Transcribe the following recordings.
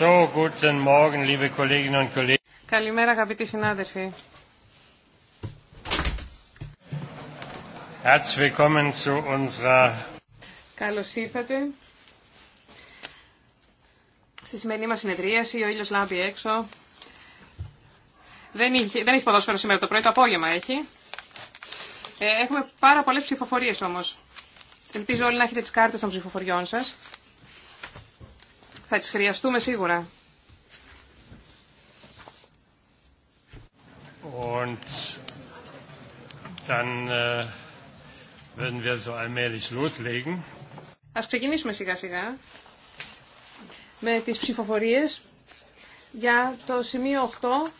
So, guten Morgen, liebe Kolleginnen und Kollegen. Καλημέρα αγαπητοί συνάδελφοι. Herzlich willkommen zu unserer Καλώς ήρθατε. Στη σημερινή μας συνεδρίαση ο ήλιος λάμπει έξω. Δεν, είχε, δεν έχει ποδόσφαιρο σήμερα το πρωί, το απόγευμα έχει. Ε, έχουμε πάρα πολλές ψηφοφορίες όμως. Ελπίζω όλοι να έχετε τις κάρτες των ψηφοφοριών σας. Θα τις χρειαστούμε σίγουρα. Und dann äh, Ας ξεκινήσουμε σιγά σιγά με τις ψηφοφορίες για το σημείο 8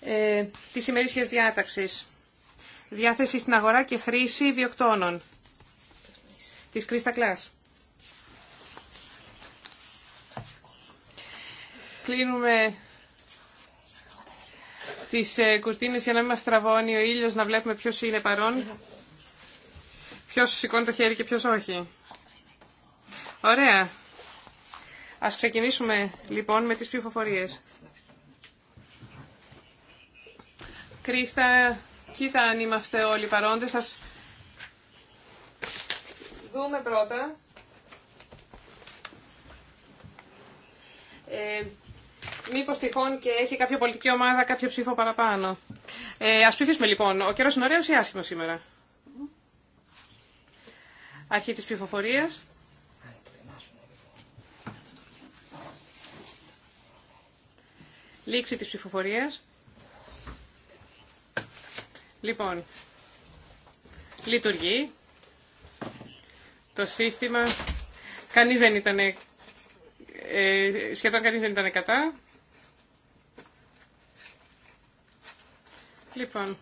ε, της ημερήσιας διάταξης. Διάθεση στην αγορά και χρήση βιοκτώνων. Της Κρίστα Κλάς. κλείνουμε τις ε, κουρτίνες για να μην μας τραβώνει ο ήλιος, να βλέπουμε ποιος είναι παρόν. Ποιος σηκώνει το χέρι και ποιος όχι. Ωραία. Ας ξεκινήσουμε λοιπόν με τις πληροφορίε. Κρίστα, κοίτα αν είμαστε όλοι παρόντες. Ας δούμε πρώτα. Ε, Μήπως τυχόν και έχει κάποια πολιτική ομάδα κάποιο ψήφο παραπάνω. Ε, ας ψηφίσουμε λοιπόν. Ο καιρό είναι ωραίο ή άσχημο σήμερα. Αρχή τη ψηφοφορία. Λήξη της ψηφοφορίας. Λοιπόν, λειτουργεί το σύστημα. Κανείς δεν ήταν, ε, σχεδόν κανείς δεν ήταν κατά. Λοιπόν.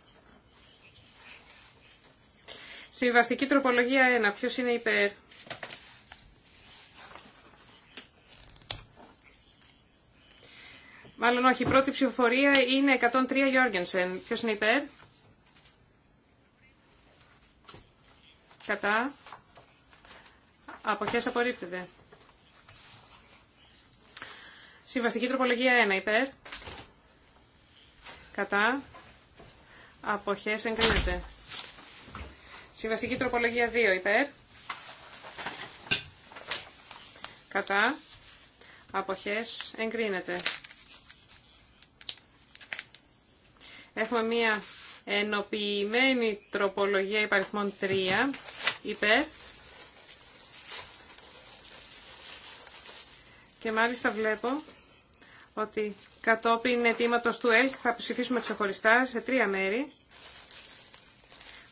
Συμβαστική τροπολογία 1. Ποιος είναι υπέρ. Μάλλον όχι. Η πρώτη ψηφοφορία είναι 103 Γιόργενσεν. Ποιος είναι υπέρ. Κατά. Αποχές απορρίπτεται. Συμβαστική τροπολογία 1 υπέρ. Κατά. Αποχές εγκρίνεται. Συμβαστική τροπολογία 2 υπέρ. Κατά. Αποχές εγκρίνεται. Έχουμε μία ενοποιημένη τροπολογία υπαριθμών 3 υπέρ. Και μάλιστα βλέπω ότι κατόπιν αιτήματος του ΕΛΚ θα ψηφίσουμε ξεχωριστά σε τρία μέρη.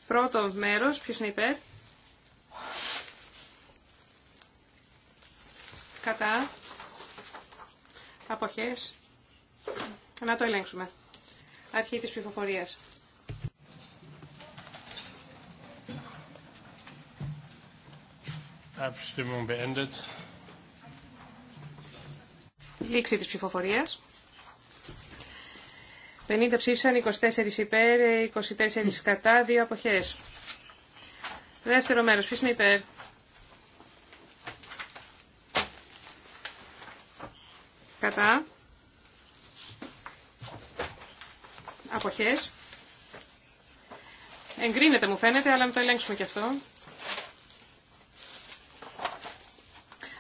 Πρώτο μέρος, ποιος είναι υπέρ. Κατά. Αποχές. Να το ελέγξουμε. Αρχή της ψηφοφορίας. Abstimmung beendet. Λήξη της ψηφοφορίας. 50 ψήφισαν, 24 υπέρ, 24 κατά, 2 αποχές. Δεύτερο μέρος, ποιος είναι υπέρ. Κατά. Αποχές. Εγκρίνεται μου φαίνεται, αλλά να το ελέγξουμε και αυτό.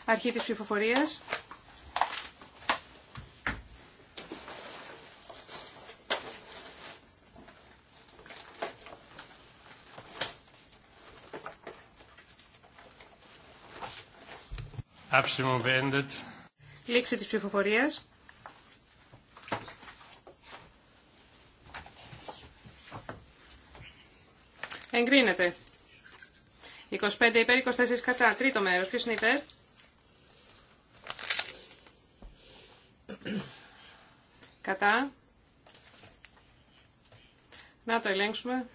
Αρχή της ψηφοφορίας. Abstimmung beendet. Λήξη της ψηφοφορίας. Εγκρίνεται. 25 υπέρ, 24 κατά. Τρίτο μέρος. Ποιος είναι υπέρ? Κατά. Να το ελέγξουμε.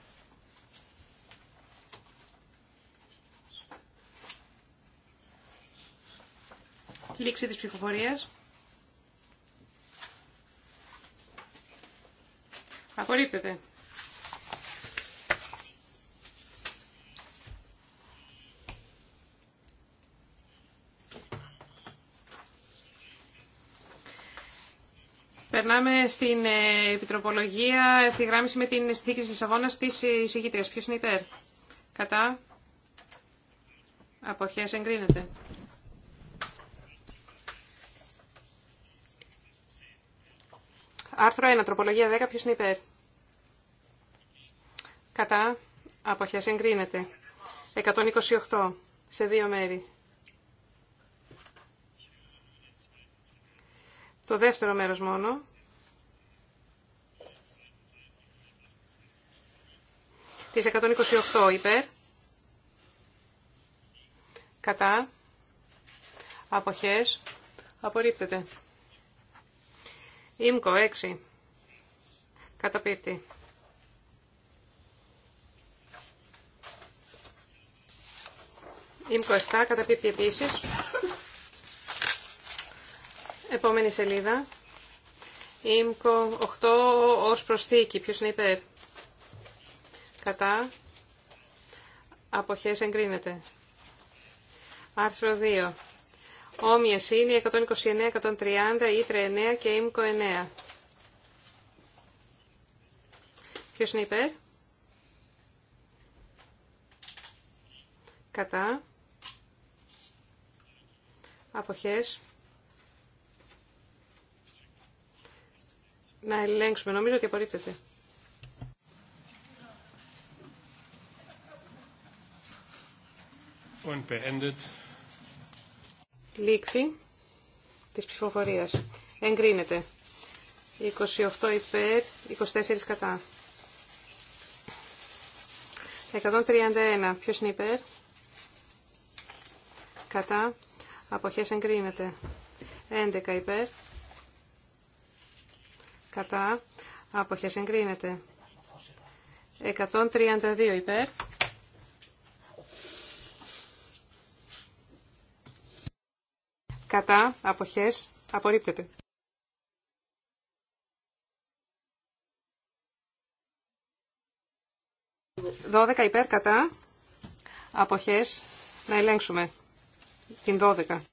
Λήξη της ψηφοφορίας. Απορρίπτεται. Περνάμε στην ε, επιτροπολογία ευθυγράμμιση με την συνθήκη της Λισαβόνας της εισηγήτριας. Ποιος είναι υπέρ. Κατά. Αποχές εγκρίνεται. Άρθρο 1, τροπολογία 10, ποιος είναι υπέρ. Κατά, αποχές εγκρίνεται. 128, σε δύο μέρη. Το δεύτερο μέρος μόνο. Τις 128 υπέρ. Κατά. Αποχές. Απορρίπτεται. Ήμκο 6. Καταπίπτει. Ήμκο 7. Καταπίπτει επίσης. Επόμενη σελίδα. Ήμκο 8 ως προσθήκη. Ποιος είναι υπέρ. Κατά. Αποχές εγκρίνεται. Άρθρο 2. Όμοιες είναι 129, 130, Ήτρε 9 και Ήμκο 9. Ποιος είναι υπέρ? Κατά. Αποχές. Να ελέγξουμε. Νομίζω ότι απορρίπτεται. Und beendet. Λήξη της ψηφοφορίας. Εγκρίνεται. 28 υπέρ, 24 κατά. 131. Ποιος είναι υπέρ? Κατά. Αποχές εγκρίνεται. 11 υπέρ. Κατά. Αποχές εγκρίνεται. 132 υπέρ. κατά, αποχές, απορρίπτεται. Δώδεκα υπέρ κατά, αποχές, να ελέγξουμε την δώδεκα.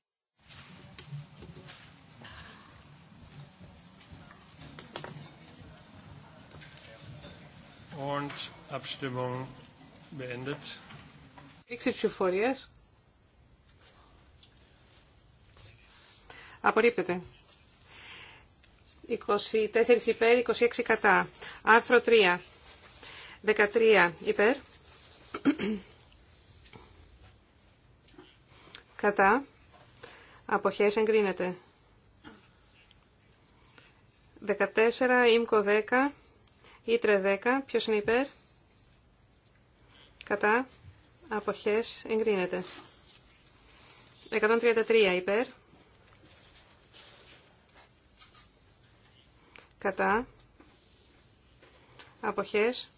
Und Abstimmung beendet. Λήξη Απορρίπτεται. 24 υπέρ, 26 κατά. Άρθρο 3. 13 υπέρ. κατά. Αποχές εγκρίνεται. 14, ΙΜΚΟ 10, Ήτρε 10, ποιος είναι υπέρ, κατά, αποχές, εγκρίνεται. 133 υπέρ, κατά αποχές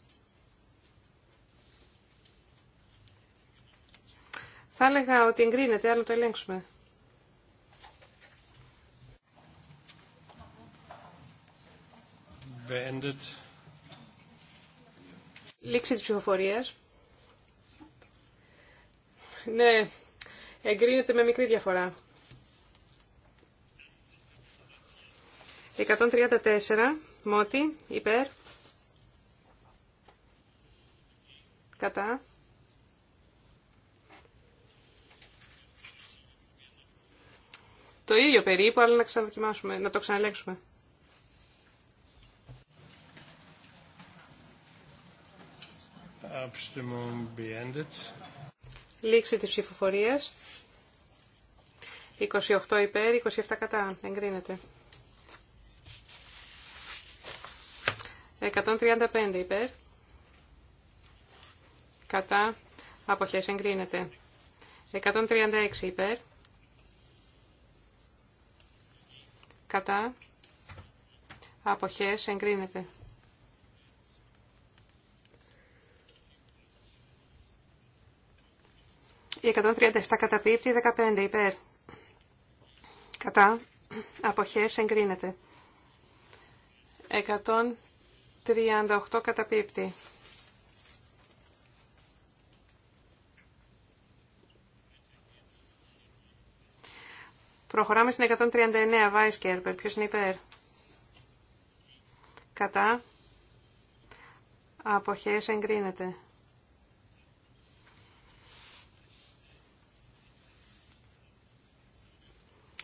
θα έλεγα ότι εγκρίνεται αλλά το ελέγξουμε Beendet. Λήξη της ψηφοφορίας. Ναι, εγκρίνεται με μικρή διαφορά. 134 μότι υπέρ κατά Το ίδιο περίπου, αλλά να ξαναδοκιμάσουμε, να το ξαναλέξουμε. Λήξη της ψηφοφορίας. 28 υπέρ, 27 κατά. Εγκρίνεται. 135 υπέρ. Κατά. Αποχές εγκρίνεται. 136 υπέρ. Κατά. Αποχές εγκρίνεται. 137 καταπίπτει, 15 υπέρ. Κατά. Αποχές εγκρίνεται. 38 καταπίπτει. Προχωράμε στην 139, Κέρπερ. Ποιος είναι υπέρ. Κατά. Αποχές εγκρίνεται.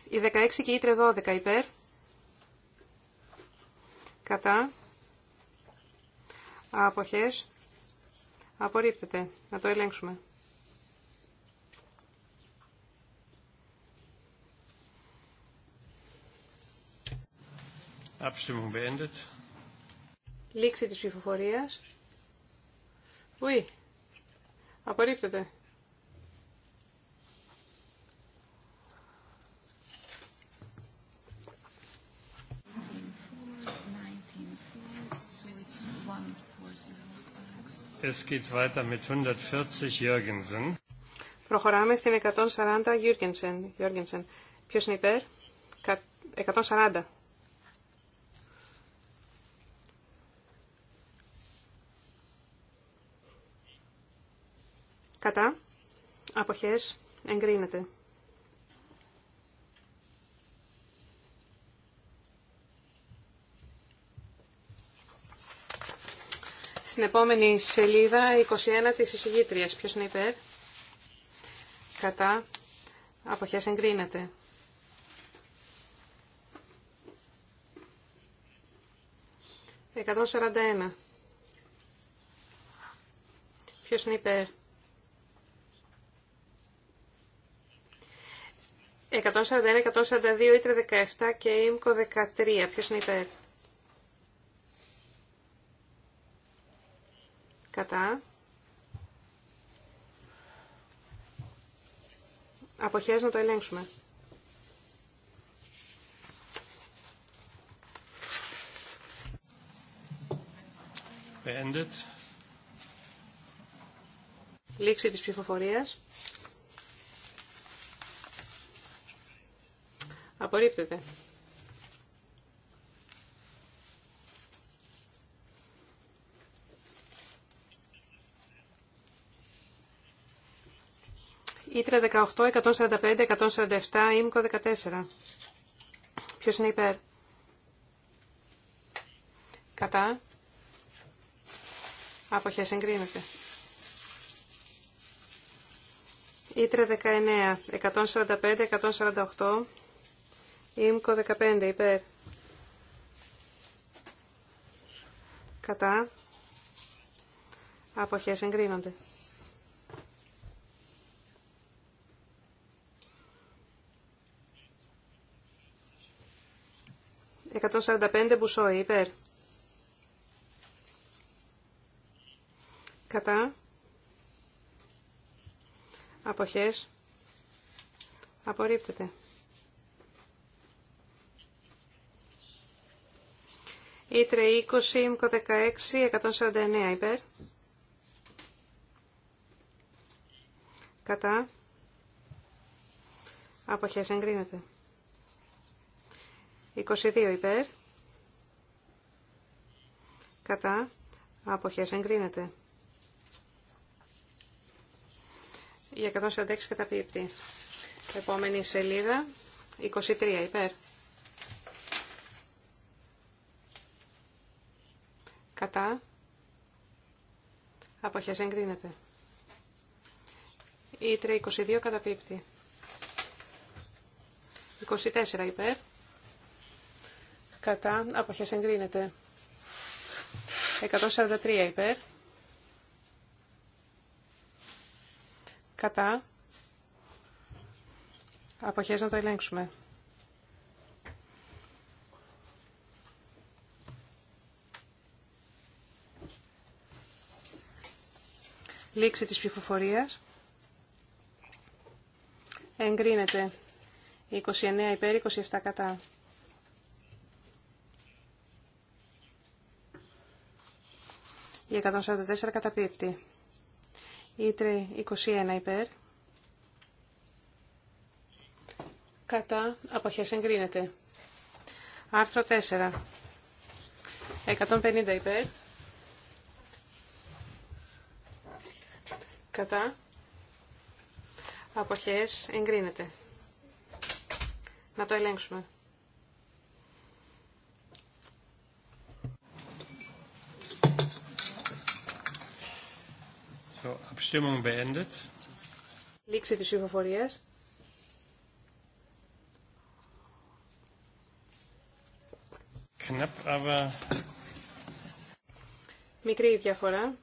Η 16 και η 12 υπέρ. Κατά. Αποχές. Απορρίπτεται. Να το ελέγξουμε. Λήξη της ψηφοφορίας. Ουί. Απορρίπτεται. Es geht weiter mit 140 Jürgensen. Προχωράμε στην 140 Jürgensen. Jürgensen. Ποιος είναι υπέρ? 140. Κατά. Αποχές. Εγκρίνεται. στην επόμενη σελίδα 21 της εισηγήτριας. Ποιος είναι υπέρ. Κατά. Αποχές εγκρίνεται. 141. σαράντα Ποιος είναι υπέρ. 141, 142, ήτρε 17 και ΙΜΚΟ 13. Ποιος είναι υπέρ. κατά αποχές να το ελέγξουμε. Beendet. Λήξη της ψηφοφορίας. Απορρίπτεται. Ήτρα 18, 145, 147, ΙΜΚΟ 14. Ποιος είναι υπέρ. Κατά. Αποχέ εγκρίνεται. Ήτρα 19, 145, 148, ΙΜΚΟ 15, υπέρ. Κατά. Αποχέ εγκρίνονται. 145 μπουσόι υπέρ. Κατά. Αποχές. Απορρίπτεται. Ήτρε 20, 16, 149 υπέρ. Κατά. Αποχές εγκρίνεται. 22 υπέρ. Κατά. Αποχές εγκρίνεται. Η 146 καταπίπτει. Επόμενη σελίδα. 23 υπέρ. Κατά. Αποχές εγκρίνεται. Η 322 καταπίπτει. 24 υπέρ κατά αποχές εγκρίνεται. 143 υπέρ. Κατά. Αποχές να το ελέγξουμε. Λήξη της ψηφοφορίας. Εγκρίνεται. 29 υπέρ, 27 κατά. Η 144 καταπίπτει. Η 21 υπέρ. Κατά αποχές εγκρίνεται. Άρθρο 4. 150 υπέρ. Κατά αποχές εγκρίνεται. Να το ελέγξουμε. Abstimmung beendet. Λήξη της ψηφοφορίας. Knapp, aber... Μικρή διαφορά.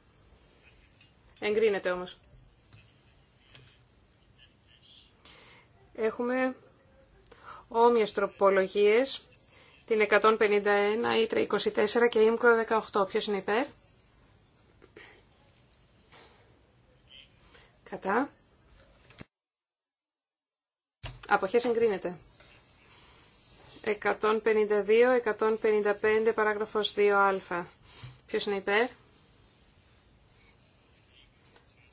Εγκρίνεται όμως. Έχουμε όμοιες τροπολογίες, την 151, ήτρα 24 και ΙΜΚΟ 18. Ποιος είναι υπέρ? Κατά. Αποχές εγκρίνεται. 152, 155, παράγραφος 2α. Ποιος είναι υπέρ?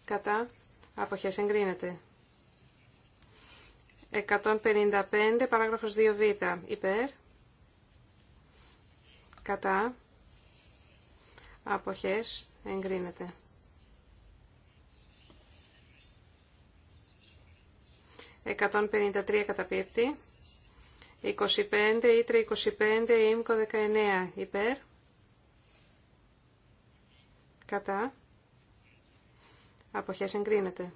Κατά. Αποχές εγκρίνεται. 155, παράγραφος 2β. Υπέρ. Κατά. Αποχές εγκρίνεται. 153 καταπίπτει. 25, ή 25, ήμκο 19 υπέρ. Κατά. Αποχέ εγκρίνεται.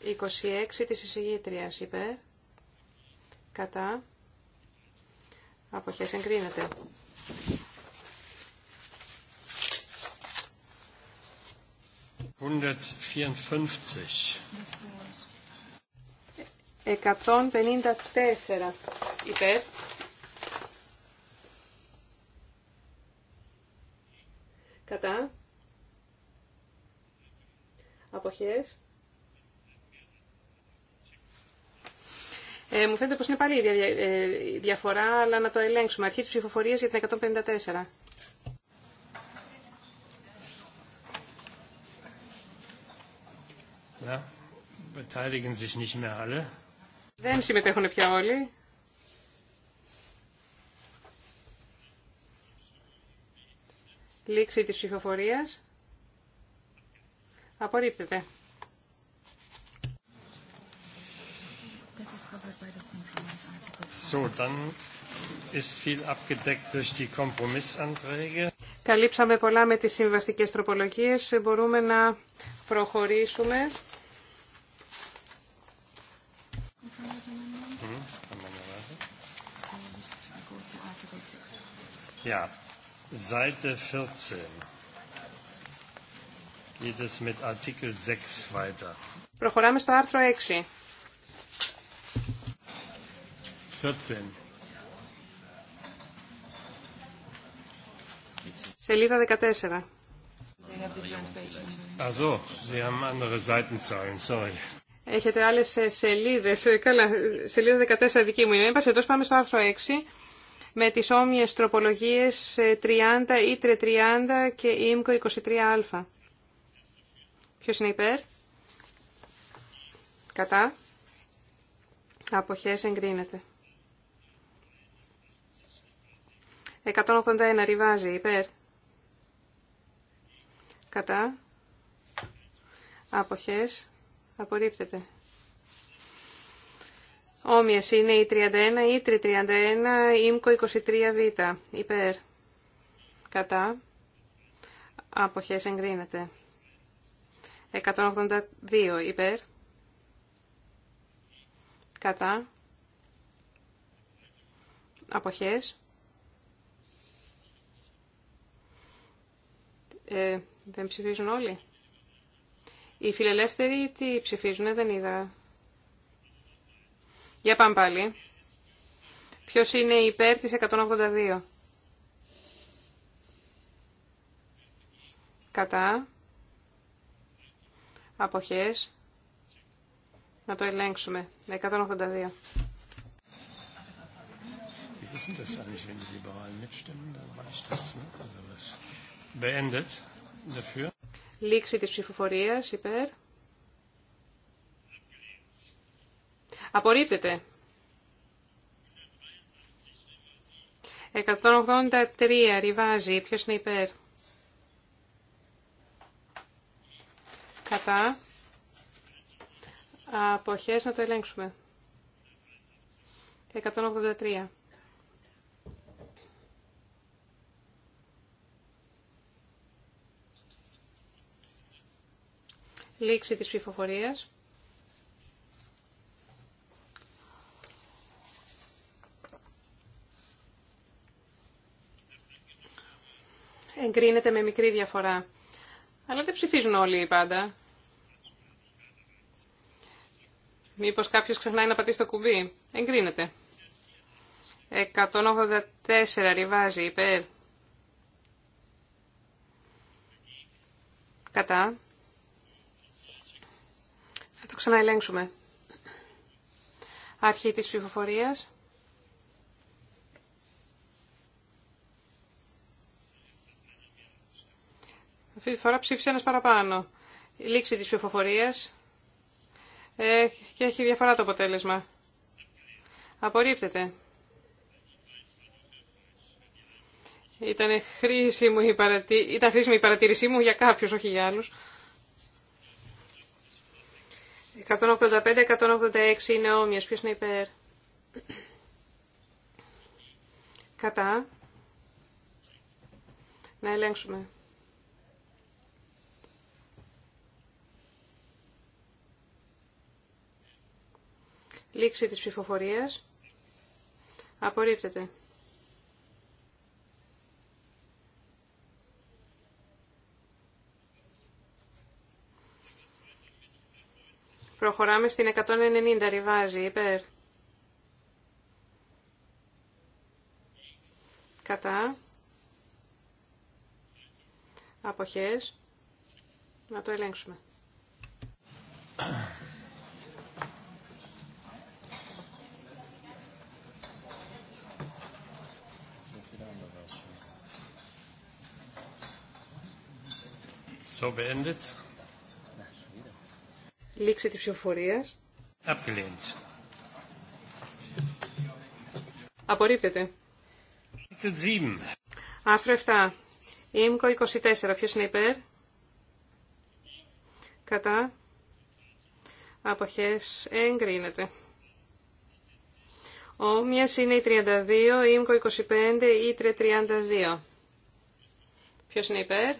26 της εισηγήτριας υπέρ. Κατά. Αποχέ εγκρίνεται. 154 υπέρ. Κατά. Αποχές. Ε, μου φαίνεται πως είναι πάλι η δια, ε, διαφορά, αλλά να το ελέγξουμε. Αρχή της ψηφοφορίας για την 154. beteiligen sich nicht mehr alle. Δεν συμμετέχουν πια όλοι. Λήξη της ψηφοφορίας. Απορρίπτεται. Καλύψαμε πολλά με τις συμβαστικές τροπολογίες. Μπορούμε να προχωρήσουμε Ja, Seite 14 geht es mit Artikel 6 weiter. Προχωράμε στο άρθρο 6. 14. Σελίδα 14. Also, Sie haben andere Seitenzahlen, sorry. Έχετε άλλες ε, σελίδες. Ε, καλά, σελίδα 14 δική μου είναι. Εν πάμε στο άρθρο 6 με τις όμοιες τροπολογίες 30, ε, Ήτρε 30 και ΙΜΚΟ 23α. Ποιος είναι υπέρ? Κατά. Αποχές εγκρίνεται. 181 ριβάζει υπέρ. Κατά. Αποχές απορρίπτεται. Όμοιες είναι η 31, η 331, η 23β. Υπέρ. Κατά. Αποχές εγκρίνεται. 182 υπέρ. Κατά. Αποχές. Ε, δεν ψηφίζουν όλοι. Οι φιλελεύθεροι τι ψηφίζουν, δεν είδα. Για πάμε πάλι. Ποιος είναι υπέρ της 182. Κατά. Αποχές. Να το ελέγξουμε. 182. Λήξη της ψηφοφορίας υπέρ. Απορρίπτεται. 183 ριβάζει. ποιο είναι υπέρ. Κατά. Αποχές να το ελέγξουμε. 183. Λήξη της ψηφοφορίας. εγκρίνεται με μικρή διαφορά. Αλλά δεν ψηφίζουν όλοι πάντα. Μήπως κάποιος ξεχνάει να πατήσει το κουμπί. Εγκρίνεται. 184 ριβάζει υπέρ. Κατά. Θα το ξαναελέγξουμε. Αρχή της ψηφοφορίας. Αυτή τη φορά ψήφισε ένας παραπάνω. Η λήξη της ψηφοφορίας ε, και έχει διαφορά το αποτέλεσμα. Απορρίπτεται. Ήταν χρήσιμη η, παρατη... Ήταν χρήσιμη η παρατήρησή μου για κάποιους, όχι για άλλους. 185-186 είναι όμοιες. Ποιος είναι υπέρ. Κατά. Να ελέγξουμε. Λήξη της ψηφοφορίας. Απορρίπτεται. Προχωράμε στην 190 ριβάζι, υπέρ. Κατά. Αποχές. Να το ελέγξουμε. So beendet. Λήξη τη ψηφοφορία. Απορρίπτεται. Άρθρο 7. Ήμκο 24. Ποιος είναι υπέρ? Κατά. Αποχές εγκρίνεται. Όμοιες είναι η 32, ήμκο 25, ήτρε 32. Ποιος είναι υπέρ?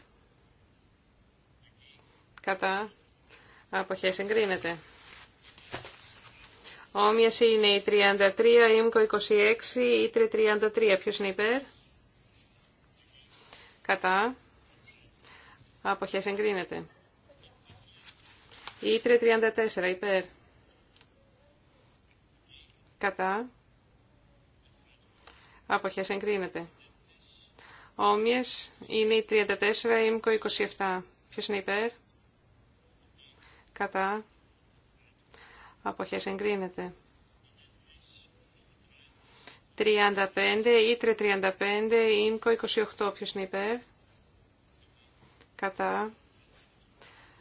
κατά Αποχέ εγκρίνεται. Όμοιε είναι η 33, η ΙΜΚΟ 26, η 33. ποιο είναι υπέρ? Κατά. Αποχέ εγκρίνεται. Η 34 υπέρ. Κατά. Αποχέ εγκρίνεται. Όμοιες είναι η 34, η ΙΜΚΟ 27. Ποιος είναι υπέρ? κατά αποχές εγκρίνεται. 35, Ήτρε 35, Ίνκο 28, ποιος είναι υπέρ, κατά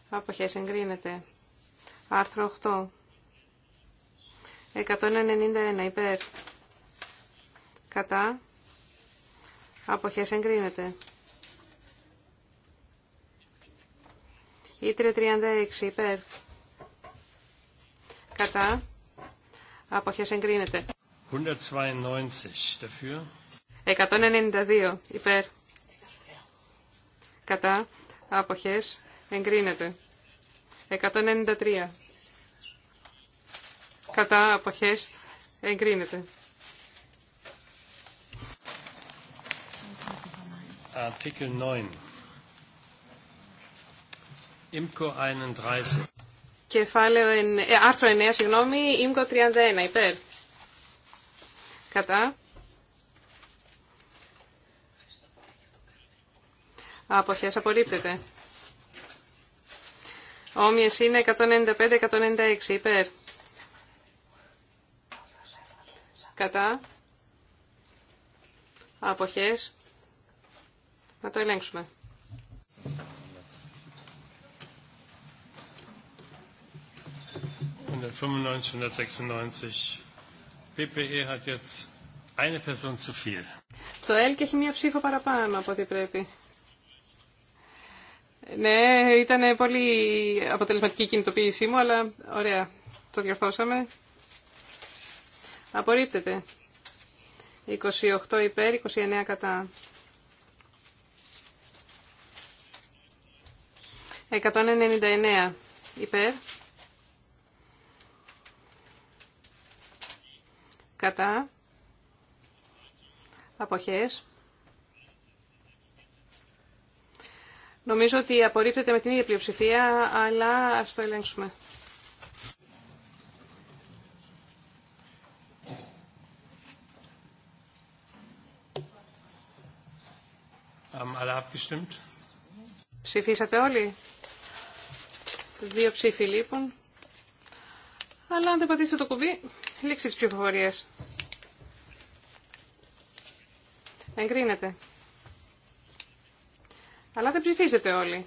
αποχές εγκρίνεται. Άρθρο 8. 191 υπέρ. Κατά. Αποχές εγκρίνεται. Ήτρε 36 υπέρ. Κατά. Αποχές εγκρίνεται. 192 dafür. 192 υπέρ. Κατά. Αποχές εγκρίνεται. 193. Κατά αποχές εγκρίνεται. Artikel 9. 31. Κεφάλαιο, ε, άρθρο 9, συγγνώμη, Imco 31, υπέρ. Κατά. Αποχές απορρίπτεται. Όμοιες είναι 195-196, υπέρ. Κατά. Αποχές. Να το ελέγξουμε. E το ΕΛΚ έχει μία ψήφο παραπάνω από ό,τι πρέπει. Ναι, ήταν πολύ αποτελεσματική η κινητοποίησή μου, αλλά ωραία, το διορθώσαμε. Απορρίπτεται. 28 υπέρ, 29 κατά. 199 υπέρ. κατά αποχές. Νομίζω ότι απορρίπτεται με την ίδια πλειοψηφία, αλλά ας το ελέγξουμε. Ψηφίσατε όλοι. Δύο ψήφοι λείπουν. Αλλά αν δεν πατήσετε το κουμπί, Λήξη τη ψηφοφορία. Εγκρίνεται. Αλλά δεν ψηφίζετε όλοι.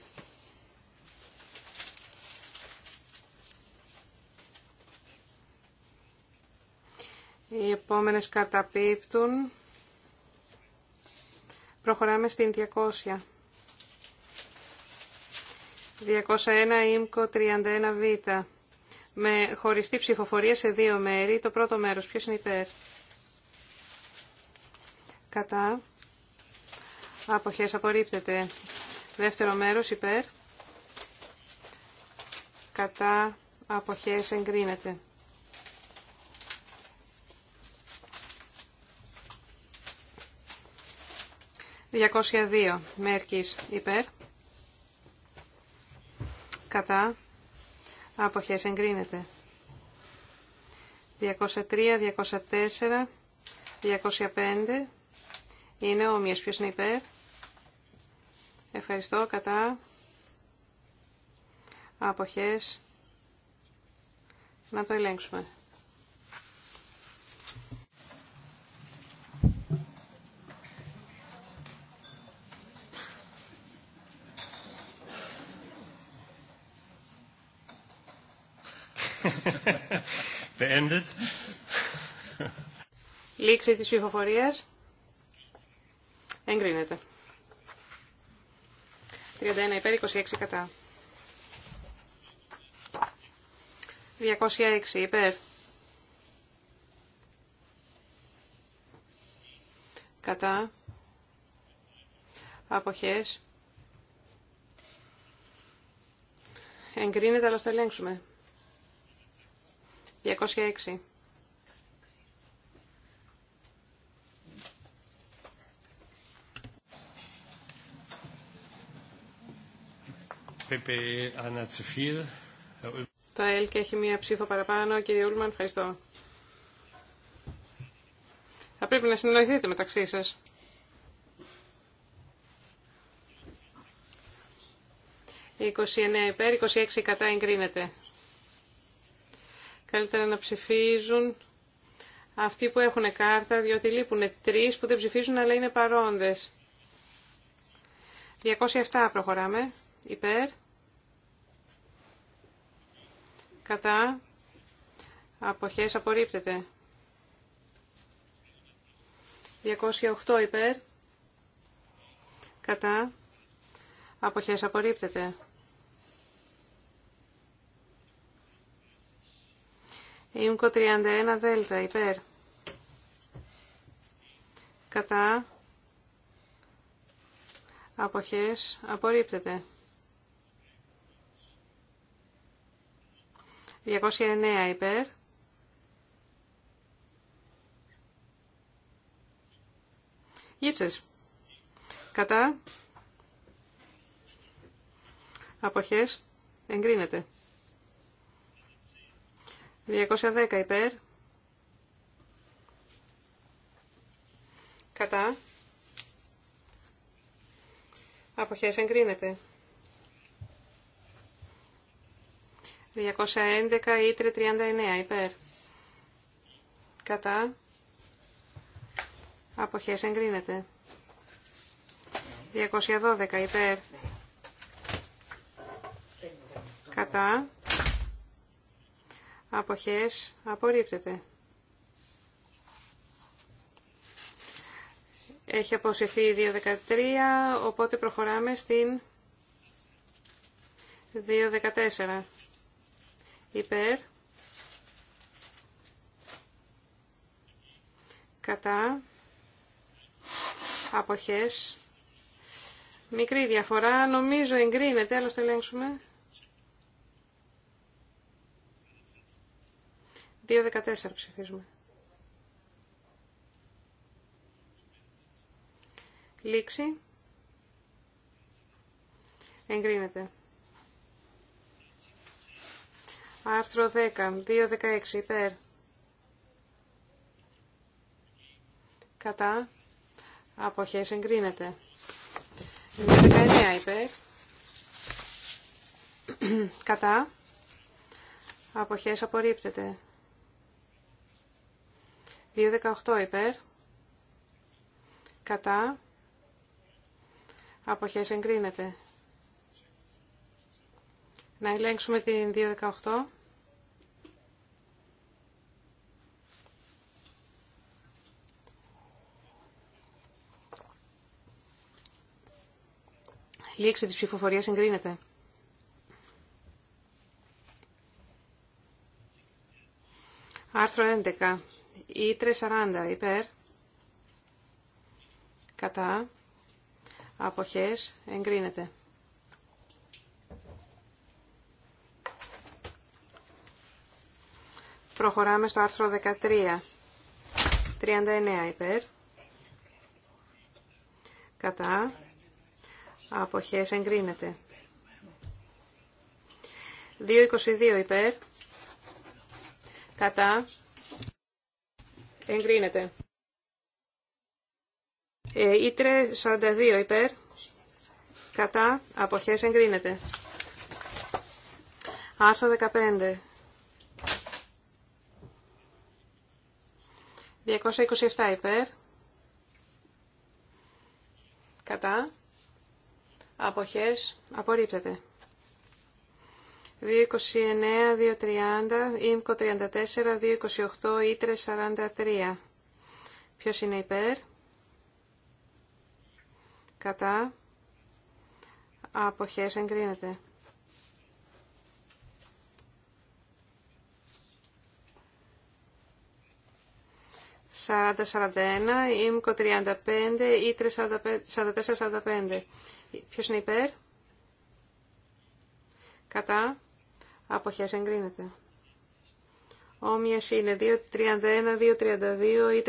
Οι επόμενες καταπίπτουν. Προχωράμε στην 200. 201 ΙΜΚΟ 31 Β με χωριστή ψηφοφορία σε δύο μέρη. Το πρώτο μέρος, ποιος είναι υπέρ. Κατά. Αποχές απορρίπτεται. Δεύτερο μέρος, υπέρ. Κατά. Αποχές εγκρίνεται. «202. Μέρκης υπέρ. Κατά. Αποχές εγκρίνεται. 203, 204, 205 είναι όμοιες. Ποιος είναι υπέρ. Ευχαριστώ. Κατά. Αποχές. Να το ελέγξουμε. ended. Λήξη της ψηφοφορίας. Εγκρίνεται. 31 υπέρ, 26 κατά. 206 υπέρ. Κατά. Αποχές. Εγκρίνεται, αλλά θα ελέγξουμε. 206. Το ΕΛΚ έχει μία ψήφο παραπάνω. Κύριε Ούλμαν, ευχαριστώ. Θα πρέπει να συνεννοηθείτε μεταξύ σας. Η 29 υπέρ, 26 κατά εγκρίνεται. Καλύτερα να ψηφίζουν αυτοί που έχουν κάρτα, διότι λείπουν τρεις που δεν ψηφίζουν αλλά είναι παρόντες. 207 προχωράμε. Υπέρ. Κατά. Αποχές απορρίπτεται. 208 υπέρ. Κατά. Αποχές απορρίπτεται. Ήμκο 31 δέλτα υπέρ. Κατά. Αποχές. Απορρίπτεται. 209 υπέρ. Γίτσες. Κατά. Αποχές. Εγκρίνεται. 210 υπέρ. Κατά. Αποχές εγκρίνεται. 211 ή 39 υπέρ. Κατά. Αποχές εγκρίνεται. 212 υπέρ. Κατά αποχές απορρίπτεται. Έχει αποσυρθεί η 2.13, οπότε προχωράμε στην 2.14. Υπέρ. Κατά. Αποχές. Μικρή διαφορά. Νομίζω εγκρίνεται. Άλλωστε ελέγξουμε. 2.14 ψηφίζουμε. Λήξη. Εγκρίνεται. Άρθρο 10. 2.16 υπέρ. Κατά. Αποχές εγκρίνεται. 2.19 υπέρ. Κατά. Αποχές απορρίπτεται. 2.18 υπέρ. Κατά. Αποχές εγκρίνεται. Να ελέγξουμε την 2.18. Λήξη της ψηφοφορίας εγκρίνεται. Άρθρο 11. Ή 340 υπέρ. Κατά. Αποχές. Εγκρίνεται. Προχωράμε στο άρθρο 13. 39 υπέρ. Κατά. Αποχές εγκρίνεται. 2.22 υπέρ. Κατά. Εγκρίνεται. Ε, Ήτρε 42 υπέρ. Κατά αποχές εγκρίνεται. Άρθρο 15. 227 υπέρ. Κατά. Αποχές απορρίπτεται. 229, 230, ΙΜΚΟ 34, 228, ΙΤΡΕ 43. Ποιος είναι υπέρ? Κατά. Αποχές εγκρίνεται. 40.41, σαράντα ΙΜΚΟ 35, Ήτρε 44, 45. Ποιος είναι υπέρ? Κατά. Αποχές εγκρίνεται. Όμοιες είναι 2.31, 2.32 ή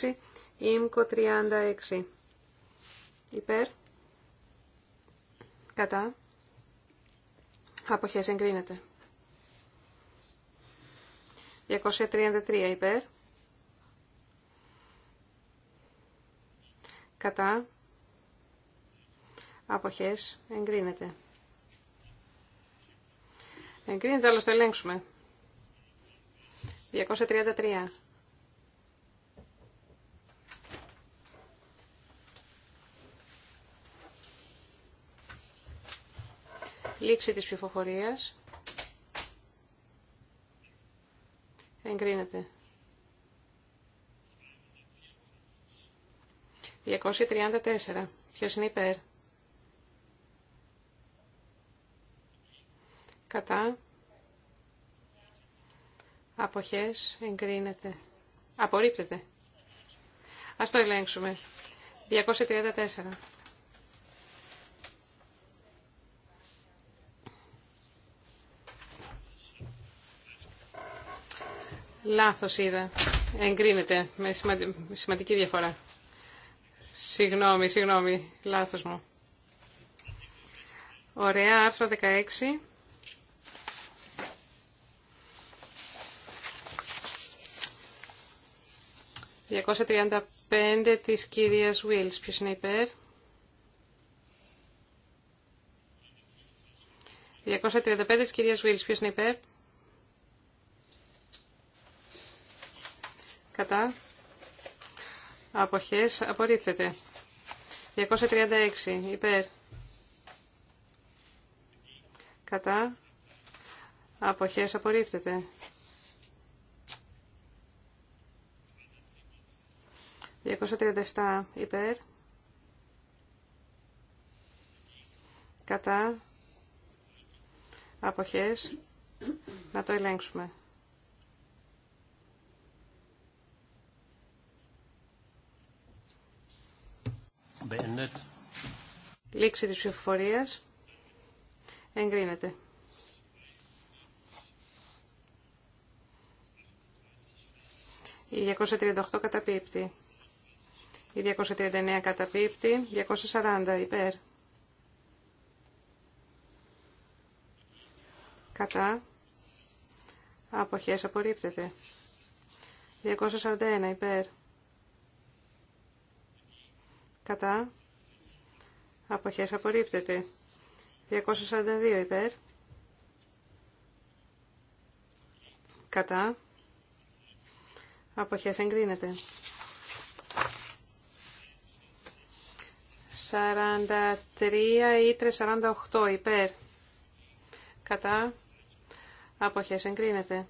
3.46, ΙΜΚΟ 36. Υπέρ. Κατά. Αποχές εγκρίνεται. 233 υπέρ. Κατά. Αποχές εγκρίνεται. Εγκρίνεται, θα το ελέγξουμε. 233. Λήξη της ψηφοφορίας. Εγκρίνεται. 234. Ποιος είναι υπέρ. κατά αποχές εγκρίνεται. Απορρίπτεται. Ας το ελέγξουμε. 234. Λάθος είδα. Εγκρίνεται με σημαντική διαφορά. Συγγνώμη, συγγνώμη. Λάθος μου. Ωραία, άρθρο 16. 235 της κυρίας Βίλς. Ποιος είναι υπέρ. 235 της κυρίας Βίλς. Ποιος είναι υπέρ. Κατά. Αποχές. Απορρίπτεται. 236 υπέρ. Κατά. Αποχές. Απορρίπτεται. 237 υπέρ. Κατά. Αποχές. Να το ελέγξουμε. Λήξη της ψηφοφορίας. Εγκρίνεται. Η 238 καταπίπτει. Η 239 καταπίπτει. 240 υπέρ. Κατά. Αποχές απορρίπτεται. 241 υπέρ. Κατά. Αποχές απορρίπτεται. 242 υπέρ. Κατά. Αποχές εγκρίνεται. 43 ή 48 υπέρ. Κατά. Αποχές εγκρίνεται.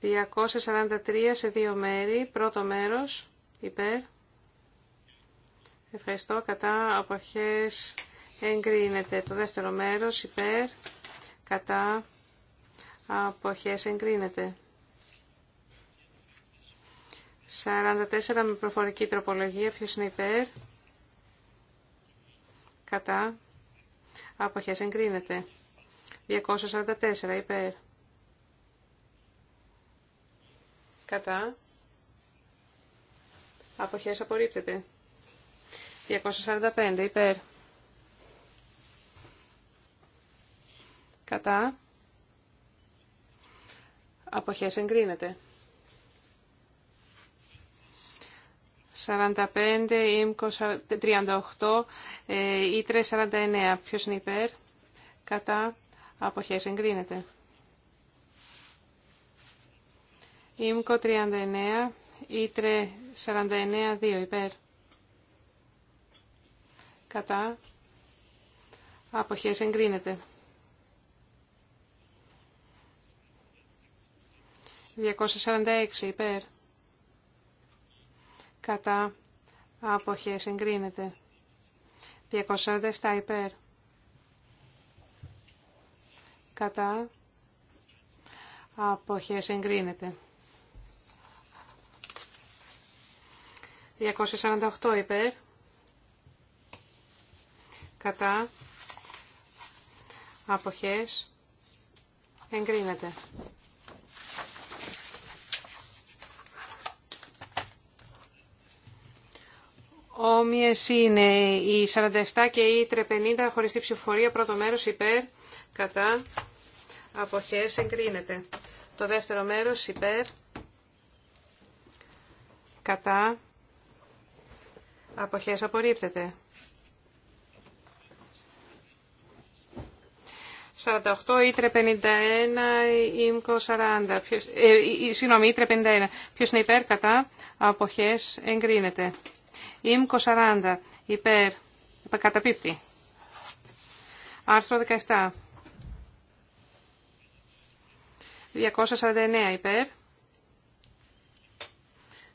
243 σε δύο μέρη. Πρώτο μέρος υπέρ. Ευχαριστώ. Κατά. Αποχές εγκρίνεται. Το δεύτερο μέρος υπέρ. Κατά. Αποχές εγκρίνεται. 44 με προφορική τροπολογία. Ποιος είναι υπέρ. Κατά. Αποχές εγκρίνεται. 244 υπέρ. Κατά. Αποχές απορρίπτεται. 245 υπέρ. Κατά. Αποχές εγκρίνεται. 45, ΙΜΚΟ 38, Ήτρε 49. Ποιος είναι υπέρ, κατά, αποχές εγκρίνεται. ΙΜΚΟ 39, Ήτρε 49, 2 υπέρ, κατά, αποχές εγκρίνεται. 246 υπέρ κατά άποχέ εγκρίνεται. 247 υπέρ κατά Αποχέ εγκρίνεται. 248 υπέρ κατά αποχές εγκρίνεται. Όμοιε είναι οι 47 και οι 350 χωριστή ψηφοφορία. Πρώτο μέρο υπέρ, κατά, αποχές εγκρίνεται. Το δεύτερο μέρος υπέρ, κατά, αποχές απορρίπτεται. 48 ή 51 ή 40. ε, συγγνώμη, ή 51. Ποιος είναι υπέρ κατά, αποχές εγκρίνεται. Ήμκο 40 υπέρ επακαταπίπτει. Άρθρο 17. 249 υπέρ.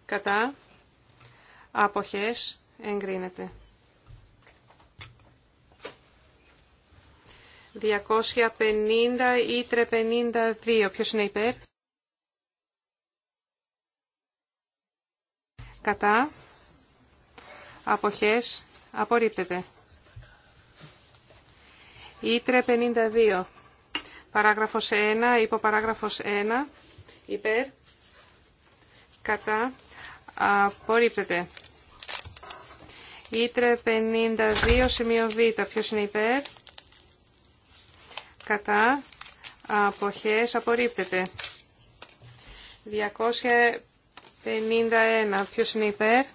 Κατά. Αποχές εγκρίνεται. 250 ή 352. Ποιος είναι υπέρ. Κατά αποχές απορρίπτεται. Ήτρε 52. Παράγραφος 1, υποπαράγραφος 1, υπέρ, κατά, απορρίπτεται. Ήτρε 52, σημείο Β, ποιος είναι υπέρ, κατά, αποχές, απορρίπτεται. 251, ποιος είναι υπέρ,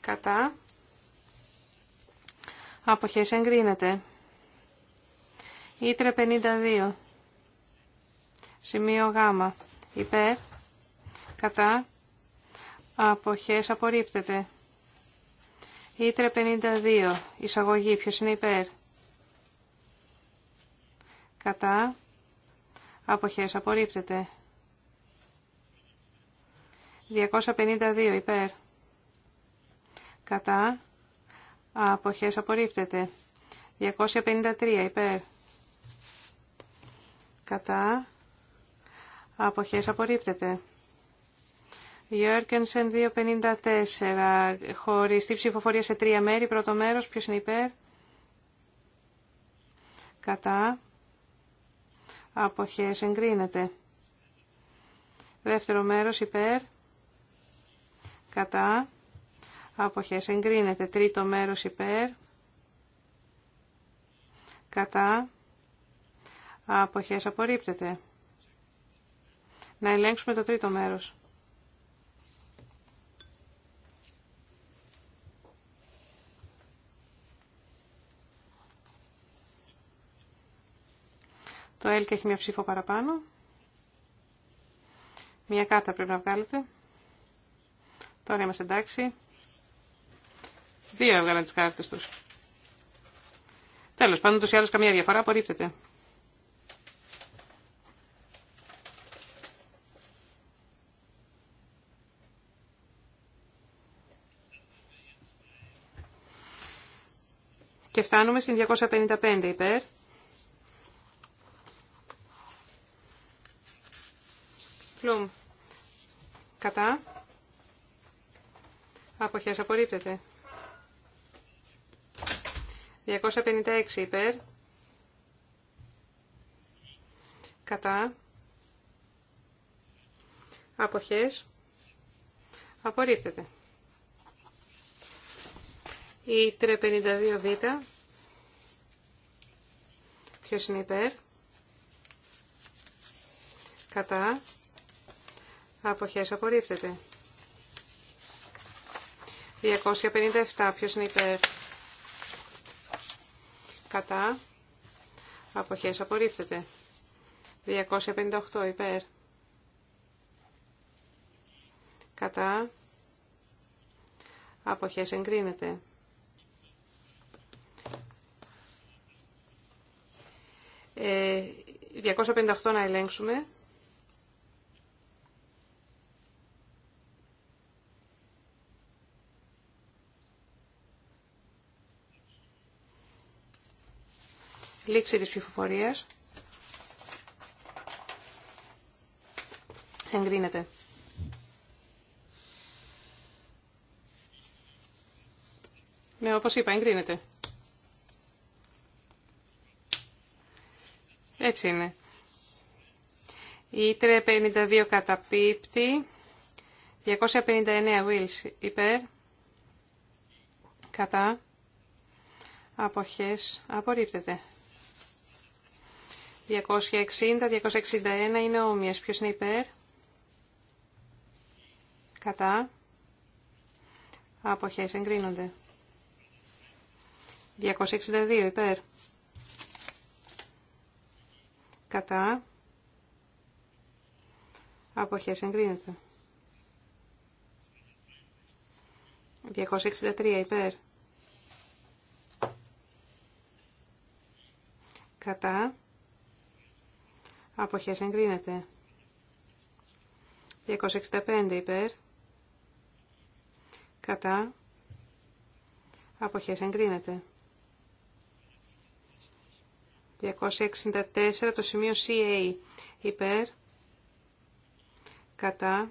Κατά. Αποχές εγκρίνεται. Ήτρε 52. Σημείο Γ. Υπέρ. Κατά. Αποχές απορρίπτεται. Ήτρε 52. Εισαγωγή. Ποιος είναι υπέρ. Κατά. Αποχές απορρίπτεται. 252 υπέρ κατά αποχές απορρίπτεται. 253 υπέρ κατά αποχές απορρίπτεται. Γιώργενσεν 254 χωριστή ψηφοφορία σε τρία μέρη. Πρώτο μέρος ποιος είναι υπέρ κατά αποχές εγκρίνεται. Δεύτερο μέρος υπέρ κατά αποχές εγκρίνεται. Τρίτο μέρος υπέρ, κατά, αποχές απορρίπτεται. Να ελέγξουμε το τρίτο μέρος. Το ΕΛΚ έχει μια ψήφο παραπάνω. Μια κάρτα πρέπει να βγάλετε. Τώρα είμαστε εντάξει. Δύο έβγαλαν τι κάρτε του. Τέλος, πάντων του ή καμία διαφορά απορρίπτεται. Και φτάνουμε στην 255 υπέρ. Πλουμ. Κατά. Αποχές απορρίπτεται. 256 υπέρ. Κατά. Αποχές. Απορρίπτεται. Η 352 β. Ποιος είναι υπέρ. Κατά. Αποχές απορρίπτεται. 257. Ποιος είναι υπέρ κατά, αποχές απορρίφθεται. 258 υπέρ, κατά, αποχές εγκρίνεται. Ε, 258 να ελέγξουμε. Λήξη της ψηφοφορίας. Εγκρίνεται. Ναι, όπως είπα, εγκρίνεται. Έτσι είναι. Η 352 καταπίπτει. 259 Wills υπέρ. Κατά. Αποχές. Απορρίπτεται. 260, 261 είναι όμοιες. Ποιος είναι υπέρ. Κατά. Αποχές εγκρίνονται. 262 υπέρ. Κατά. Αποχές εγκρίνεται. 263 υπέρ. Κατά. Αποχές εγκρίνεται. 265 υπέρ. Κατά. Αποχές εγκρίνεται. 264 το σημείο CA υπέρ. Κατά.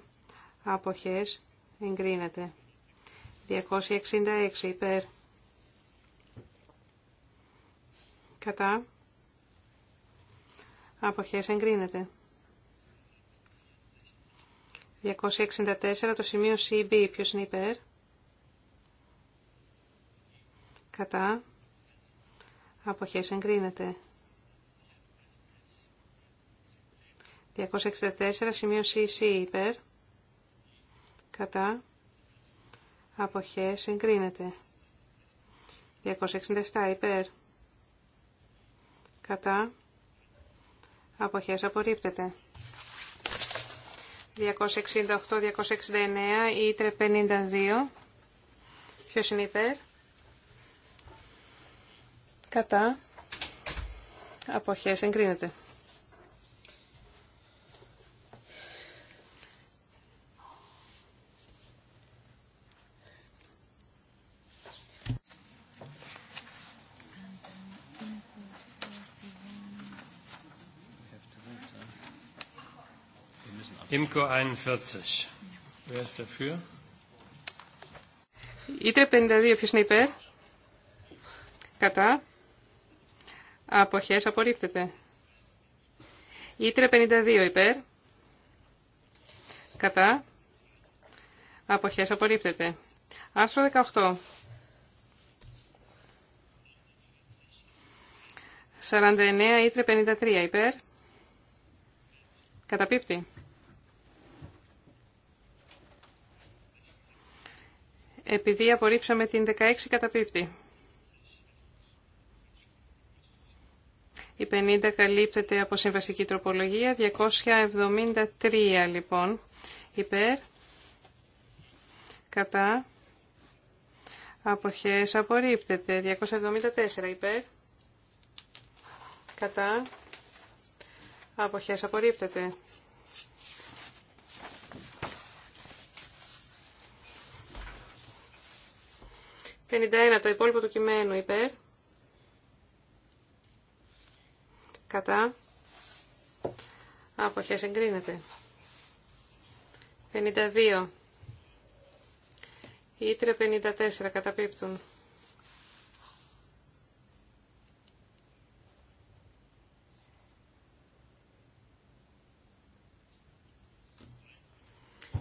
Αποχές εγκρίνεται. 266 υπέρ. Κατά. Αποχές εγκρίνεται. 264 το σημείο CB. ποιο είναι υπέρ. Κατά. Αποχές εγκρίνεται. 264 σημείο CC υπέρ. Κατά. Αποχές εγκρίνεται. 267 υπέρ. Κατά. Αποχές απορρίπτεται. 268-269 ή 352. Ποιος είναι υπέρ. Κατά. Αποχές εγκρίνεται. Imco Wer ist dafür? Ήτρε 52. Ποιος είναι υπέρ? Κατά. Αποχές απορρίπτεται. Ήτρε 52 υπέρ. Κατά. Αποχές απορρίπτεται. Άρθρο 18. 49 Ήτρε 53 υπέρ. Καταπίπτει. επειδή απορρίψαμε την 16 πίπτη. Η 50 καλύπτεται από συμβασική τροπολογία. 273 λοιπόν υπέρ. Κατά. Αποχές απορρίπτεται. 274 υπέρ. Κατά. Αποχές απορρίπτεται. 51. Το υπόλοιπο του κειμένου υπέρ. Κατά. Αποχές εγκρίνεται. 52. Ήτρε 54 καταπίπτουν.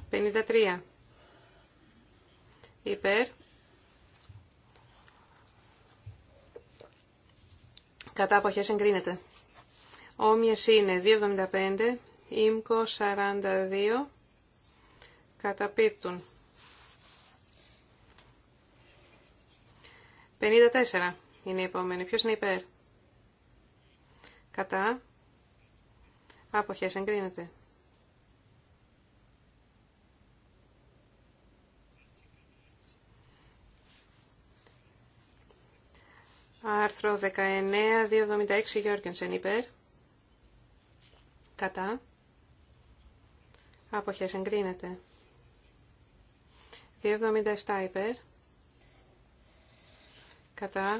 Πενήντα τρία. Υπέρ. Κατά αποχές εγκρίνεται. Όμοιες είναι 2,75, ΙΜΚΟ 42, καταπίπτουν. 54 είναι η επόμενη. Ποιος είναι υπέρ. Κατά. Αποχές εγκρίνεται. Άρθρο 19, 276 Γιώργενσεν υπέρ. Κατά. Αποχές εγκρίνεται. 277 υπέρ. Κατά.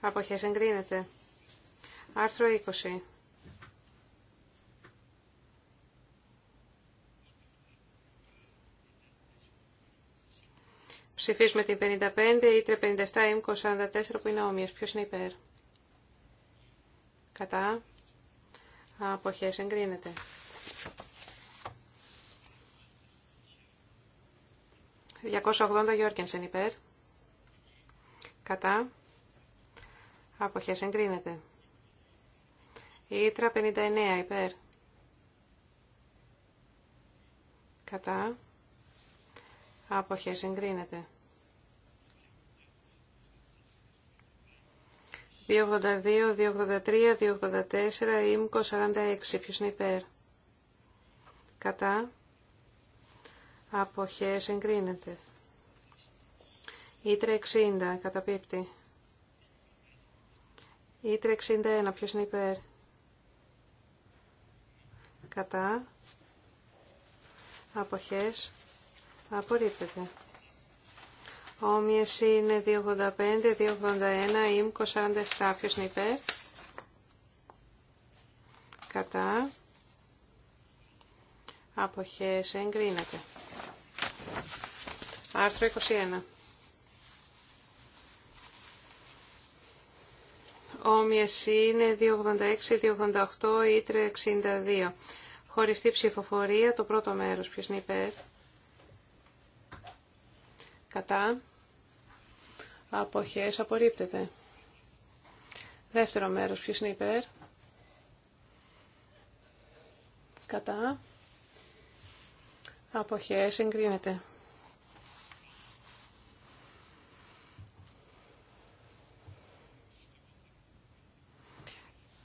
Αποχές εγκρίνεται. Άρθρο 20. Ψηφίσουμε την 55 ή 57 ή 44 που είναι όμοιες. Ποιος είναι υπέρ. Κατά. Αποχές εγκρίνεται. «280 Γιόρκενσεν υπέρ». Κατά. Αποχές εγκρίνεται. Ήτρα 59 υπέρ. Κατά αποχε εγκρίνεται. 282, 283, 284, Ήμκο, 46. Ποιος είναι υπέρ. Κατά. Αποχέ εγκρίνεται. Ήτρε 60, καταπίπτει. Ήτρε 61, ποιος είναι υπέρ. Κατά. Αποχές Απορρίπτεται. Όμοιες είναι 285, 281, ΙΜΚΟ 47. Ποιος είναι υπέρ. Κατά. Αποχές εγκρίνεται. Άρθρο 21. Όμοιες είναι 286, 288, Ήτρε 62. Χωριστή ψηφοφορία, το πρώτο μέρος. Ποιος είναι υπέρ κατά, αποχές απορρίπτεται. Δεύτερο μέρος, ποιος είναι υπέρ, κατά, αποχές εγκρίνεται.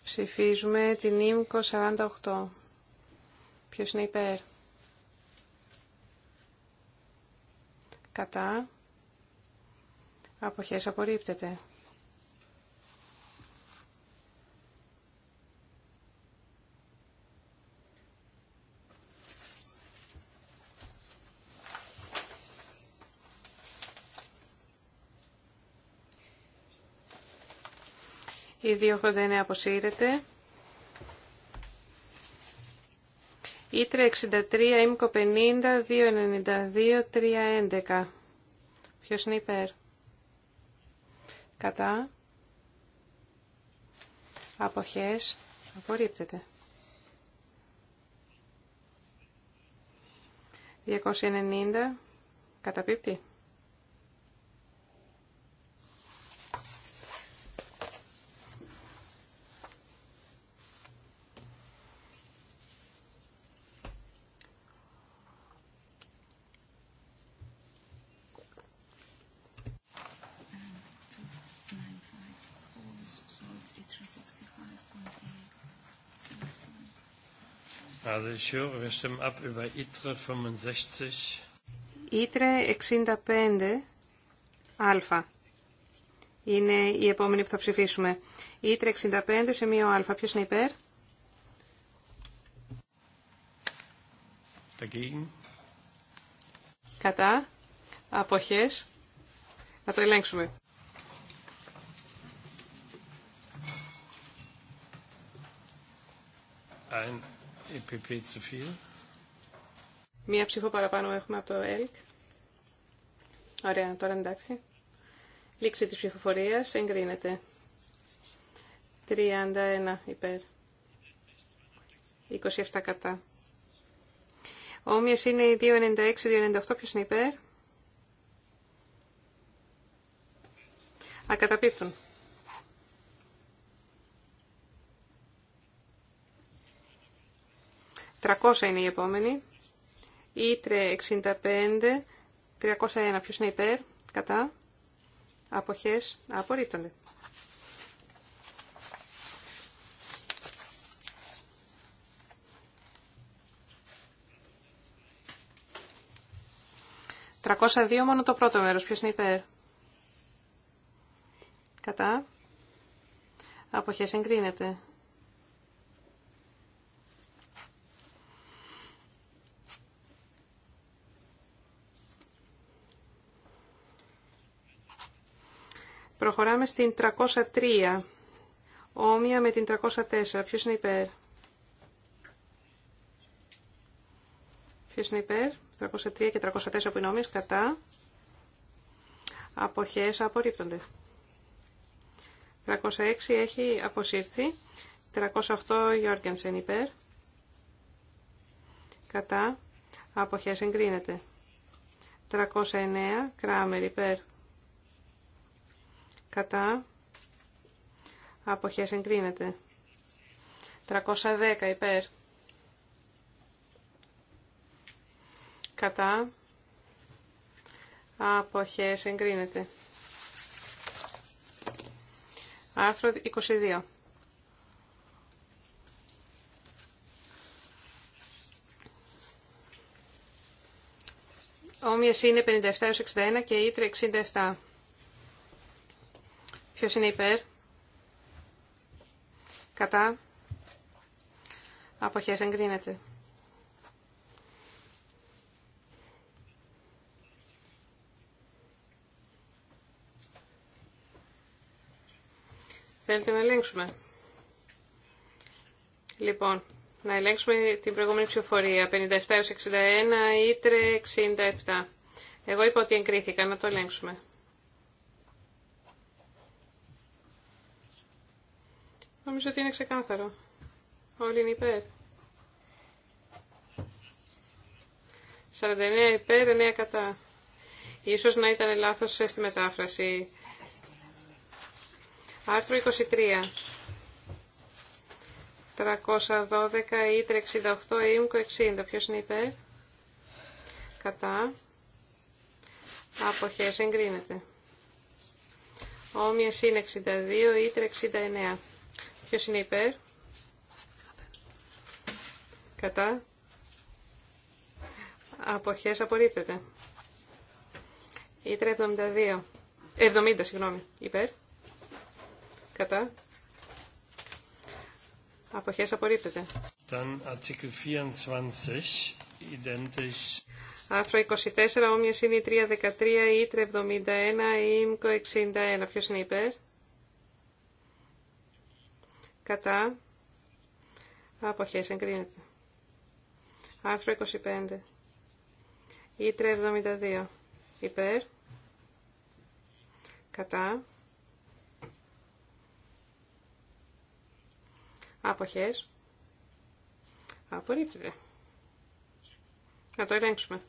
Ψηφίζουμε την ΙΜΚΟ 48. Ποιος είναι υπέρ. κατά αποχές απορρίπτεται. Η 289 αποσύρεται. Ήτρε 63, ΙΜΚΟ 50, 292, 311. Ποιος είναι υπέρ. Κατά. Αποχές. Απορρίπτεται. 290. Καταπίπτει. Ητρε über 65. ITRE α. Είναι η επόμενη που θα ψηφίσουμε. Ητρε 65 σε μία α. Ποιος είναι υπέρ? Dagegen. Κατά. Αποχές. Να το ελέγξουμε. Ein Μία ψήφο παραπάνω έχουμε από το ΕΛΚ. Ωραία, τώρα εντάξει. Λήξη της ψηφοφορία. εγκρίνεται. 31 υπέρ. 27 κατά. Όμοιες είναι οι 296, 298. Ποιος είναι υπέρ? Ακαταπίπτουν. 300 είναι η επόμενη. Ήτρε 65, 301. Ποιος είναι υπέρ, κατά, αποχές, απορρίπτονται. 302 μόνο το πρώτο μέρος. Ποιος είναι υπέρ. Κατά. Αποχές εγκρίνεται. Προχωράμε στην 303. Όμοια με την 304. Ποιος είναι υπέρ. Ποιος είναι υπέρ. 303 και 304 που είναι όμοιες κατά. Αποχές απορρίπτονται. 306 έχει αποσύρθει. 308 είναι υπέρ. Κατά. Αποχές εγκρίνεται. 309 Κράμερ υπέρ κατά αποχές εγκρίνεται. 310 υπέρ κατά αποχές εγκρίνεται. Άρθρο 22. Όμοιες είναι 57 έως 61 και ήτρε 67. Ποιος είναι υπέρ. Κατά. Αποχές εγκρίνεται. Θέλετε να ελέγξουμε. Λοιπόν, να ελέγξουμε την προηγούμενη ψηφοφορία. 57 61, ήτρε 67. Εγώ είπα ότι εγκρίθηκα, να το ελέγξουμε. Νομίζω ότι είναι ξεκάθαρο. Όλοι είναι υπέρ. 49 υπέρ, 9 κατά. Ίσως να ήταν λάθος στη μετάφραση. Άρθρο 23. 312 ή 368 ήμκο 60. Ποιος είναι υπέρ. Κατά. Αποχές εγκρίνεται. Όμοιες είναι 62 ή 69. Ποιο είναι υπέρ. Κατά. Αποχέ απορρίπτεται. Ήτρε 72. 70, συγγνώμη. Υπέρ. Κατά. Αποχέ, απορρίπτεται. Dann Artikel 24, identisch. Άρθρο 24, όμοιες είναι η 313, ήτρε 71, η 61. Ποιος είναι υπέρ κατά αποχές εγκρίνεται. Άρθρο 25. Ήτρε 72. Υπέρ. Κατά. Αποχές. Απορρίπτεται. Να το ελέγξουμε.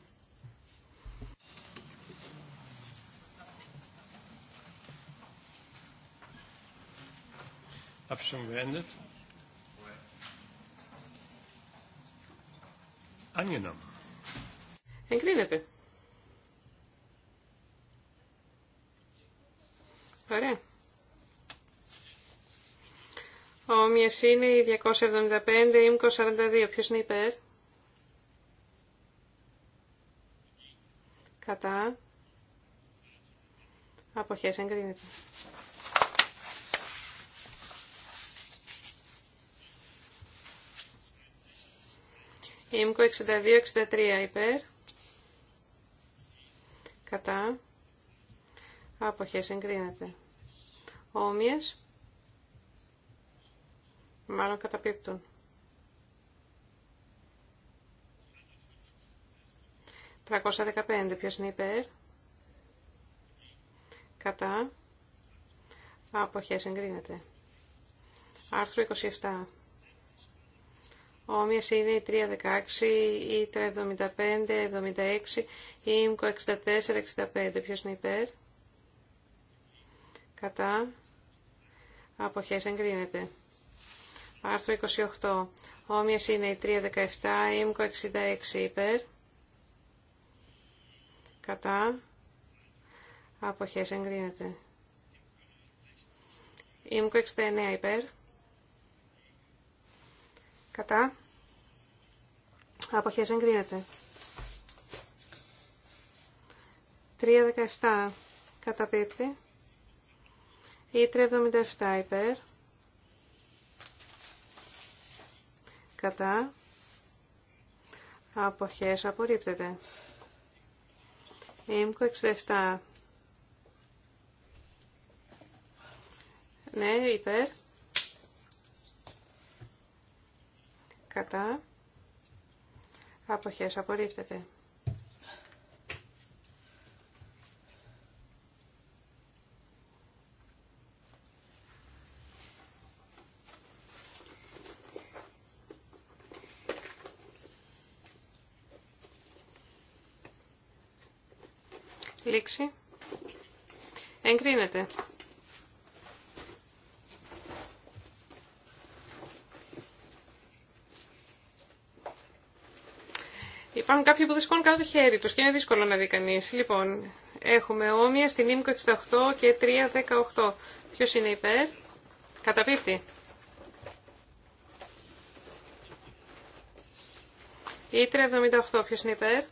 Abstimmung beendet. Angenommen. Εγκρίνεται. Ωραία. Όμοιες είναι η 275, η 42. Ποιος είναι υπέρ? Κατά. Αποχές εγκρίνεται. Ήμκο 62-63 υπέρ. Κατά. Αποχές εγκρίνεται. Όμοιες. Μάλλον καταπίπτουν. 315. Ποιος είναι υπέρ. Κατά. Αποχές εγκρίνεται. Άρθρο 27. Όμοιες είναι η 316, η 375, 76, η ΙΜΚΟ 64, 65. Ποιος είναι υπέρ? Κατά. Αποχές εγκρίνεται. Άρθρο 28. Όμοιες είναι η 317, η 66 υπέρ. Κατά. Αποχές εγκρίνεται. ΙΜΚΟ 69 υπέρ. Κατά. Αποχές εγκρίνεται. 3.17 πίπτη. Ή 3.77 υπέρ. Κατά. Αποχές απορρίπτεται. Ήμκο 67. Ναι, υπέρ. κατά αποχές απορρίπτεται. Λήξη. Εγκρίνεται. Υπάρχουν κάποιοι που δεν σηκώνουν κάτω το χέρι τους και είναι δύσκολο να δει κανεί. Λοιπόν, έχουμε όμοια στην ΙΜΚΟ 68 και 318. Ποιος είναι υπέρ? Καταπίπτει. Ήτρε 78. Ποιος είναι υπέρ?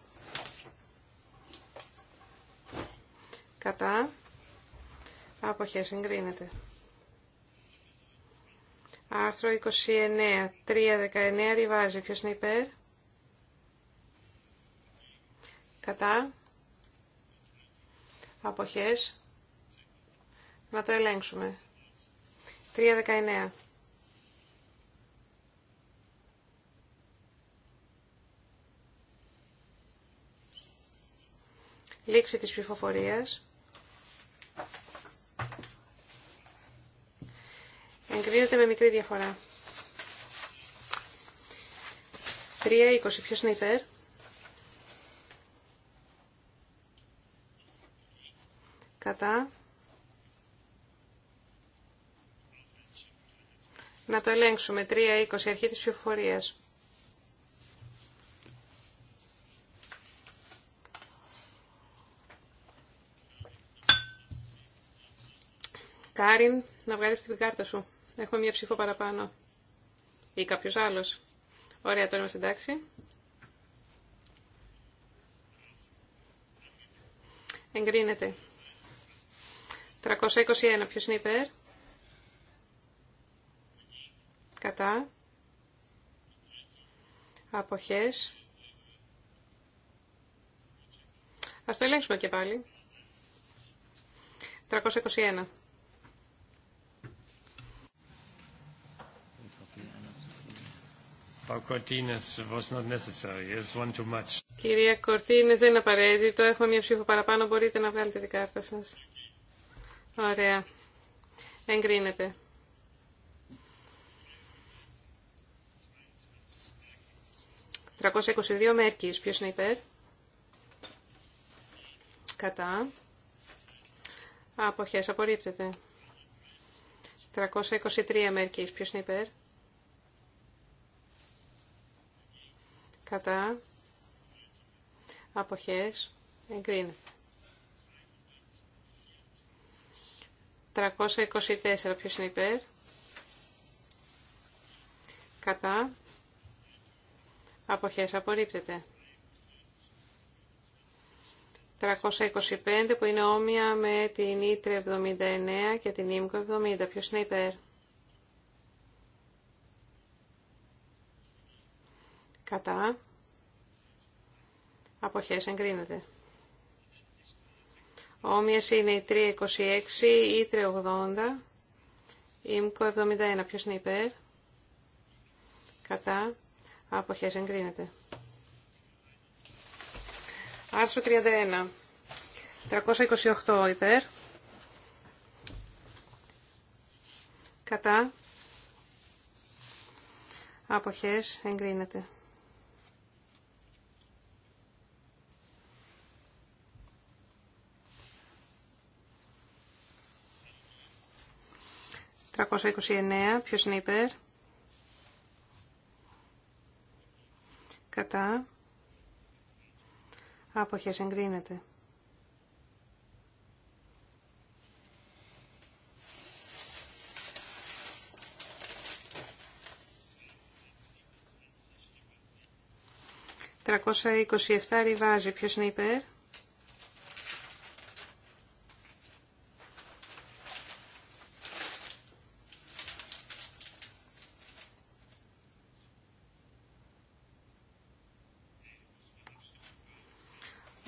Κατά. Αποχές Αποχή Άρθρο 29. 319 ριβάζει. Ποιος είναι υπέρ? κατά, αποχές, να το ελέγξουμε. 3.19. Λήξη της ψηφοφορίας. Εγκρίνεται με μικρή διαφορά. 3.20. Ποιος είναι υπέρ. Κατά. Να το ελέγξουμε. 3-20, αρχή της ψηφοφορίας. Κάριν, να βγάλεις την κάρτα σου. έχουμε μία ψήφο παραπάνω. Ή κάποιος άλλος. Ωραία, τώρα είμαστε εντάξει. Εγκρίνεται. 321. Ποιος είναι υπέρ. Κατά. Αποχές. Ας το ελέγξουμε και πάλι. 321. Κυρία Κορτίνες, δεν είναι απαραίτητο. Έχουμε μια ψήφο παραπάνω. Μπορείτε να βγάλετε την κάρτα σας. Ωραία. Εγκρίνεται. 322 Μέρκης. Ποιος είναι υπέρ. Κατά. Αποχές. Απορρίπτεται. 323 Μέρκης. Ποιος είναι υπέρ. Κατά. Αποχές. Εγκρίνεται. 324. Ποιος είναι υπέρ. Κατά. Αποχές απορρίπτεται. 325 που είναι όμοια με την Ήτρε 79 και την Ήμκο 70. Ποιος είναι υπέρ. Κατά. Αποχές εγκρίνεται. Όμοιες είναι η 326, η 380, Ήμκο 71. Ποιος είναι υπέρ. Κατά. Αποχές εγκρίνεται. Άρθρο 31. 328 υπέρ. Κατά. Αποχές εγκρίνεται. 329. Ποιος είναι υπέρ. Κατά. Άποχες εγκρίνεται. 327 ριβάζει. Ποιος είναι υπέρ.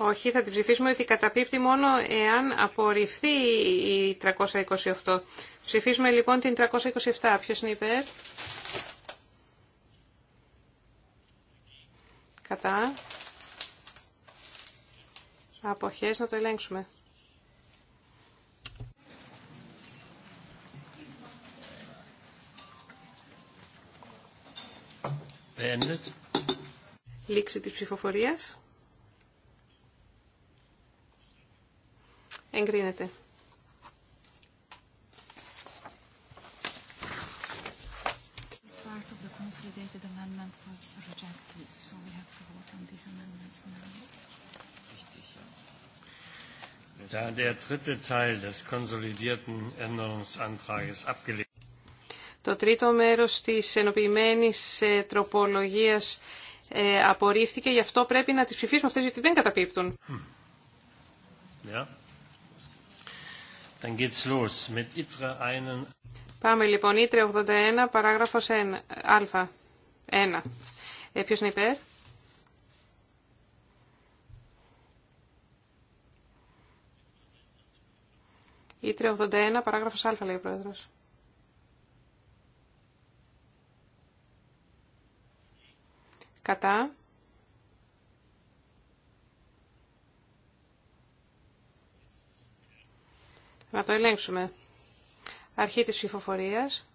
Όχι, θα την ψηφίσουμε ότι καταπίπτει μόνο εάν απορριφθεί η 328. Ψηφίσουμε λοιπόν την 327. Ποιος είναι υπέρ? Κατά. Αποχές να το ελέγξουμε. Λήξη της ψηφοφορίας. Εγκρίνεται. Da der dritte Teil des konsolidierten Änderungsantrages abgelehnt το τρίτο μέρος της ενοποιημένης ε, τροπολογίας ε, απορρίφθηκε, γι' αυτό πρέπει να τις ψηφίσουμε αυτές, γιατί δεν καταπίπτουν. Yeah. Hm. Dann geht's los mit Itra 1. Πάμε λοιπόν, Ήτρε 81, παράγραφος 1, α, 1. Ε, ποιος είναι υπέρ? Ήτρε 81, παράγραφος α, λέει ο Πρόεδρος. Κατά. Να το ελέγξουμε. Αρχή της ψηφοφορίας.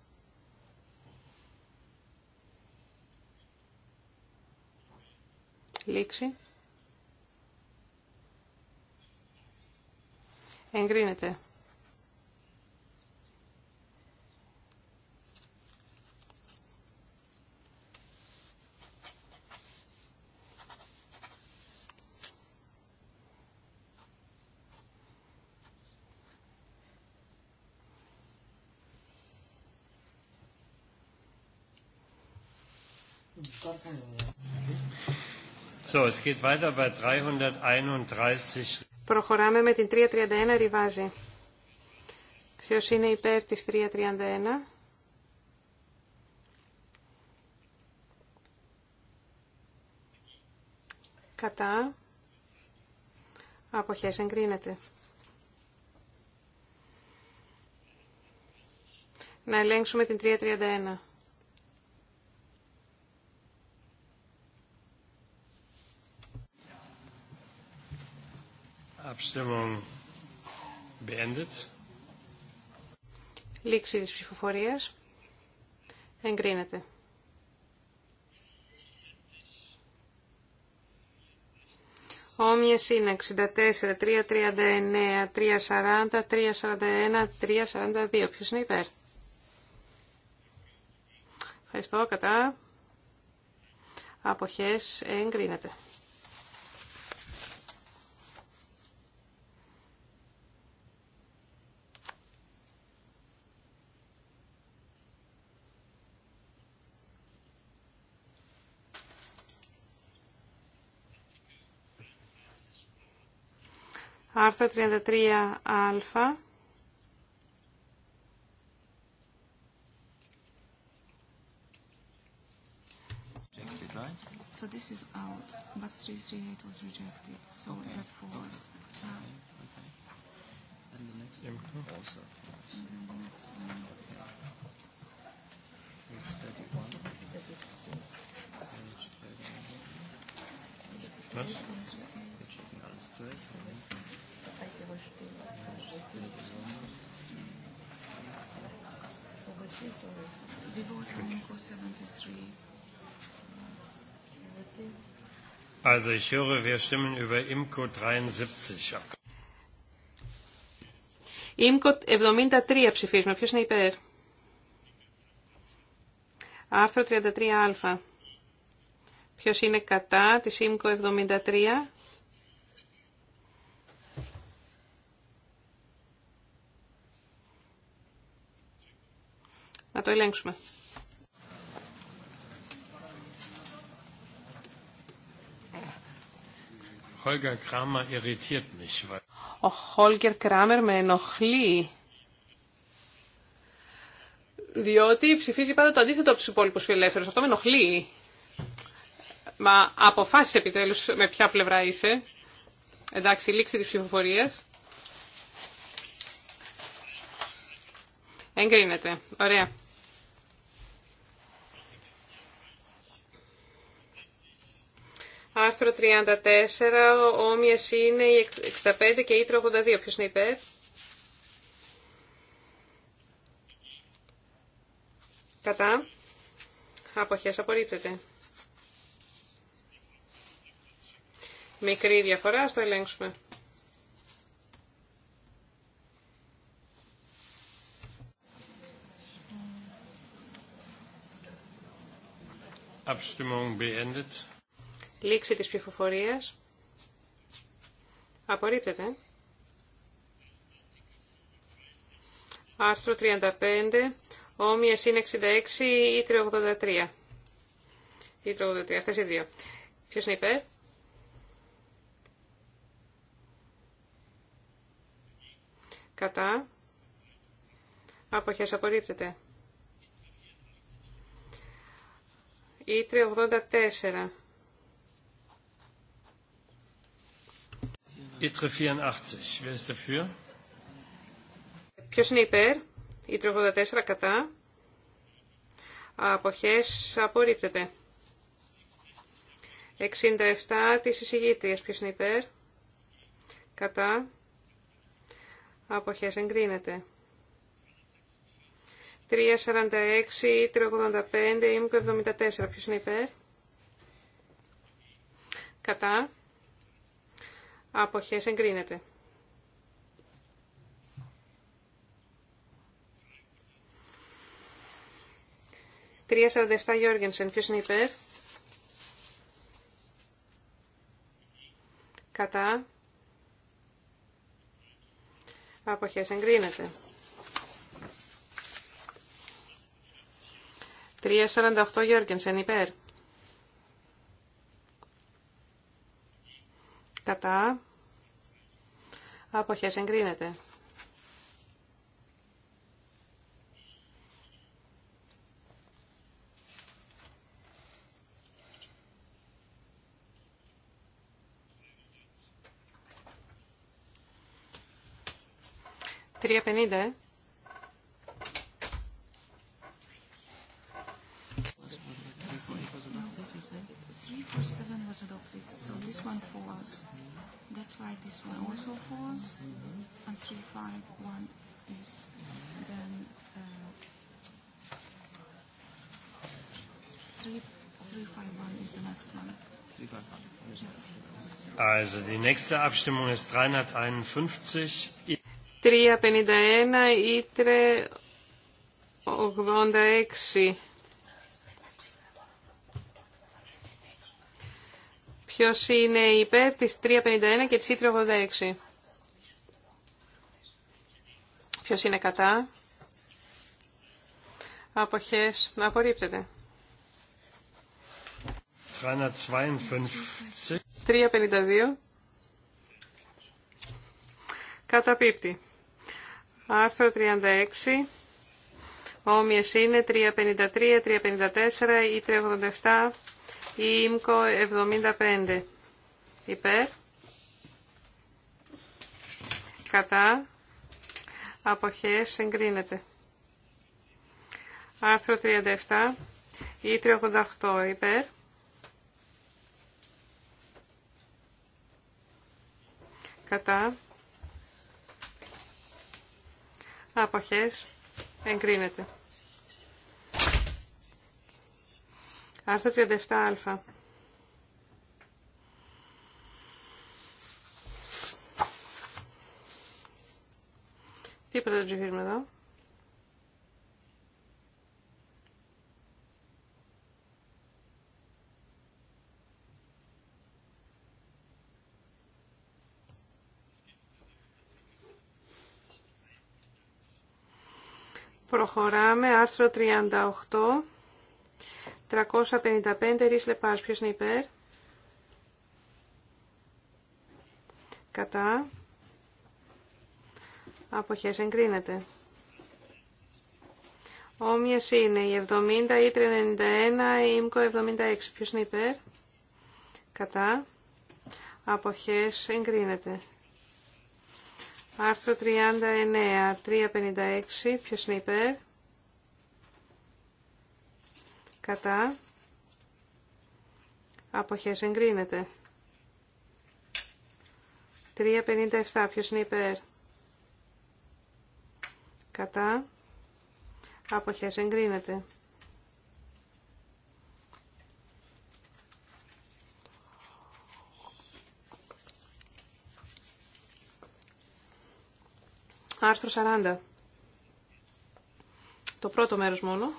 Λήξη. Εγκρίνεται. So, es geht weiter bei 331. Προχωράμε με την 331 ριβάζει. Ποιο είναι υπέρ τη 331. Κατά. Αποχές εγκρίνεται. Να ελέγξουμε την 331. Abstimmung beendet. Λήξη της ψηφοφορίας. Εγκρίνεται. 64, 339, 340, 341, 342. Ποιος είναι υπέρ. Ευχαριστώ. Κατά αποχές εγκρίνεται. Άρθρο 33α. So this is out, but 338 was rejected. So okay. that falls. Okay. Uh, Okay. And the next one also And then the next one. Okay. Page 31. Page Also ich höre, wir stimmen über IMCO 73 ab. IMCO 73 ψηφίσουμε. Ποιος είναι υπέρ. Άρθρο 33α. Ποιος είναι κατά τη ΣΥΜΚΟ 73. Να το ελέγξουμε. Ο Χόλκερ Κράμερ με ενοχλεί. Διότι ψηφίζει πάντα το αντίθετο από του υπόλοιπου φιλελεύθερου. Αυτό με ενοχλεί. Μα αποφάσισε επιτέλους με ποια πλευρά είσαι. Εντάξει, λήξη της ψηφοφορίας. Εγκρίνεται. Ωραία. Άρθρο 34, όμοιες είναι οι 65 και οι 82. Ποιος είναι υπέρ? Κατά. Αποχές απορρίπτεται. μικρή διαφορά, ας το ελέγξουμε. Λήξη της ψηφοφορίας. Απορρίπτεται. Άρθρο 35, όμοιες είναι 66 ή 383. Ή αυτές οι δύο. Ποιος είναι υπέρ. κατά, αποχές απορρίπτεται. Ήτρε 84. Ήτρε Ποιος είναι υπέρ, Ήτρε 84 κατά, αποχές απορρίπτεται. 67 της εισηγήτριας, ποιος είναι υπέρ, κατά, αποχές εγκρίνεται. 3.46 ή 3.85 ή 74. Ποιος είναι υπέρ. Κατά. Αποχές εγκρίνεται. 3.47 Γιώργενσεν. Ποιος είναι υπέρ. Κατά αποχές εγκρίνεται. 3.48 Γιώργενσεν υπέρ. Κατά. Αποχές εγκρίνεται. also Also die nächste Abstimmung ist 351. 351 ήτρε 86. Ποιο είναι υπέρ της 351 και της ήτρε 86. Ποιος είναι κατά. Αποχές. Απορρίπτεται. 352. Καταπίπτει. Άρθρο 36. Όμοιες είναι 353, 354 ή 387 ή ΙΜΚΟ 75. Υπέρ. Κατά. Αποχές εγκρίνεται. Άρθρο 37 ή 388 υπέρ. Κατά. Αποχές. Εγκρίνεται. Άρθρο 37α. Τι πρέπει να εδώ. Προχωράμε, άρθρο 38, 355, ρίς λεπάς, ποιος είναι υπέρ. Κατά. Αποχές εγκρίνεται. Όμοιες είναι η 70, η 91, η 76. Ποιος είναι υπέρ. Κατά. Αποχές εγκρίνεται. Άρθρο 39, 356, ποιος είναι υπέρ, κατά, αποχές εγκρίνεται. 357, ποιος είναι υπέρ, κατά, αποχές εγκρίνεται. Άρθρο 40. Το πρώτο μέρος μόνο.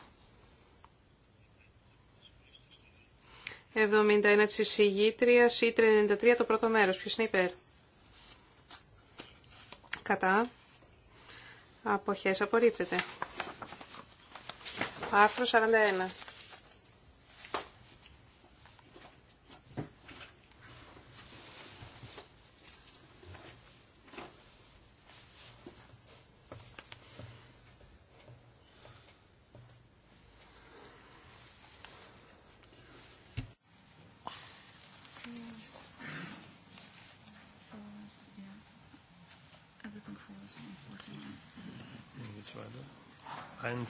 71 της εισηγήτριας, ή 93 το πρώτο μέρος. Ποιος είναι υπέρ. Κατά. Αποχές απορρίπτεται. Άρθρο 41.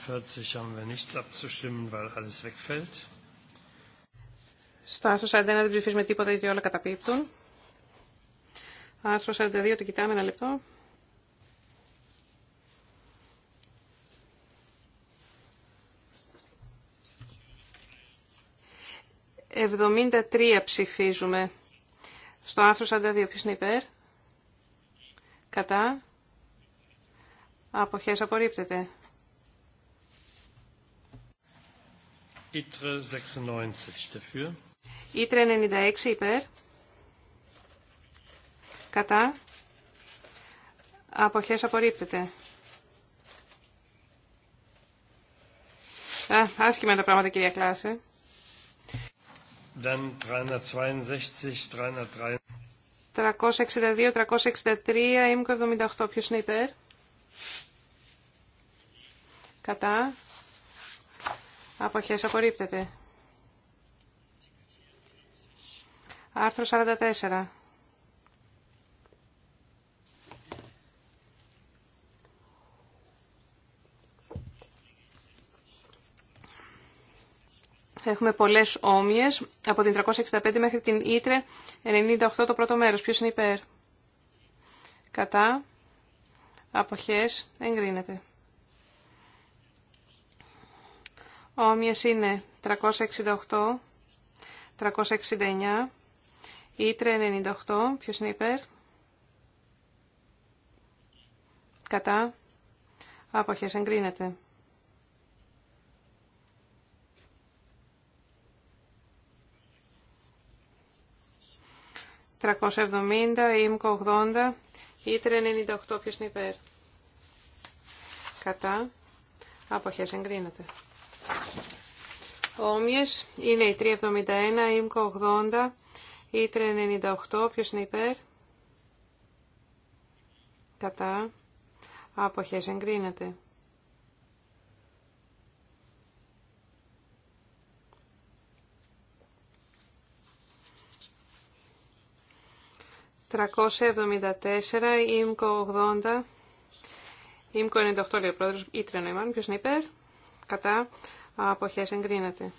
41 haben wir nichts abzustimmen, weil alles wegfällt. Στο άρθρο 41 δεν ψηφίζουμε τίποτα γιατί όλα καταπίπτουν. Άρθρο 42 το κοιτάμε ένα λεπτό. Εβδομήντα ψηφίζουμε. Στο άρθρο 42 ποιος είναι υπέρ. Κατά. Αποχές απορρίπτεται. Ήτρε 96 dafür. υπέρ. Κατά. Αποχές απορρίπτεται. Α, άσχημα τα πράγματα κυρία Κλάση. Dann 362, 363. 362, 363, 78. Ποιος είναι υπέρ. Κατά. Αποχές απορρίπτεται. Άρθρο 44. Έχουμε πολλές όμοιες, από την 365 μέχρι την Ήτρε 98 το πρώτο μέρος. Ποιος είναι υπέρ. Κατά. Αποχές. Εγκρίνεται. Όμοιες είναι 368, 369, Ήτρε 98, ποιος είναι υπέρ, κατά, άποχες εγκρίνεται. «370», «ΙΜΚΟ 80», «ΙΤΡΕ 98», ποιος είναι υπέρ. Κατά, άποχες εγκρίνεται. Όμοιες είναι η 371, η 80, η 398, ποιος είναι υπέρ. Κατά. Αποχές εγκρίνεται. Τρακόσια εβδομήντα τέσσερα, ΙΜΚΟ ογδόντα, ΙΜΚΟ 98, λέει ο πρόεδρος, ή ημάνου, ποιος είναι υπέρ κατά αποχές εγκρίνεται.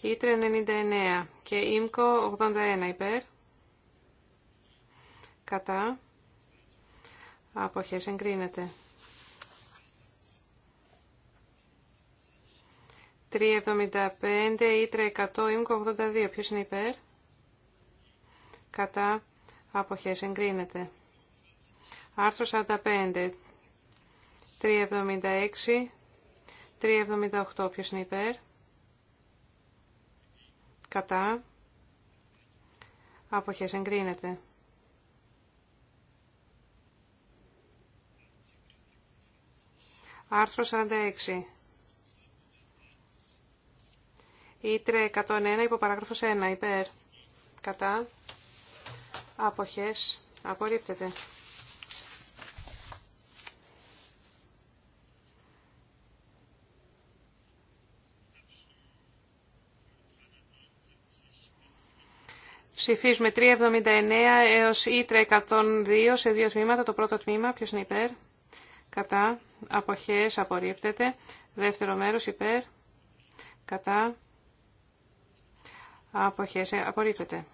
Ήτρε 99 και Ήμκο 81 υπέρ. Κατά. Αποχές εγκρίνεται. 375 Ήτρε 100 Ήμκο 82. Ποιος είναι υπέρ. Κατά. Αποχές εγκρίνεται. Άρθρο 45. 376. 378. Ποιος είναι υπέρ. Κατά. Αποχές εγκρίνεται. Άρθρο 46. Ήτρε 101 υπό παράγραφος 1. Υπέρ. Κατά. Αποχές. Απορρίπτεται. Ψηφίζουμε 379 έως ήτρα 102 σε δύο τμήματα. Το πρώτο τμήμα, ποιος είναι υπέρ, κατά, αποχές, απορρίπτεται. Δεύτερο μέρος, υπέρ, κατά, αποχές, ε, απορρίπτεται.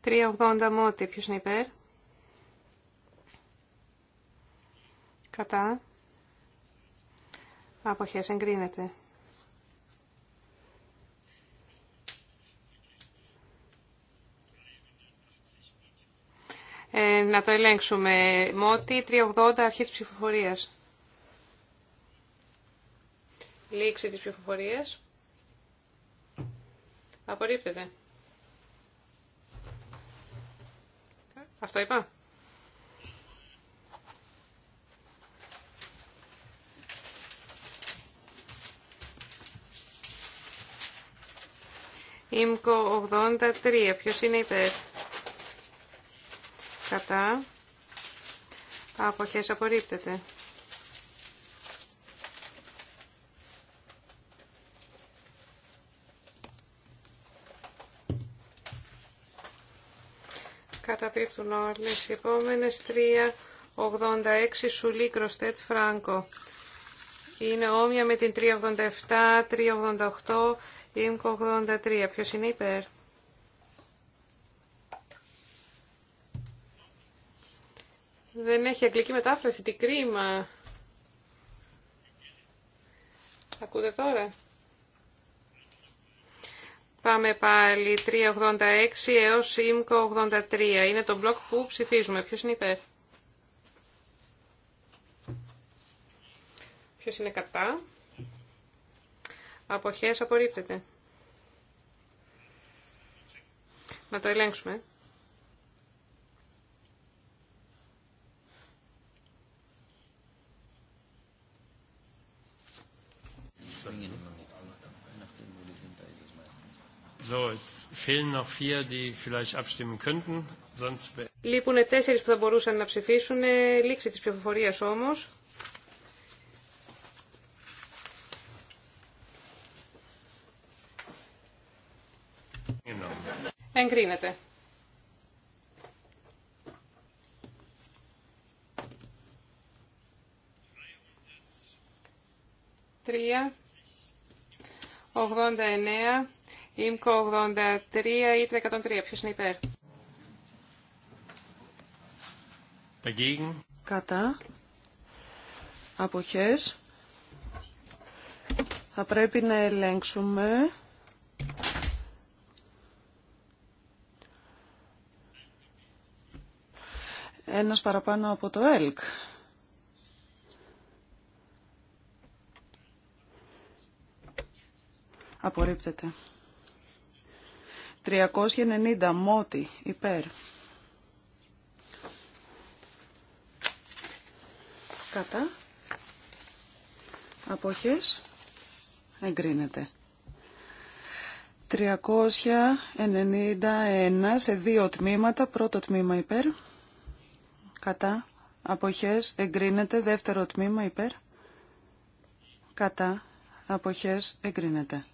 Τρία ογδόντα μότι, ποιος είναι υπέρ. Κατά. Αποχές εγκρίνεται. Ε, να το ελέγξουμε. Μότι 380 αρχή της ψηφοφορίας. Λήξη της ψηφοφορίας. Απορρίπτεται. Αυτό είπα. Ήμκο 83. Ποιος είναι υπέρ. Κατά. Αποχές απορρίπτεται. Καταπίπτουν όλες οι επόμενες 3. 86 Σουλή Κροστέτ Φράγκο είναι όμοια με την 387, 388, ΙΜΚΟ 83. Ποιος είναι υπέρ. Δεν έχει αγγλική μετάφραση, τι κρίμα. Ακούτε τώρα. Πάμε πάλι 386 έως ΙΜΚΟ 83. Είναι το μπλοκ που ψηφίζουμε. Ποιος είναι υπέρ. Ποιος είναι κατά. Αποχές απορρίπτεται. Να το ελέγξουμε. Λείπουν τέσσερις που θα μπορούσαν να ψηφίσουν. Λήξη της ψηφοφορίας όμως. Εγκρίνεται. 3, 89, ΙΜΚΟ 83, ΙΤΡΑ 103. Ποιος είναι υπέρ. Κατά. Αποχές. Θα πρέπει να ελέγξουμε Ένας παραπάνω από το ΕΛΚ. Απορρίπτεται. 390 μότι υπέρ. Κατά. Αποχές. Εγκρίνεται. 391 σε δύο τμήματα. Πρώτο τμήμα υπέρ κατά, αποχές, εγκρίνεται. Δεύτερο τμήμα υπέρ, κατά, αποχές, εγκρίνεται.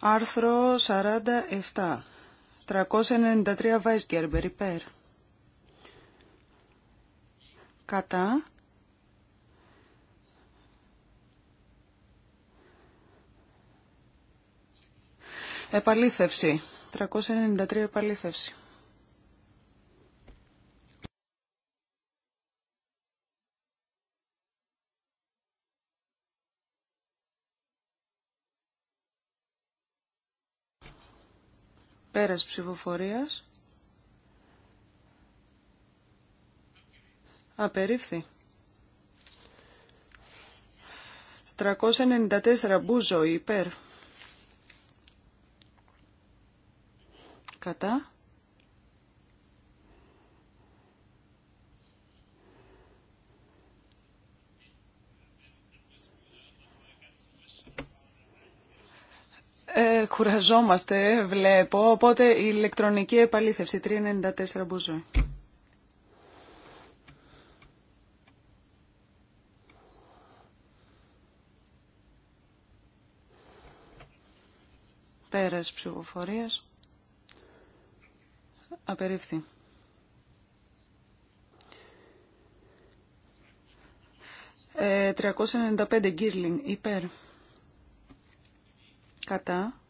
Άρθρο 47. 393 Weisgerber υπέρ. Κατά. Επαλήθευση. 393 επαλήθευση. Πέρας ψηφοφορίας. Απερίφθη. 394 μπούζο υπέρ. Κατά. Ε, κουραζόμαστε, βλέπω, οπότε η ηλεκτρονική επαλήθευση 394 μπουζού. Πέρας ψηφοφορίας. Απερίφθη. 395 ε, γκίρλινγκ υπέρ κατά,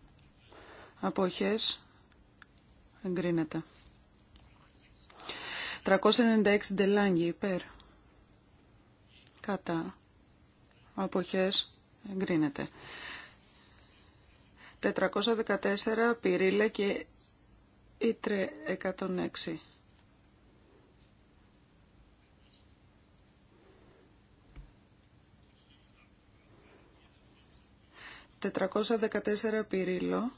αποχές, εγκρίνεται. 396 ντελάγγι υπέρ, κατά, αποχές, εγκρίνεται. 414 πυρίλα και ήτρε 106 414 πυρίλο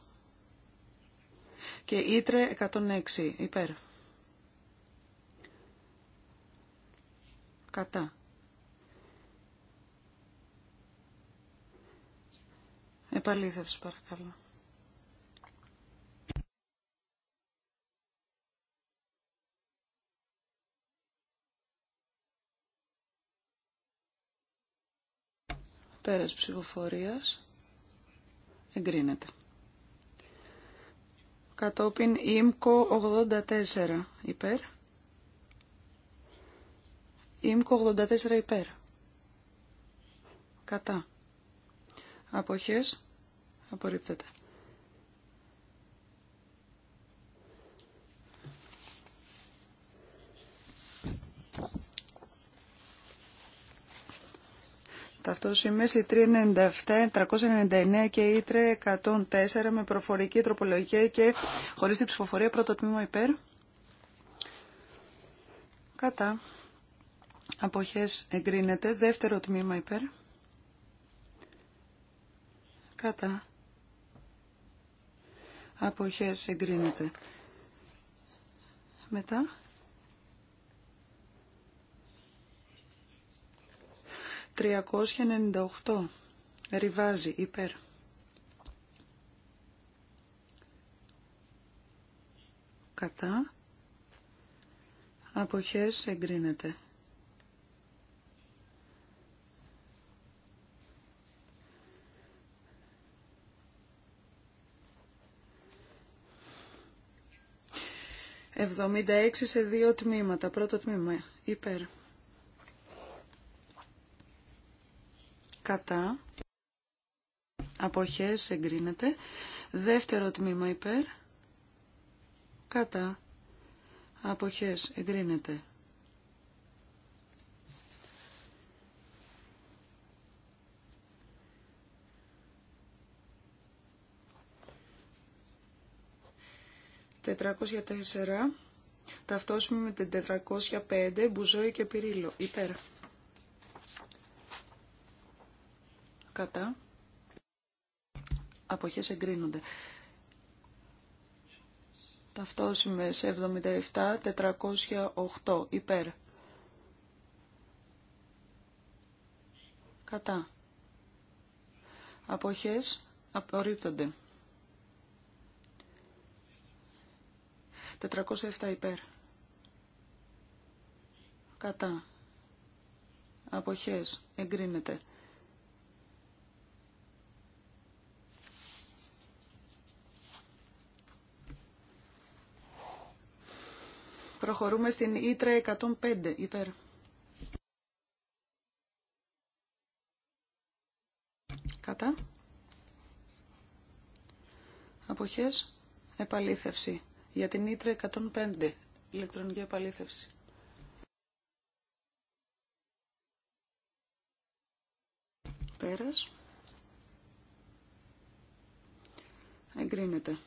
και ήτρε 106 υπέρ. Κατά. Επαλήθευση παρακαλώ. Πέρας ψηφοφορίας εγκρίνεται. Κατόπιν ΙΜΚΟ 84 υπέρ. ΙΜΚΟ 84 υπέρ. Κατά. Αποχές απορρίπτεται. Ταυτόσημες η 397, 399 και η 104 με προφορική τροπολογία και χωρίς την ψηφοφορία πρώτο τμήμα υπέρ. Κατά. Αποχές εγκρίνεται. Δεύτερο τμήμα υπέρ. Κατά. Αποχές εγκρίνεται. Μετά 398. Ριβάζει υπέρ. Κατά. Αποχές εγκρίνεται. 76 σε δύο τμήματα. Πρώτο τμήμα υπέρ. κατά, αποχές εγκρίνεται, δεύτερο τμήμα υπέρ, κατά, αποχές εγκρίνεται. Τετρακόσια τέσσερα, με την 405, Μπουζόη και Πυρίλο, υπέρ. κατά αποχές εγκρίνονται. Ταυτόσημες 77, 408 υπέρ. Κατά. Αποχές απορρίπτονται. 407 υπέρ. Κατά. Αποχές εγκρίνεται. Προχωρούμε στην Ήτρα 105 υπέρ. Κατά. Αποχές. Επαλήθευση. Για την Ήτρα 105. Ηλεκτρονική επαλήθευση. Πέρας. Εγκρίνεται.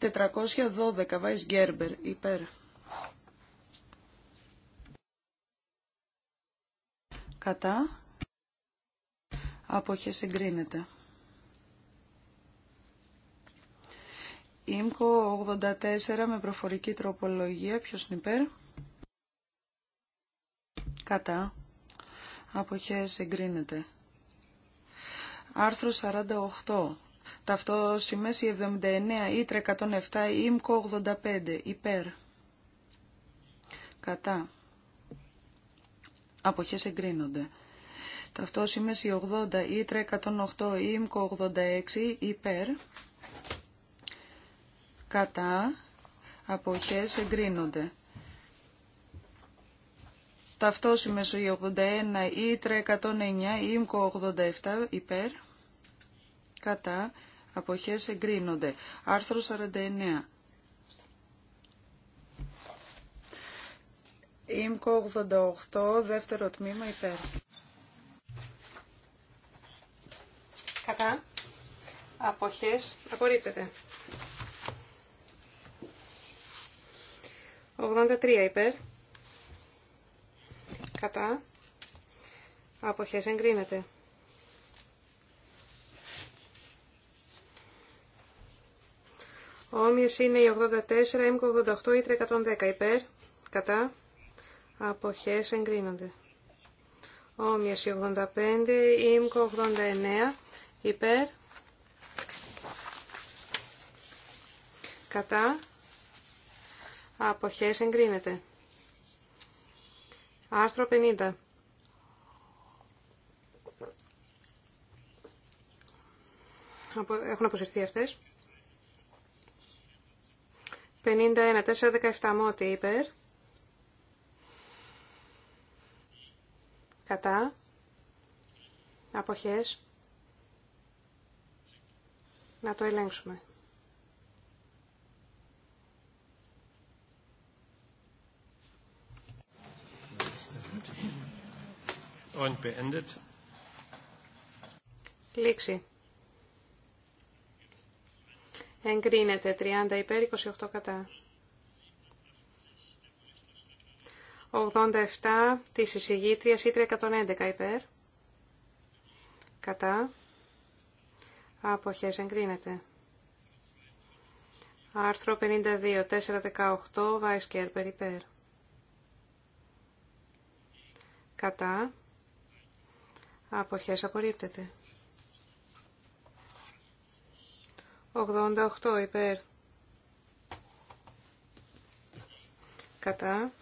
412 Βάις Γκέρμπερ υπέρ. Κατά. Αποχές εγκρίνεται. Ήμκο 84 με προφορική τροπολογία. Ποιος είναι υπέρ. Κατά. Αποχές εγκρίνεται. Άρθρο 48 ταυτόσημες η 79, η 307 η 85, υπέρ. Κατά. Αποχές εγκρίνονται. Ταυτόσημες η 80, η 308 η 86, υπέρ. Κατά. Αποχές εγκρίνονται. Ταυτόσημες η 81, η 309 η 87, υπέρ κατά αποχές εγκρίνονται. Άρθρο 49. Ίμκο 88, δεύτερο τμήμα υπέρ. Κατά. Αποχές. Απορρίπτεται. 83 υπέρ. Κατά. Αποχές εγκρίνεται. Όμοιε είναι οι 84, ΕΜΚΟ 88 ή 310 υπέρ, κατά, αποχές εγκρίνονται. Όμοιε οι 85, ΕΜΚΟ 89 υπέρ, κατά, αποχές εγκρίνεται. Άρθρο 50. Έχουν αποσυρθεί αυτές. 51, 417 μότι υπέρ. Κατά. Αποχές. Να το ελέγξουμε. Und beendet. Λήξη. Εγκρίνεται 30 υπέρ 28 κατά. 87 της εισηγήτριας ή 311 υπέρ. Κατά. Αποχές εγκρίνεται. Άρθρο 52, 418, Βάισκερπερ υπέρ. Κατά. Αποχές απορρίπτεται. 88 υπέρ. Κατά.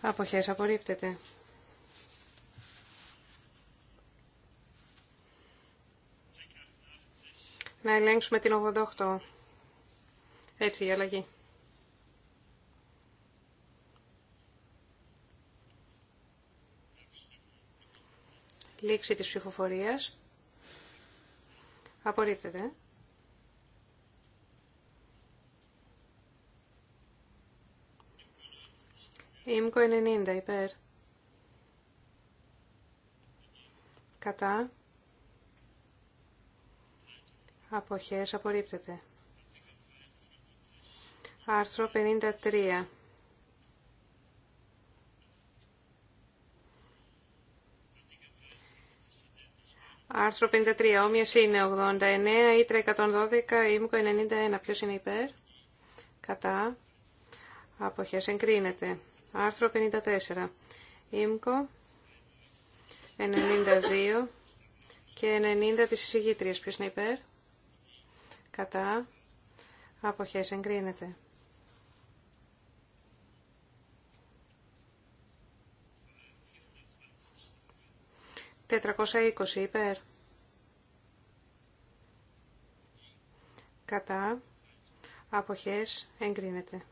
Αποχές απορρίπτεται. Να ελέγξουμε την 88. Έτσι η αλλαγή. Λήξη της ψηφοφορίας. Απορρίπτεται. Ήμκο 90 υπέρ. Κατά. Αποχές απορρίπτεται. Άρθρο 53. Άρθρο 53. Όμοιες είναι 89, Ήτρα 112, Ήμκο 91. Ποιος είναι υπέρ? Κατά. Αποχές εγκρίνεται. Άρθρο 54. Ήμκο 92 και 90 της εισηγήτριας. Ποιος είναι υπέρ. Κατά. Αποχές εγκρίνεται. 420 είκοσι υπέρ. Κατά. Αποχές εγκρίνεται.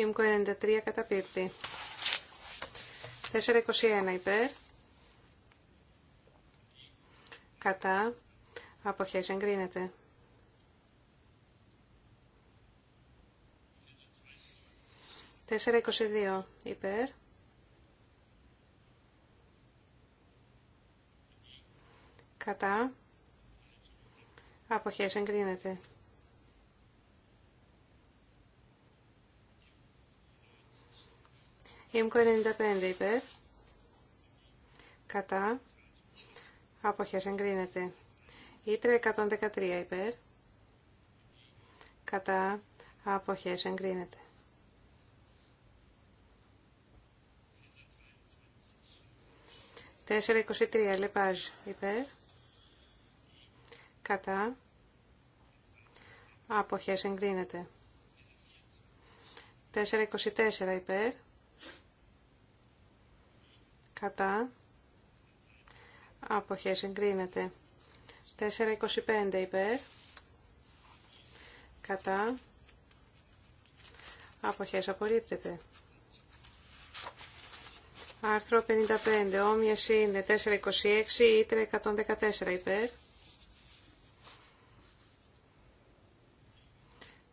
ΙΜΚΟ 93 καταπίπτει. 421 υπέρ. Κατά. Αποχές εγκρίνεται. 422 υπέρ. Κατά. Αποχές εγκρίνεται. ΥΜΚΟ 95 υπέρ. Κατά. Αποχές εγκρίνεται. Ήτρε 113 υπέρ. Κατά. Αποχές εγκρίνεται. 4.23 λεπάζ υπέρ. Κατά. Αποχές εγκρίνεται. 4.24 υπέρ κατά αποχές εγκρίνεται 4.25 υπέρ κατά Αποχέ απορρίπτεται Άρθρο 55, όμοιες είναι 426 ή 114 υπέρ.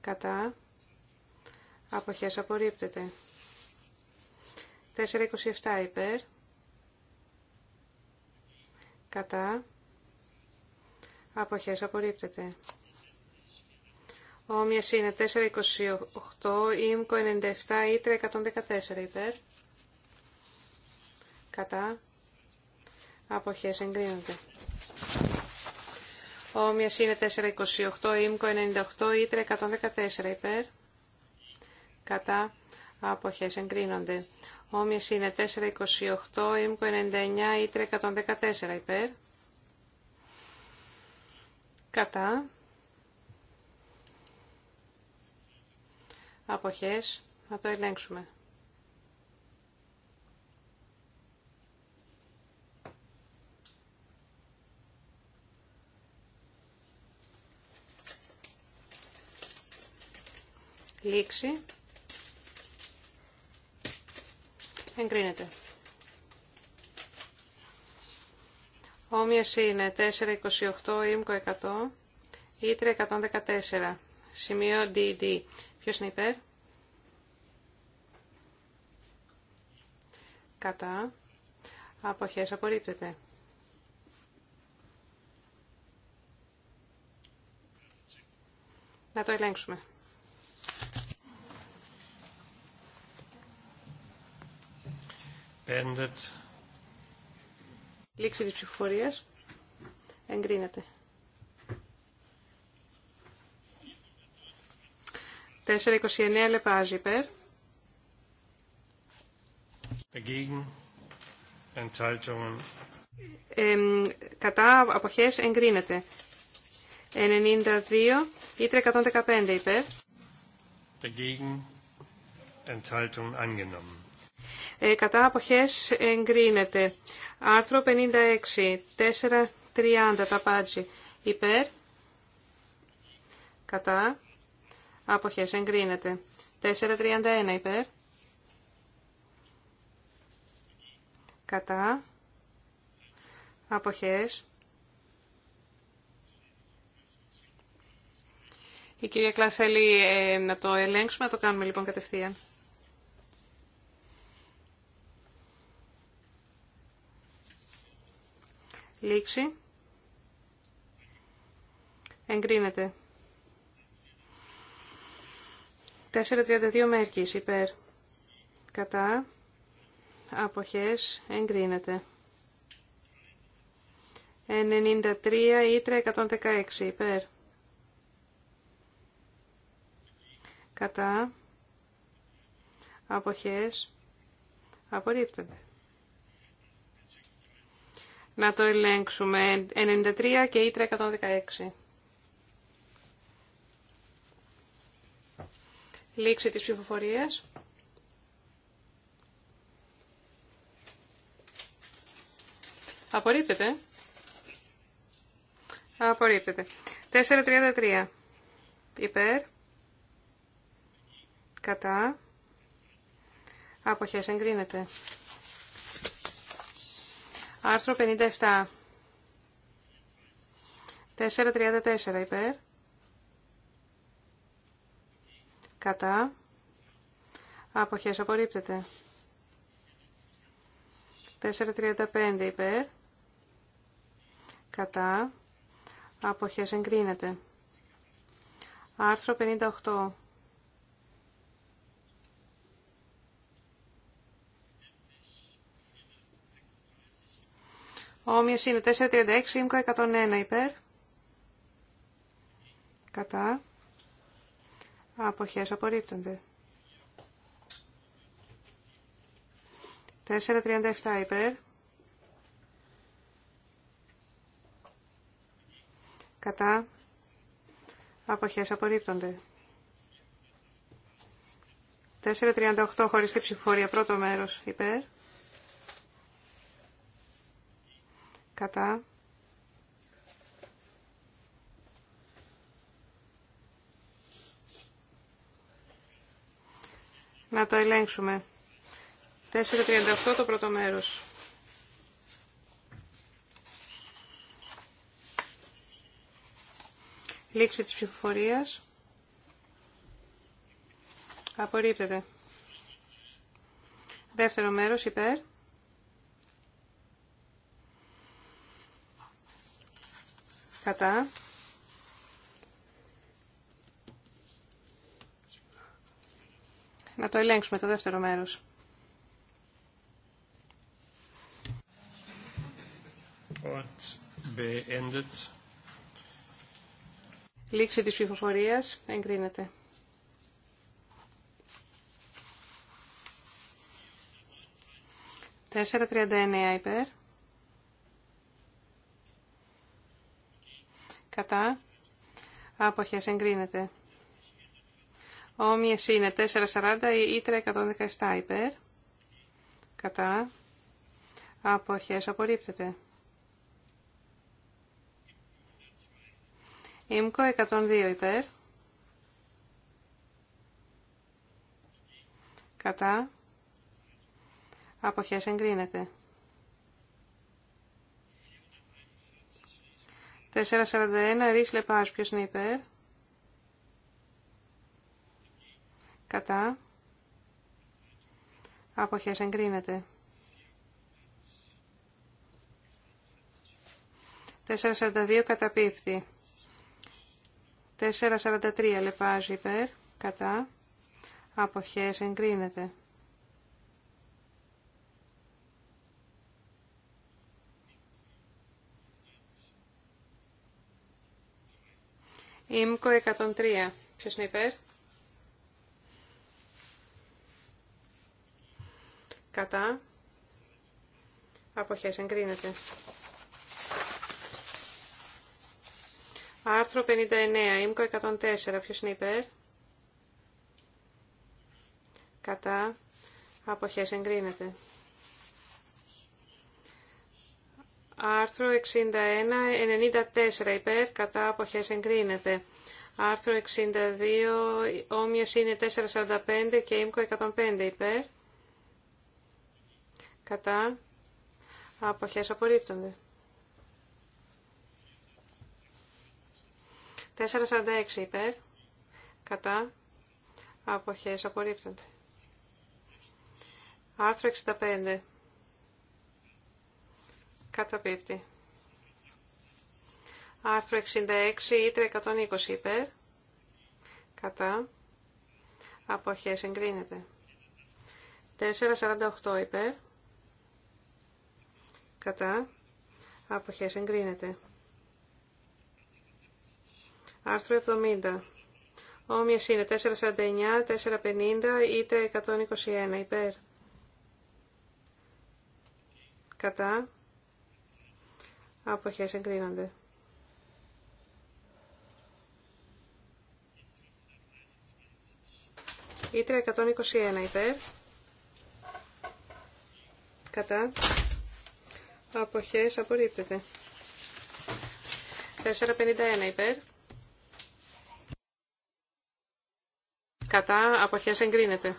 Κατά. Αποχές απορρίπτεται. 427 υπέρ κατά αποχές απορρίπτεται. Ομοια είναι 428, ΙΜΚΟ 97, ΙΤΡΑ 114 υπέρ. Κατά. Αποχές εγκρίνονται. Ομοια είναι 428, ΙΜΚΟ 98, ΙΤΡΑ 114 υπέρ. Κατά. Αποχές εγκρίνονται. Όμοιες είναι 428, ΙΜΚΟ 99, ΙΤΡΕ 114 υπέρ. Κατά. Αποχές. Να το ελέγξουμε. Λήξη. Εγκρίνεται. Όμοιες είναι 428 ΙΜΚΟ 100 ή 314. Σημείο DD. Ποιο είναι υπέρ? Κατά. Αποχές απορρίπτεται. Να το ελέγξουμε. Beendet. Λήξη της ψηφοφορίας. Εγκρίνεται. 4.29 λεπάζει υπέρ. Εγκίγν. κατά αποχές εγκρίνεται. 92 ή 315 υπέρ. Dagegen. Enthaltungen angenommen. Ε, κατά αποχές εγκρίνεται. Άρθρο 56, 4.30 τα πάτζι υπέρ, κατά αποχές εγκρίνεται. 4.31 υπέρ, κατά αποχές Η κυρία Κλάσελη, ε, να το ελέγξουμε, να το κάνουμε λοιπόν κατευθείαν. Λήξη. Εγκρίνεται. 4.32 Μέρκης υπέρ. Κατά. Αποχές. Εγκρίνεται. 93 Ήτρα 116 υπέρ. Κατά. Αποχές. Απορρίπτεται. Να το ελέγξουμε. 93 και ήτρα 116. Λήξη της ψηφοφορίας. Απορρίπτεται. Απορρίπτεται. 4.33. Υπέρ. Κατά. Αποχές εγκρίνεται. Άρθρο 57. 4.34 υπέρ. Κατά. Αποχές απορρίπτεται. 4.35 υπέρ. Κατά. Αποχές εγκρίνεται. Άρθρο 58. Όμοιες είναι 436, ΙΜΚΟ 101 υπέρ. Κατά. Αποχές απορρίπτονται. 437 υπέρ. Κατά. Αποχές απορρίπτονται. 438 χωριστή ψηφορία, πρώτο μέρος υπέρ. κατά Να το ελέγξουμε. 4.38 το πρώτο μέρος. Λήξη της ψηφοφορίας. Απορρίπτεται. Δεύτερο μέρος υπέρ. κατά Να το ελέγξουμε το δεύτερο μέρος. Λήξη της ψηφοφορίας εγκρίνεται. Τέσσερα τριάντα υπέρ. κατά, αποχε εγκρίνεται. Όμοιε είναι 440 ή 317 υπέρ, κατά, Κατά, απορρίπτεται. Ήμκο 102 υπέρ, κατά, άποχες εγκρίνεται. 441 ρίς λεπάς. Ποιος είναι υπέρ. Κατά. Αποχές εγκρίνεται. 442 καταπίπτει. 443 λεπάζει υπέρ. Κατά. Αποχές εγκρίνεται. Ήμκο 103. Ποιος είναι υπέρ. Κατά. Αποχές εγκρίνεται. Άρθρο 59. Ήμκο 104. Ποιος είναι υπέρ. Κατά. Αποχές εγκρίνεται. Άρθρο 61, 94 υπέρ, κατά αποχές εγκρίνεται. Άρθρο 62, όμοιες είναι 445 και ΙΜΚΟ 105 υπέρ. Κατά αποχές απορρίπτονται. 446 υπέρ. Κατά αποχές απορρίπτονται. Άρθρο 65. Καταπίπτει. Άρθρο 66, ήτρε 120 υπέρ. Κατά. Αποχές εγκρίνεται. 4,48 υπέρ. Κατά. Αποχές εγκρίνεται. Άρθρο 70. Όμοιες είναι 4,49, 4,50, ήτρε 121 υπέρ. Κατά. Αποχές εγκρίνονται. 121 υπέρ. Κατά. Αποχές απορρίπτεται. 451 υπέρ. Κατά. Αποχές εγκρίνεται.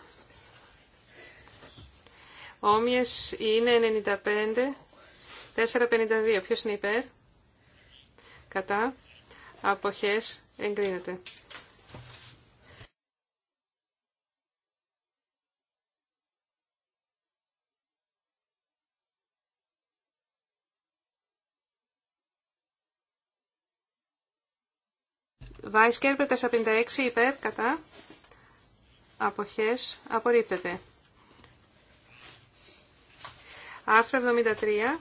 Όμοιε είναι 95 4.52. Ποιος είναι υπέρ. Κατά. Αποχές. Εγκρίνεται. Βάις Κέρπερ 456 υπέρ κατά αποχές απορρίπτεται. Άρθρο 73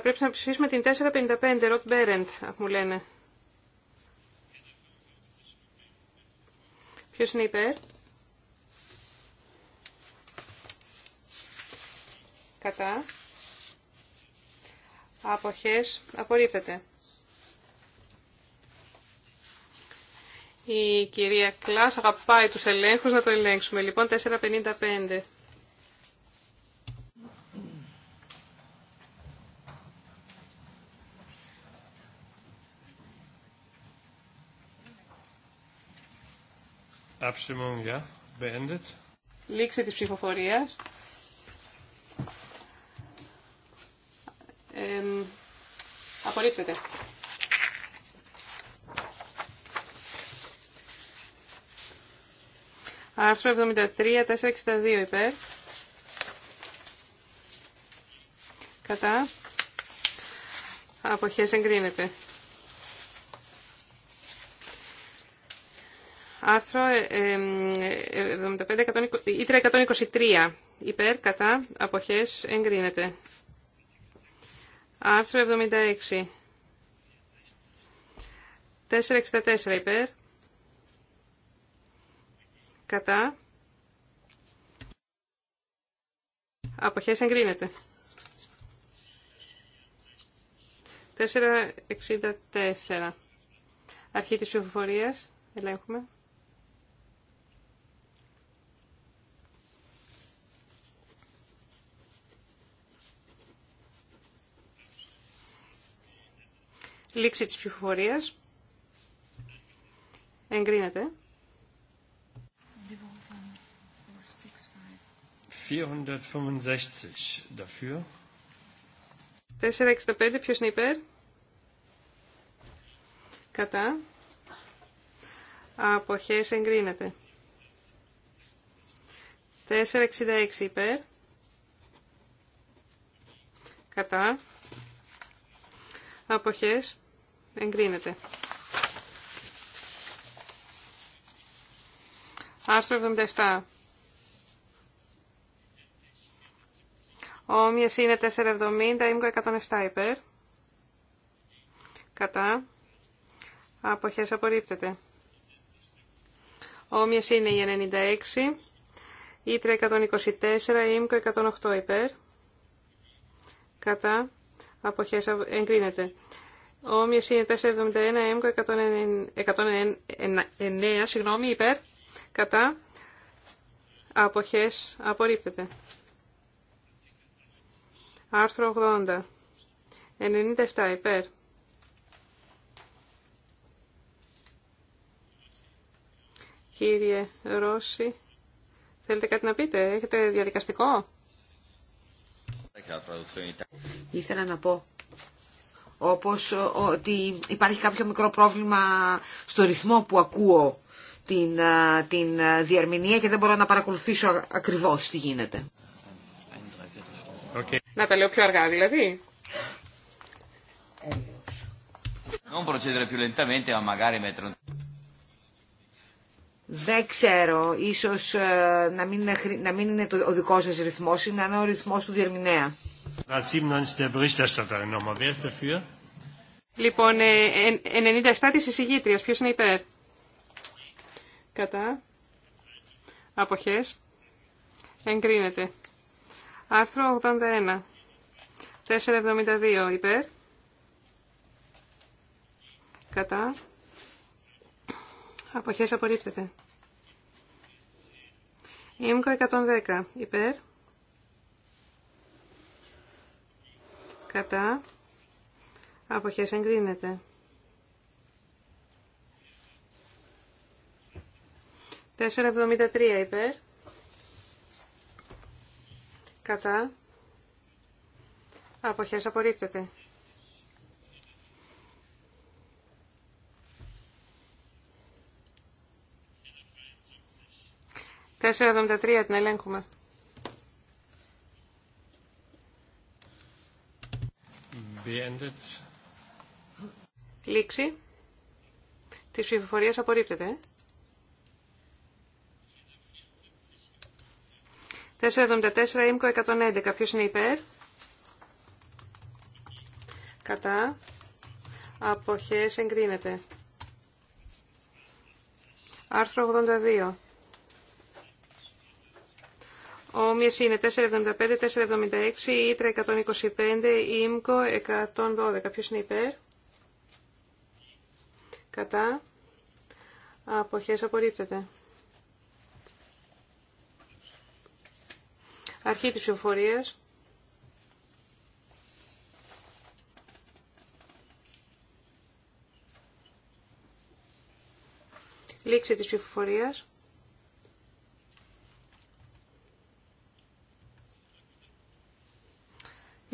Θα πρέπει να ψηφίσουμε την 455, Ροτ Μπέρεντ, μου λένε. Ποιο είναι υπέρ? Κατά. Αποχές. Απορρίπτεται. Η κυρία Κλάς αγαπάει τους ελέγχους να το ελέγξουμε. Λοιπόν, 455. Abstimmung, ja, beendet. Λήξη της ψηφοφορίας. Ε, απορρίπτεται. Άρθρο 73, 462 υπέρ. Κατά. Αποχές εγκρίνεται. Άρθρο 75-123. Ε, ε, υπέρ, κατά, αποχές, εγκρίνεται. Άρθρο 76. 464 υπέρ. Κατά. Αποχές εγκρίνεται. 464. Αρχή της ψηφοφορίας. Ελέγχουμε. Λήξη της ψηφοφορίας. Εγκρίνεται. 465 dafür. 465, ποιος είναι υπέρ. Κατά. Αποχές εγκρίνεται. 466 υπέρ. Κατά αποχές εγκρίνεται. Άρθρο 77. Όμοιες είναι 470, ήμκο 107 υπέρ. Κατά. Αποχές απορρίπτεται. Όμοιες είναι η 96, ήτρα 124, ήμκο 108 υπέρ. Κατά αποχές εγκρίνεται. Όμοιε είναι 471, έμκο 109, συγγνώμη, υπέρ, κατά, αποχές απορρίπτεται. Άρθρο 80, 97, υπέρ. Κύριε Ρώση, θέλετε κάτι να πείτε, έχετε διαδικαστικό. Ήθελα να πω όπως ότι υπάρχει κάποιο μικρό πρόβλημα στο ρυθμό που ακούω την, την διαρμηνία και δεν μπορώ να παρακολουθήσω ακριβώς τι γίνεται. Okay. Να τα λέω πιο αργά δηλαδή. Δεν ξέρω, ίσως ε, να μην είναι, να μην είναι ο δικός σας ρυθμός, είναι ο ρυθμός του διερμηνέα. Λοιπόν, 97 ε, της εισηγήτριας, ποιος είναι υπέρ. Κατά. Αποχές. Εγκρίνεται. Άρθρο 81. 472 υπέρ. Κατά. Αποχές απορρίπτεται. Ήμκο 110. Υπέρ. Κατά. Αποχές εγκρίνεται. 473 υπέρ. Κατά. Αποχές απορρίπτεται. 473 την ελέγχουμε. Λήξη. Τη ψηφοφορία απορρίπτεται. 474 ε. ΙΜΚΟ 111. Ποιος είναι υπέρ. Κατά. Αποχές εγκρίνεται. Άρθρο 82. Όμοιες είναι 475, 476, Ήτρα 125, Ήμκο 112. Ποιος είναι υπέρ? Κατά. Αποχές απορρίπτεται. Αρχή της ψηφοφορίας. Λήξη της ψηφοφορίας.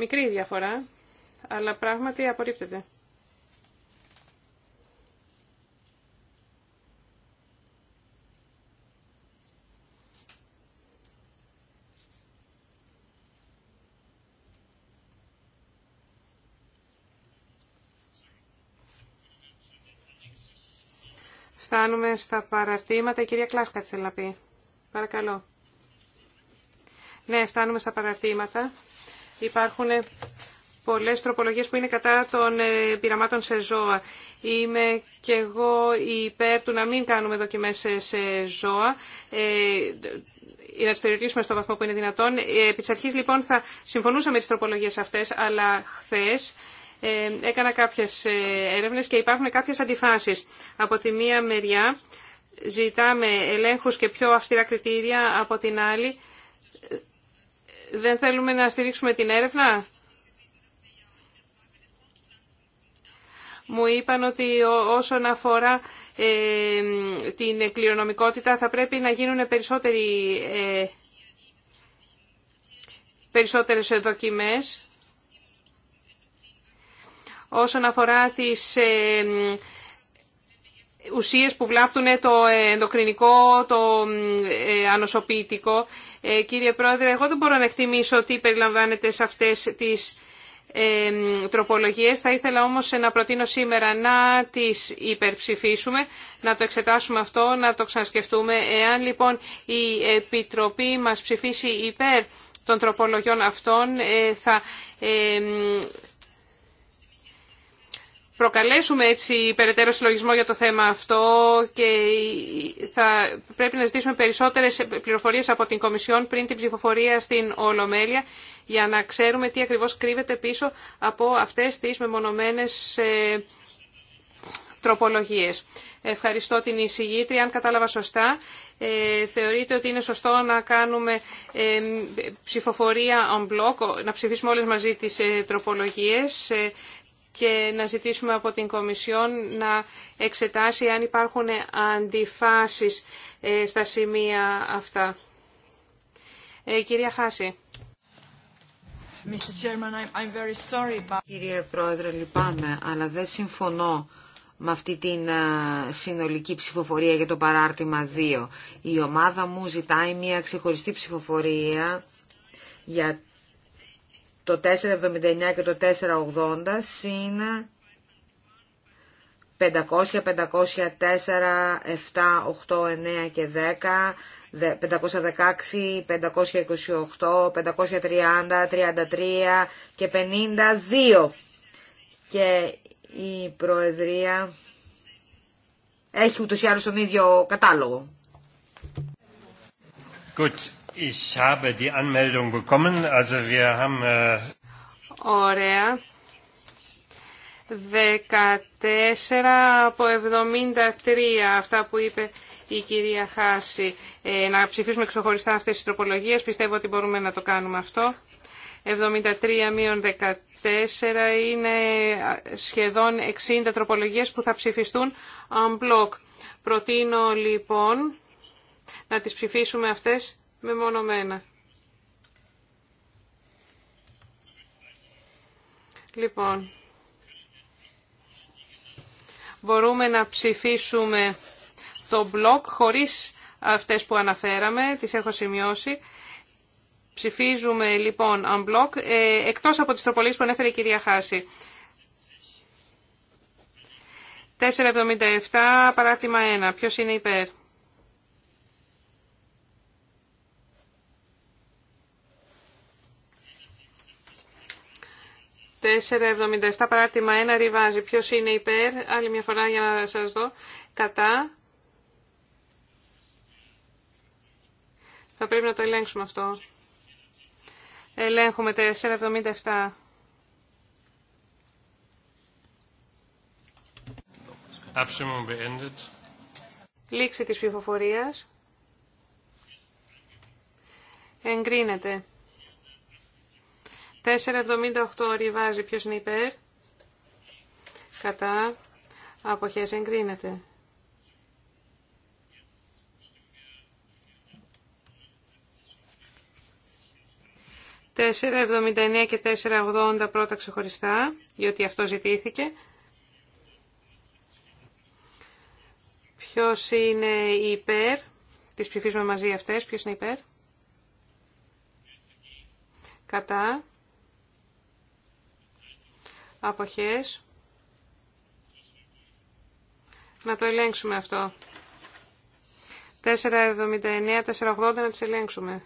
Μικρή διαφορά, αλλά πράγματι απορρίπτεται. Φτάνουμε στα παραρτήματα. Η κυρία Κλάσκα θέλει να πει. Παρακαλώ. Ναι, φτάνουμε στα παραρτήματα. Υπάρχουν πολλές τροπολογίες που είναι κατά των ε, πειραμάτων σε ζώα. Είμαι και εγώ υπέρ του να μην κάνουμε δοκιμές σε ζώα ή ε, ε, να τι περιορίσουμε στο βαθμό που είναι δυνατόν. Επί τη αρχή λοιπόν θα συμφωνούσα με τι τροπολογίε αυτέ, αλλά χθε έκανα κάποιε έρευνε και υπάρχουν κάποιε αντιφάσει. Από τη μία μεριά ζητάμε ελέγχου και πιο αυστηρά κριτήρια, από την άλλη δεν θέλουμε να στηρίξουμε την έρευνα. Μου είπαν ότι όσον αφορά ε, την κληρονομικότητα θα πρέπει να γίνουν περισσότεροι, ε, περισσότερες δοκιμές όσον αφορά τις ε, ουσίες που βλάπτουν το ενδοκρινικό, το ε, ανοσοποιητικό. Ε, κύριε Πρόεδρε, εγώ δεν μπορώ να εκτιμήσω τι περιλαμβάνεται σε αυτές τις ε, τροπολογίες. Θα ήθελα όμως να προτείνω σήμερα να τις υπερψηφίσουμε, να το εξετάσουμε αυτό, να το ξανασκεφτούμε. Εάν λοιπόν η Επιτροπή μας ψηφίσει υπέρ των τροπολογιών αυτών, θα προκαλέσουμε έτσι περαιτέρω συλλογισμό για το θέμα αυτό και θα πρέπει να ζητήσουμε περισσότερες πληροφορίες από την Κομισιόν πριν την ψηφοφορία στην Ολομέλεια για να ξέρουμε τι ακριβώς κρύβεται πίσω από αυτές τις μεμονωμένες ε, τροπολογίες. Ευχαριστώ την εισηγήτρια. Αν κατάλαβα σωστά, ε, θεωρείτε ότι είναι σωστό να κάνουμε ε, ψηφοφορία on block, να ψηφίσουμε όλες μαζί τις ε, τροπολογίες. Ε, και να ζητήσουμε από την Κομισιόν να εξετάσει αν υπάρχουν αντιφάσεις ε, στα σημεία αυτά. Ε, κυρία Χάση. Κύριε Πρόεδρε, λυπάμαι, αλλά δεν συμφωνώ με αυτή την ε, συνολική ψηφοφορία για το παράρτημα 2. Η ομάδα μου ζητάει μια ξεχωριστή ψηφοφορία για το 479 και το 480 συν 500, 504, 7, 8, 9 και 10, 516, 528, 530, 33 και 52. Και η Προεδρία έχει ούτως ή άλλως τον ίδιο κατάλογο. Good. Ich habe die Anmeldung bekommen. Also wir haben, Äh Ωραία. 14 από 73 αυτά που είπε η κυρία Χάση. Ε, να ψηφίσουμε ξεχωριστά αυτές τις τροπολογίες. Πιστεύω ότι μπορούμε να το κάνουμε αυτό. 73 14 είναι σχεδόν 60 τροπολογίες που θα ψηφιστούν unblock. Προτείνω λοιπόν να τις ψηφίσουμε αυτές μεμονωμένα. Λοιπόν, μπορούμε να ψηφίσουμε το μπλοκ χωρίς αυτές που αναφέραμε, τις έχω σημειώσει. Ψηφίζουμε λοιπόν unblock, μπλοκ, ε, εκτός από τις τροπολίες που ανέφερε η κυρία Χάση. 477 παράτημα 1. Ποιος είναι υπέρ. 477 παράρτημα 1 ριβάζει. Ποιο είναι υπέρ, άλλη μια φορά για να σα δω, κατά. Θα πρέπει να το ελέγξουμε αυτό. Ελέγχουμε 477. Λήξη της ψηφοφορίας. Εγκρίνεται. 4,78 ριβάζει ποιος είναι υπέρ. Κατά. Αποχές εγκρίνεται. 4,79 και 4,80 πρώτα ξεχωριστά, γιατί αυτό ζητήθηκε. Ποιος είναι υπέρ, τις ψηφίζουμε μαζί αυτές, ποιος είναι υπέρ. Κατά αποχές. Να το ελέγξουμε αυτό. 4,79, 4,80 να τις ελέγξουμε.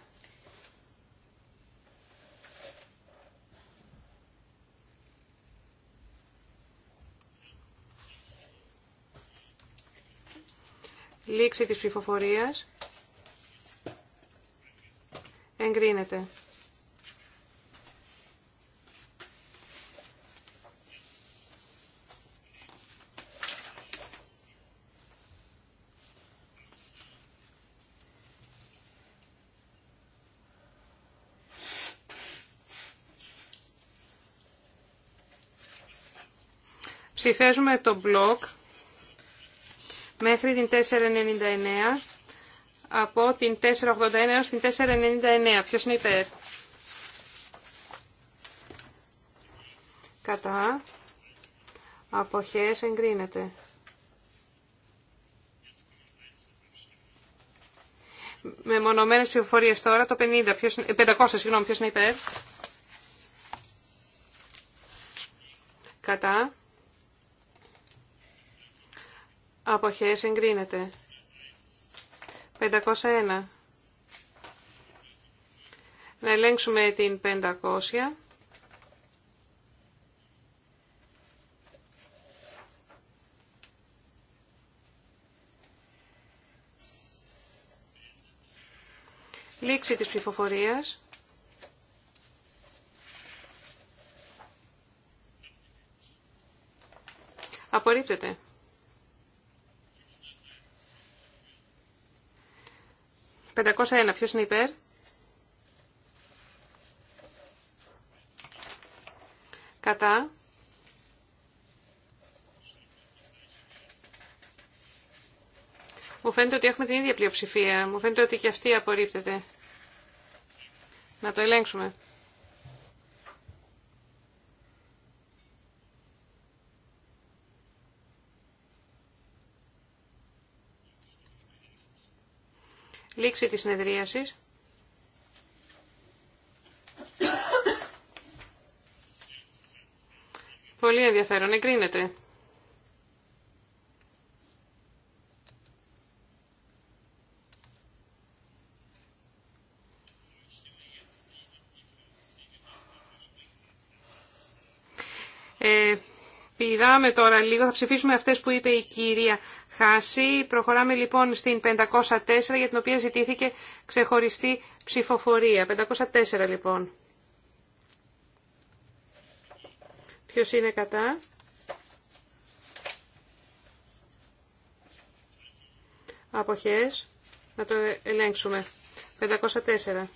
Λήξη της ψηφοφορίας. Εγκρίνεται. Ψηφίζουμε το μπλοκ μέχρι την 499 από την 481 έως την 499. Ποιος είναι υπέρ. Κατά. Αποχές εγκρίνεται. Με μονομένες ψηφοφορίες τώρα το 50, ποιος, 500, ε, συγγνώμη, ποιος είναι υπέρ. Κατά. Αποχές εγκρίνεται. 501. Να ελέγξουμε την 500. Λήξη της ψηφοφορίας. Απορρίπτεται. 501. Ποιος είναι υπέρ. Κατά. Μου φαίνεται ότι έχουμε την ίδια πλειοψηφία. Μου φαίνεται ότι και αυτή απορρίπτεται. Να το ελέγξουμε. Λήξη της συνεδρίασης. Πολύ ενδιαφέρον. Εγκρίνεται. Ε, Πηδάμε τώρα λίγο, θα ψηφίσουμε αυτές που είπε η κυρία Χάση. Προχωράμε λοιπόν στην 504 για την οποία ζητήθηκε ξεχωριστή ψηφοφορία. 504 λοιπόν. Ποιος είναι κατά. Αποχές. Να το ελέγξουμε. 504.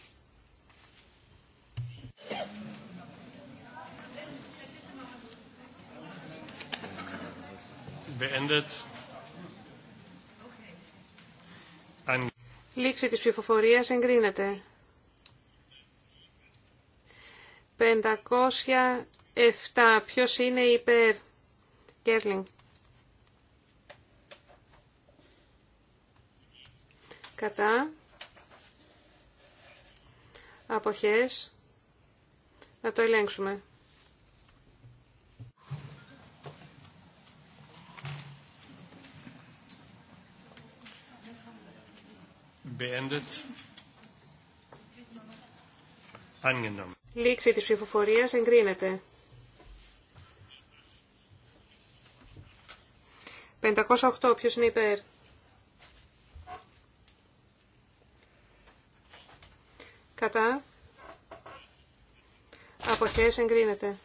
beendet. Λήξη της ψηφοφορίας εγκρίνεται. 507. Ποιος είναι υπέρ. Κέρλινγκ. Κατά. Αποχές. Να το ελέγξουμε. beendet. Angenommen. Λήξη της ψηφοφορίας εγκρίνεται. 508. Ποιος είναι υπέρ. Κατά. Αποχές εγκρίνεται.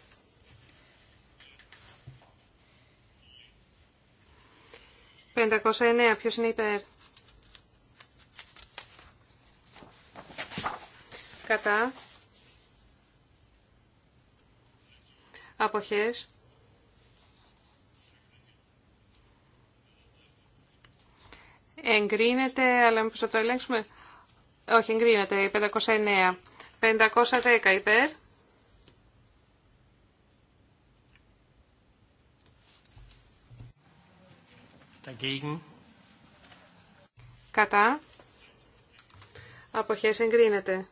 509. Ποιος είναι υπέρ. κατά αποχές εγκρίνεται, αλλά μήπως θα το ελέγξουμε. Όχι, εγκρίνεται, 509. 510 υπέρ. Dagegen. Κατά. Αποχές εγκρίνεται.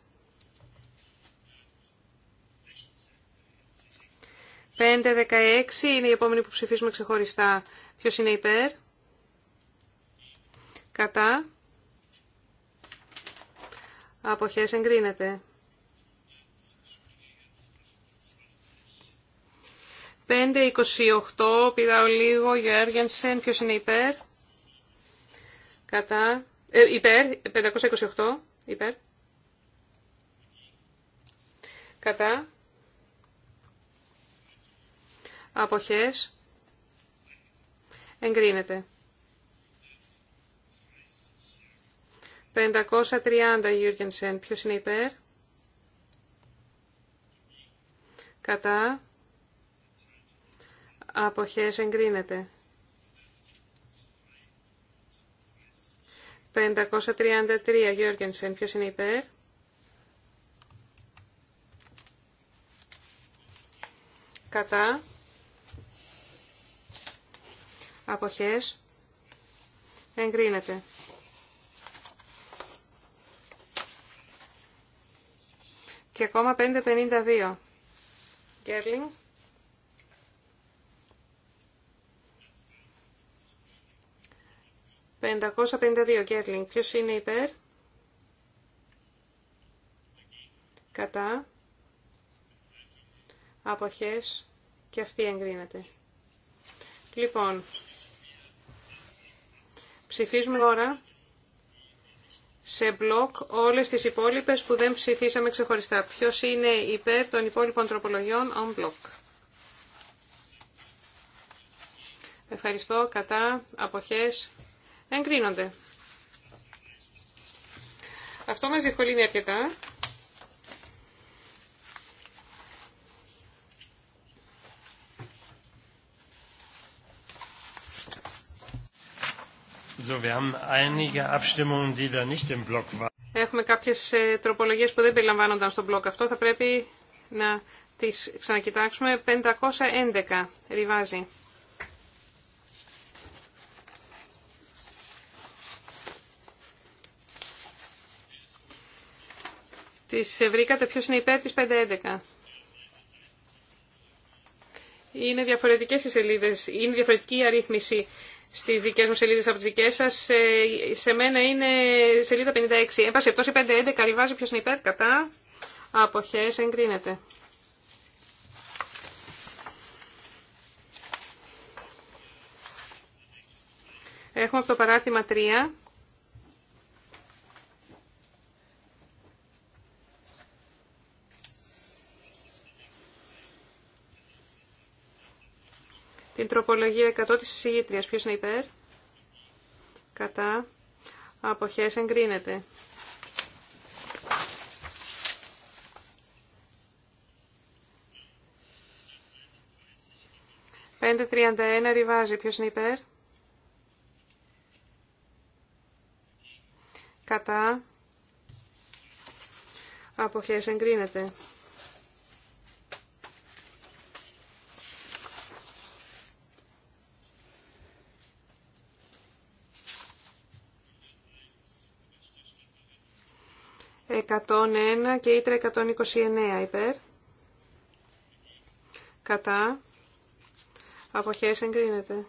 5-16 είναι η επόμενη που ψηφίζουμε ξεχωριστά. Ποιο είναι υπέρ. Κατά. Αποχές εγκρίνεται. 5-28, πηδάω λίγο, Γιώργενσεν, ποιος είναι υπέρ. Κατά. Ε, υπέρ, 528, υπέρ. Κατά αποχές, εγκρίνεται. 530 Γιούργενσεν. Ποιος είναι υπέρ? Κατά. Αποχές εγκρίνεται. 533 Γιούργενσεν. Ποιος είναι υπέρ? Κατά αποχές εγκρίνεται. Και ακόμα 5.52. Γκέρλινγκ. 552 πενήντα Γκέρλινγκ. Ποιος είναι υπέρ? Κατά. Αποχές. Και αυτή εγκρίνεται. Λοιπόν, Ψηφίζουμε τώρα σε μπλοκ όλες τις υπόλοιπες που δεν ψηφίσαμε ξεχωριστά. Ποιος είναι υπέρ των υπόλοιπων τροπολογιών on block. Ευχαριστώ. Κατά. Αποχές. Εγκρίνονται. Αυτό μας διευκολύνει αρκετά. Έχουμε κάποιε ε, τροπολογίες που δεν περιλαμβάνονταν στον μπλοκ αυτό. Θα πρέπει να τις ξανακοιτάξουμε. 511 ριβάζει. Τις ε, βρήκατε ποιο είναι υπέρ τη 511. Είναι διαφορετικές οι σελίδες, είναι διαφορετική η αρρύθμιση Στι δικέ μου σελίδε από τις δικές σας. Ε, σε μένα είναι σελίδα 56. Εν πάση περιπτώσει 511 ποιο είναι υπέρ κατά. αποχέ. εγκρίνεται. Έχουμε από το παράρτημα 3 την τροπολογία 100 της εισηγήτριας. Ποιος είναι υπέρ? Κατά. Αποχές εγκρίνεται. 531 ριβάζει. Ποιος είναι υπέρ? Κατά. Αποχές εγκρίνεται. 101 και ήτρα 129 υπέρ. Κατά. Αποχές εγκρίνεται.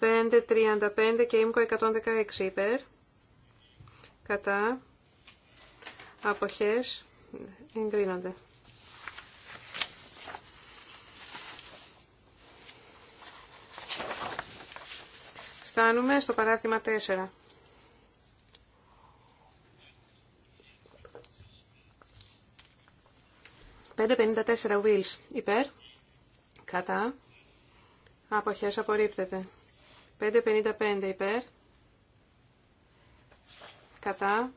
5.35 και ΙΜΚΟ 116 υπέρ. Κατά. Αποχές εγκρίνονται. Φτάνουμε στο παράθυμα 4. 554 Wheels υπέρ, κατά, αποχές απορρίπτεται. 555 υπέρ, κατά,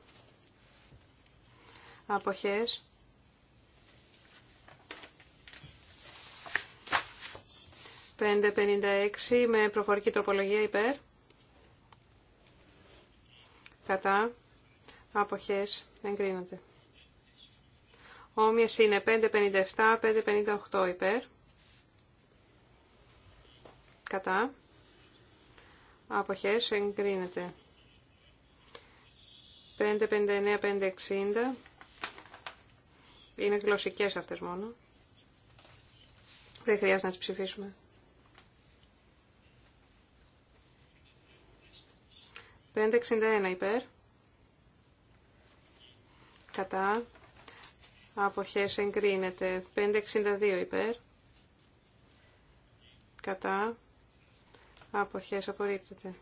αποχές. 556 με προφορική τροπολογία υπέρ. Κατά. Αποχές. εγκρίνονται ομοιε είναι 5,57, 5,58 υπέρ. Κατά. Αποχέ εγκρίνεται. 5,59, 5,60. Είναι γλωσσικέ αυτές μόνο. Δεν χρειάζεται να τι ψηφίσουμε. 5,61 υπέρ. Κατά. Αποχές εγκρίνεται. 562 υπέρ. Κατά. Αποχές απορρίπτεται.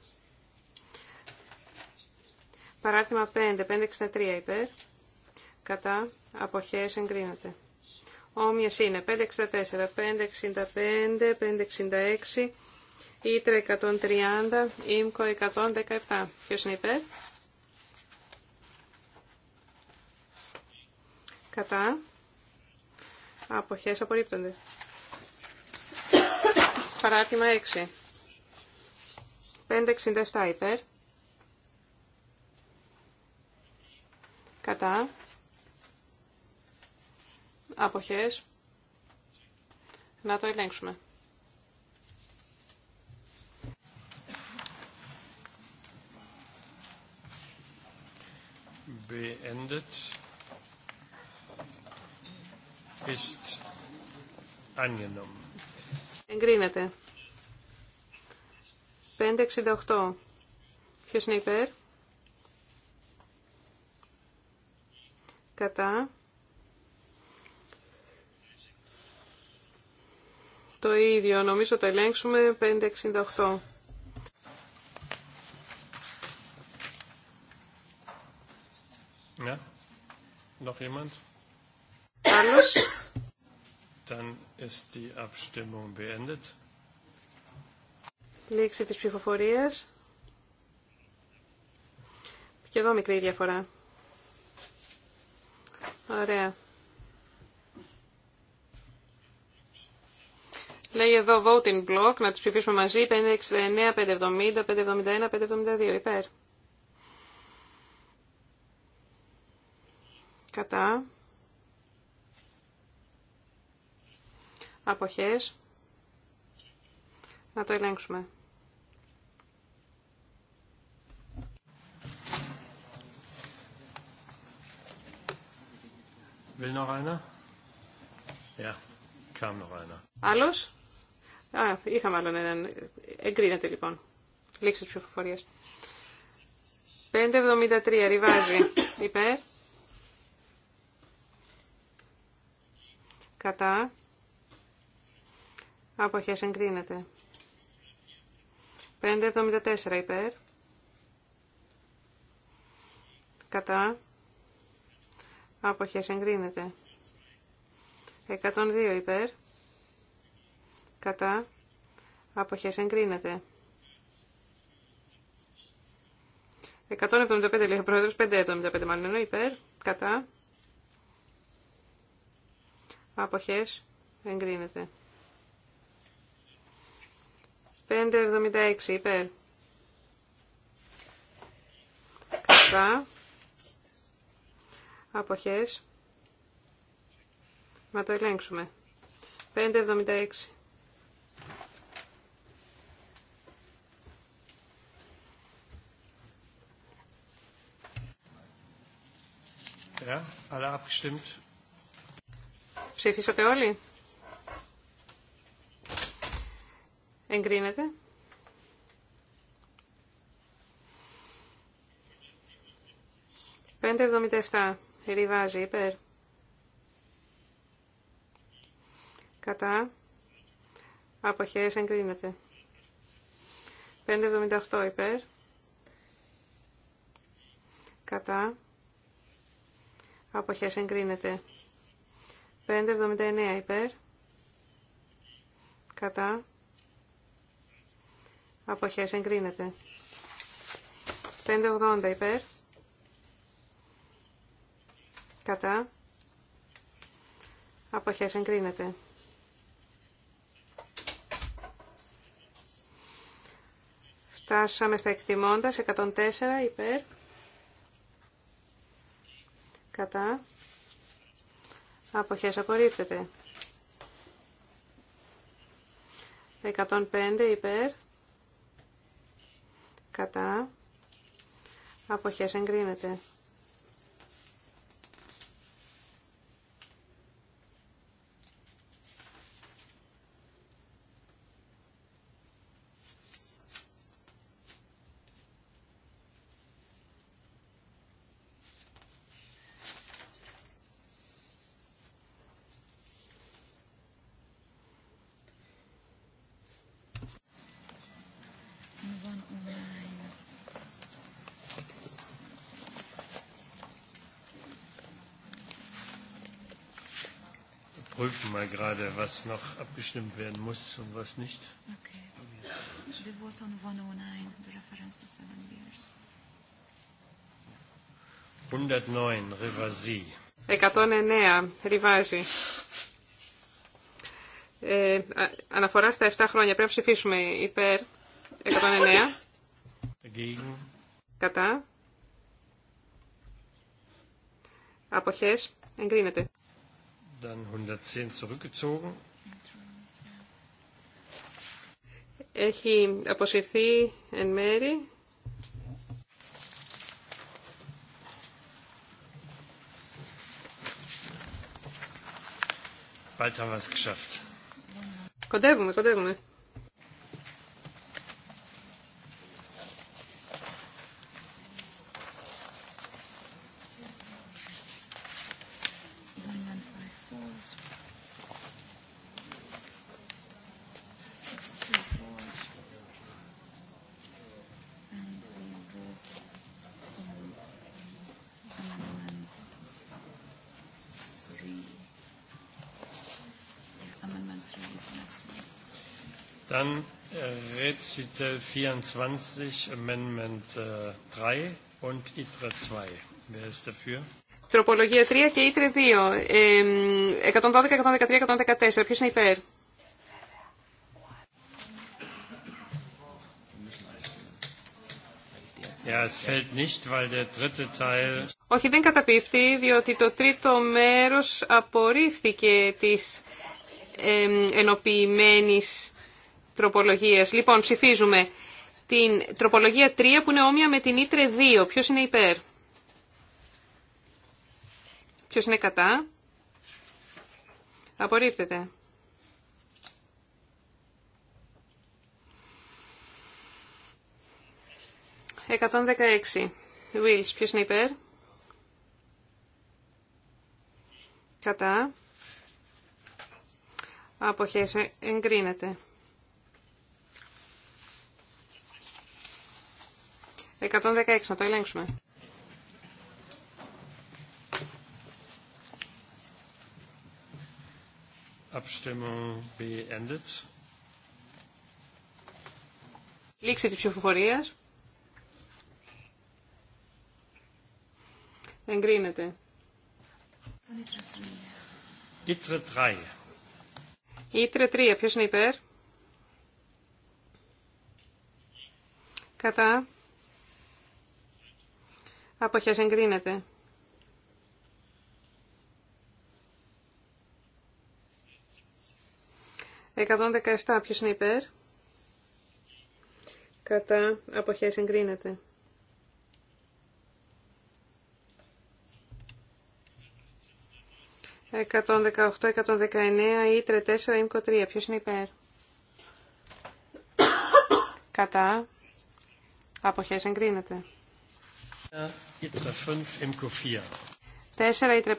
Παράδειγμα 5. 563 υπέρ. Κατά. Αποχές εγκρίνεται. Όμοιες είναι 564, 565, 566, Ήτρα 130, Ήμκο 117. Ποιος είναι υπέρ? κατά, αποχές απορρίπτονται. Παράρτημα 6. 567 υπέρ. Κατά. Αποχές. Να το ελέγξουμε. Beendet ist angenommen. Εγκρίνεται. 568. Ποιος είναι υπέρ? Κατά. Το ίδιο, νομίζω το ελέγξουμε, 568. Ja, ναι. noch jemand? Άλλος. Dann ist die Abstimmung beendet. Λήξη της ψηφοφορίας. Και εδώ μικρή διαφορά. Ωραία. Λέει εδώ voting block, να τις ψηφίσουμε μαζί, 569, 570, 571, 572, υπέρ. Κατά. αποχές, να το ελέγξουμε. Will noch einer? Ja, kam noch einer. Άλλος? Α, είχαμε άλλον έναν. Εγκρίνεται λοιπόν. Λήξη της ψηφοφορίας. 5.73, ριβάζει. Υπέρ. Κατά. Αποχέ εγκρίνεται. 574 υπέρ. Κατά. Αποχέ εγκρίνεται. 102 υπέρ. Κατά. Αποχέ εγκρίνεται. 175 λέει ο πρόεδρος, 575 μάλλον υπέρ, κατά, αποχές, εγκρίνεται. 576 υπέρ. Κατά. Αποχές. Να το ελέγξουμε. 576. Ja, alle abgestimmt. Ψηφίσατε όλοι. Εγκρίνεται. 577. Ριβάζει υπέρ. Κατά. Αποχές εγκρίνεται. 578 υπέρ. Κατά. Αποχές εγκρίνεται. 579 υπέρ. Κατά. Αποχές εγκρίνεται. 580 υπέρ. Κατά. Αποχές εγκρίνεται. Φτάσαμε στα εκτιμώντα 104 υπέρ. Κατά. Αποχές απορρίπτεται. 105 υπέρ κατά αποχές εγκρίνεται prüfen mal gerade, was noch abgestimmt werden muss und was nicht. Okay. The vote on 109, the reference to seven years. 109, Rivasi. 109, Ριβάζη. Ε, αναφορά στα 7 χρόνια. Πρέπει να ψηφίσουμε υπέρ 109. Dagegen. Κατά. Αποχές. Εγκρίνεται. Dann 110 zurückgezogen. Έχει αποσυρθεί εν μέρη. Bald haben wir es geschafft. Κοντεύουμε, κοντεύουμε. Äh, e Τροπολογία 3 και ήτρε 2. Ε, 112, 113, 114. Ποιος είναι υπέρ? Όχι, δεν καταπίπτει, διότι το τρίτο μέρος απορρίφθηκε της ε, ενοποιημένης τροπολογίες. Λοιπόν, ψηφίζουμε την τροπολογία 3 που είναι όμοια με την Ήτρε 2. Ποιος είναι υπέρ. Ποιος είναι κατά. Απορρίπτεται. 116. δεκαέξι. Wills, ποιος είναι υπέρ. Κατά. Αποχέσαι. Ε, εγκρίνεται. 116, να το ελέγξουμε. Abstimmung beendet. Λήξη της ψηφοφορίας. Εγκρίνεται. Ήτρε 3. Ήτρε 3. Ποιος είναι υπέρ. Κατά. Αποχές εγκρίνεται. 117. Ποιος είναι υπέρ. Κατά. Αποχές εγκρίνεται. 118, 119 ή 34 ΙΜΚΟ 3. Ποιος είναι υπέρ. Κατά. Αποχές εγκρίνεται. 4.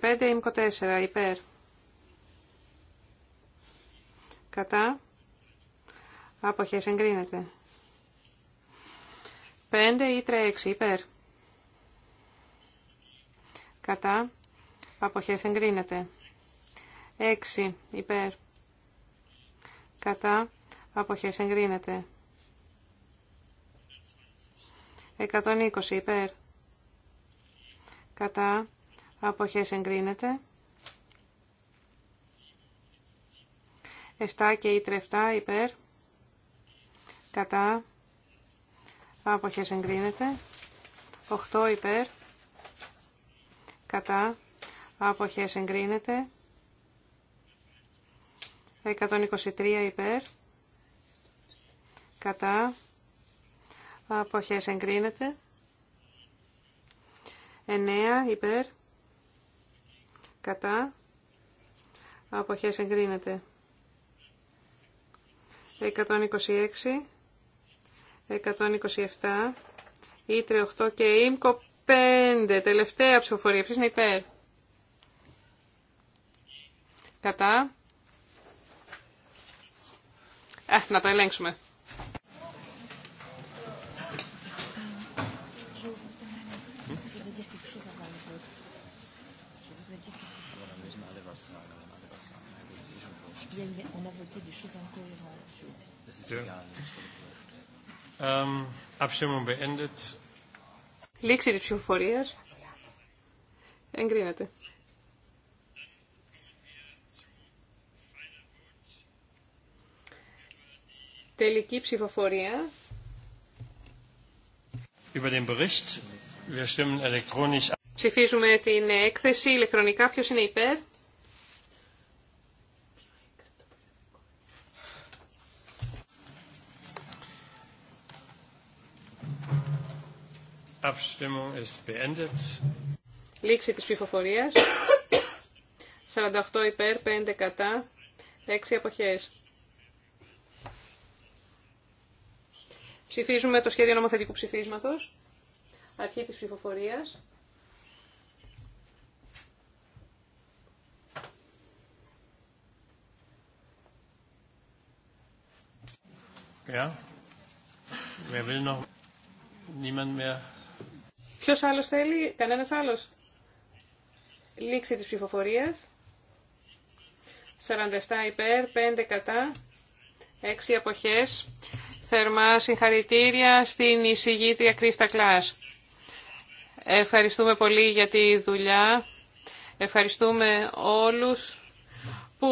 5, Ήμκο 4, υπέρ. Κατά. Αποχές εγκρίνεται. 5, Ήτρε 6, υπέρ. Κατά. Αποχές εγκρίνεται. 6, υπέρ. Κατά. Αποχές εγκρίνεται. 120 υπέρ κατά αποχές εγκρίνεται. 7 και ήτρε 7 υπέρ κατά αποχές εγκρίνεται. 8 υπέρ κατά αποχές εγκρίνεται. 123 υπέρ κατά αποχές εγκρίνεται. 9 υπέρ κατά αποχές εγκρίνεται 126 127 Ήτρε 8 και ΙΜΚΟ 5 τελευταία ψηφοφορία ποιος είναι υπέρ κατά ε, να το ελέγξουμε Λήξη της ψηφοφορία. Εγκρίνεται. Τελική ψηφοφορία. Über Ψηφίζουμε την έκθεση ηλεκτρονικά. ποιο είναι υπέρ. Abstimmung ist beendet. Λήξη της ψηφοφορίας. 48 υπέρ, 5 κατά, 6 αποχές. Ψηφίζουμε το σχέδιο νομοθετικού ψηφίσματος. Αρχή της ψηφοφορίας. Ja. Wer will noch? Niemand mehr? Ποιο άλλο θέλει, κανένας άλλος. Λήξη της ψηφοφορία. 47 υπέρ, 5 κατά, 6 αποχές. Θερμά συγχαρητήρια στην εισηγήτρια Κρίστα Κλάς. Ευχαριστούμε πολύ για τη δουλειά. Ευχαριστούμε όλους που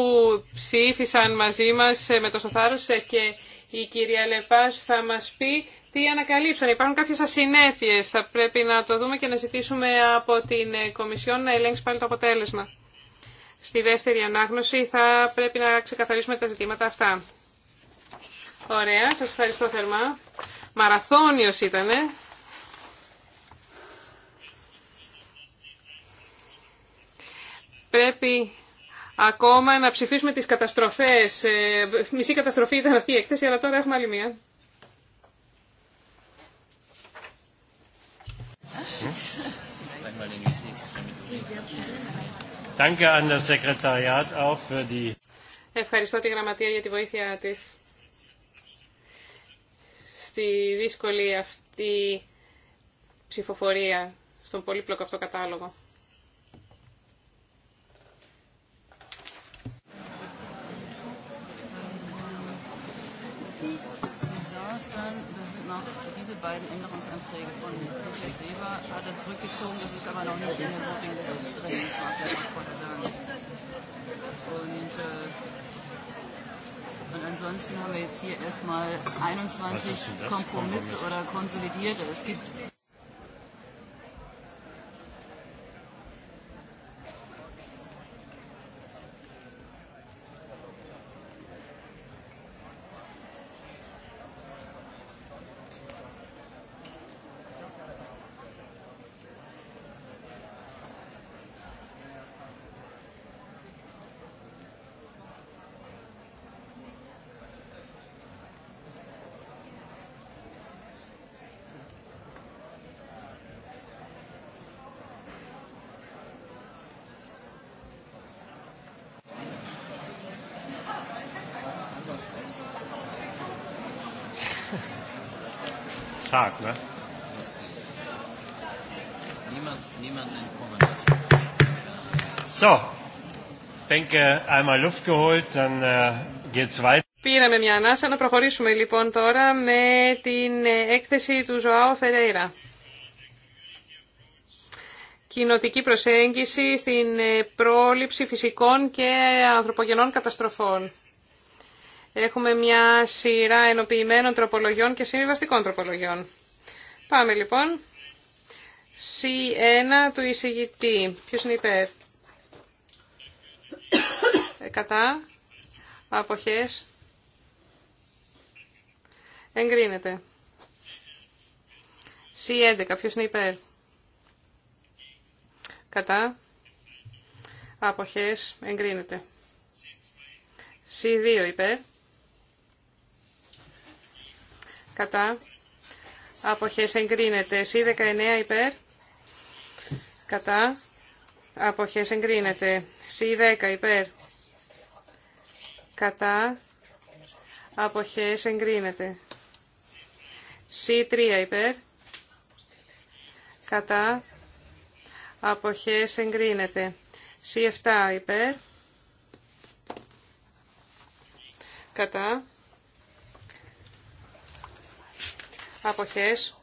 ψήφισαν μαζί μας ε, με τόσο θάρρος ε, και η κυρία Λεπάς θα μας πει τι ανακαλύψαν. Υπάρχουν κάποιες ασυνέφειες, Θα πρέπει να το δούμε και να ζητήσουμε από την Κομισιόν να ελέγξει πάλι το αποτέλεσμα. Στη δεύτερη ανάγνωση θα πρέπει να ξεκαθαρίσουμε τα ζητήματα αυτά. Ωραία, σας ευχαριστώ θερμά. Μαραθώνιος ήτανε. Πρέπει ακόμα να ψηφίσουμε τις καταστροφές. Ε, μισή καταστροφή ήταν αυτή η έκθεση, αλλά τώρα έχουμε άλλη μία. Ευχαριστώ τη Γραμματεία για τη βοήθειά της στη δύσκολη αυτή ψηφοφορία, στον πολύπλοκο αυτό κατάλογο noch diese beiden Änderungsanträge von Michael Seber hat er zurückgezogen. Das ist aber noch nicht in der Voting drin, das war ich auch vorher sagen. Und, äh, und ansonsten haben wir jetzt hier erstmal 21 Kompromisse oder konsolidierte. Es gibt Πήραμε μια ανάσα να προχωρήσουμε λοιπόν τώρα με την ε, έκθεση του Ζωάου Φερέιρα. Κοινοτική προσέγγιση στην ε, πρόληψη φυσικών και ανθρωπογενών καταστροφών. Έχουμε μια σειρά ενοποιημένων τροπολογιών και συμβιβαστικών τροπολογιών. Πάμε λοιπόν. C1 του εισηγητή. Ποιο ε, είναι υπέρ. Κατά. Αποχές. Εγκρίνεται. C11. Ποιο είναι υπέρ. Κατά. Αποχές. Εγκρίνεται. C2 υπέρ. κατά αποχές ενγκρίνεται. C19 υπέρ κατά αποχές Συ C10 υπέρ κατά αποχές Συ C3 υπέρ κατά αποχές Συ C7 υπέρ κατά αποχές.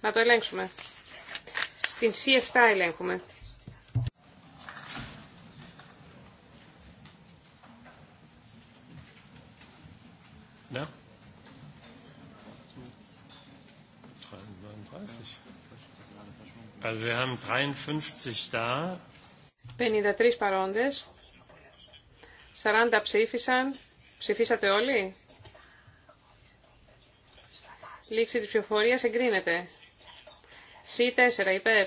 Να το ελέγξουμε. Στην C7 ελέγχουμε. Ναι. Also wir haben 53 da. 53 παρόντες. 40 ψήφισαν. Ψηφίσατε όλοι. Λήξη της ψηφοφορία εγκρινεται εγκρίνεται. C4 υπέρ.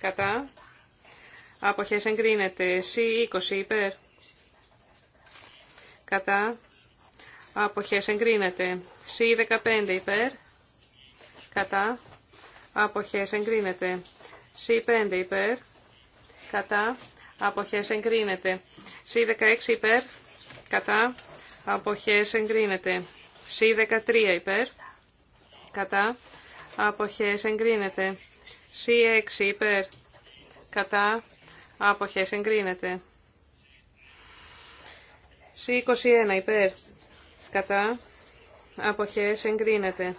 Κατά. Αποχές εγκρίνεται. C20 υπέρ. Κατά. Αποχές εγκρίνεται. C15 υπέρ. Κατά. Αποχές εγκρίνεται. C5 υπέρ. Κατά. Αποχές εγκρίνεται. C16 υπέρ. Κατά. Αποχές εγκρίνεται συ 13 υπέρ. Κατά. Αποχές εγκρινεται συ C6 υπέρ. Κατά. Αποχές εγκρινεται συ C21 υπέρ. Κατά. Αποχές εγκρινεται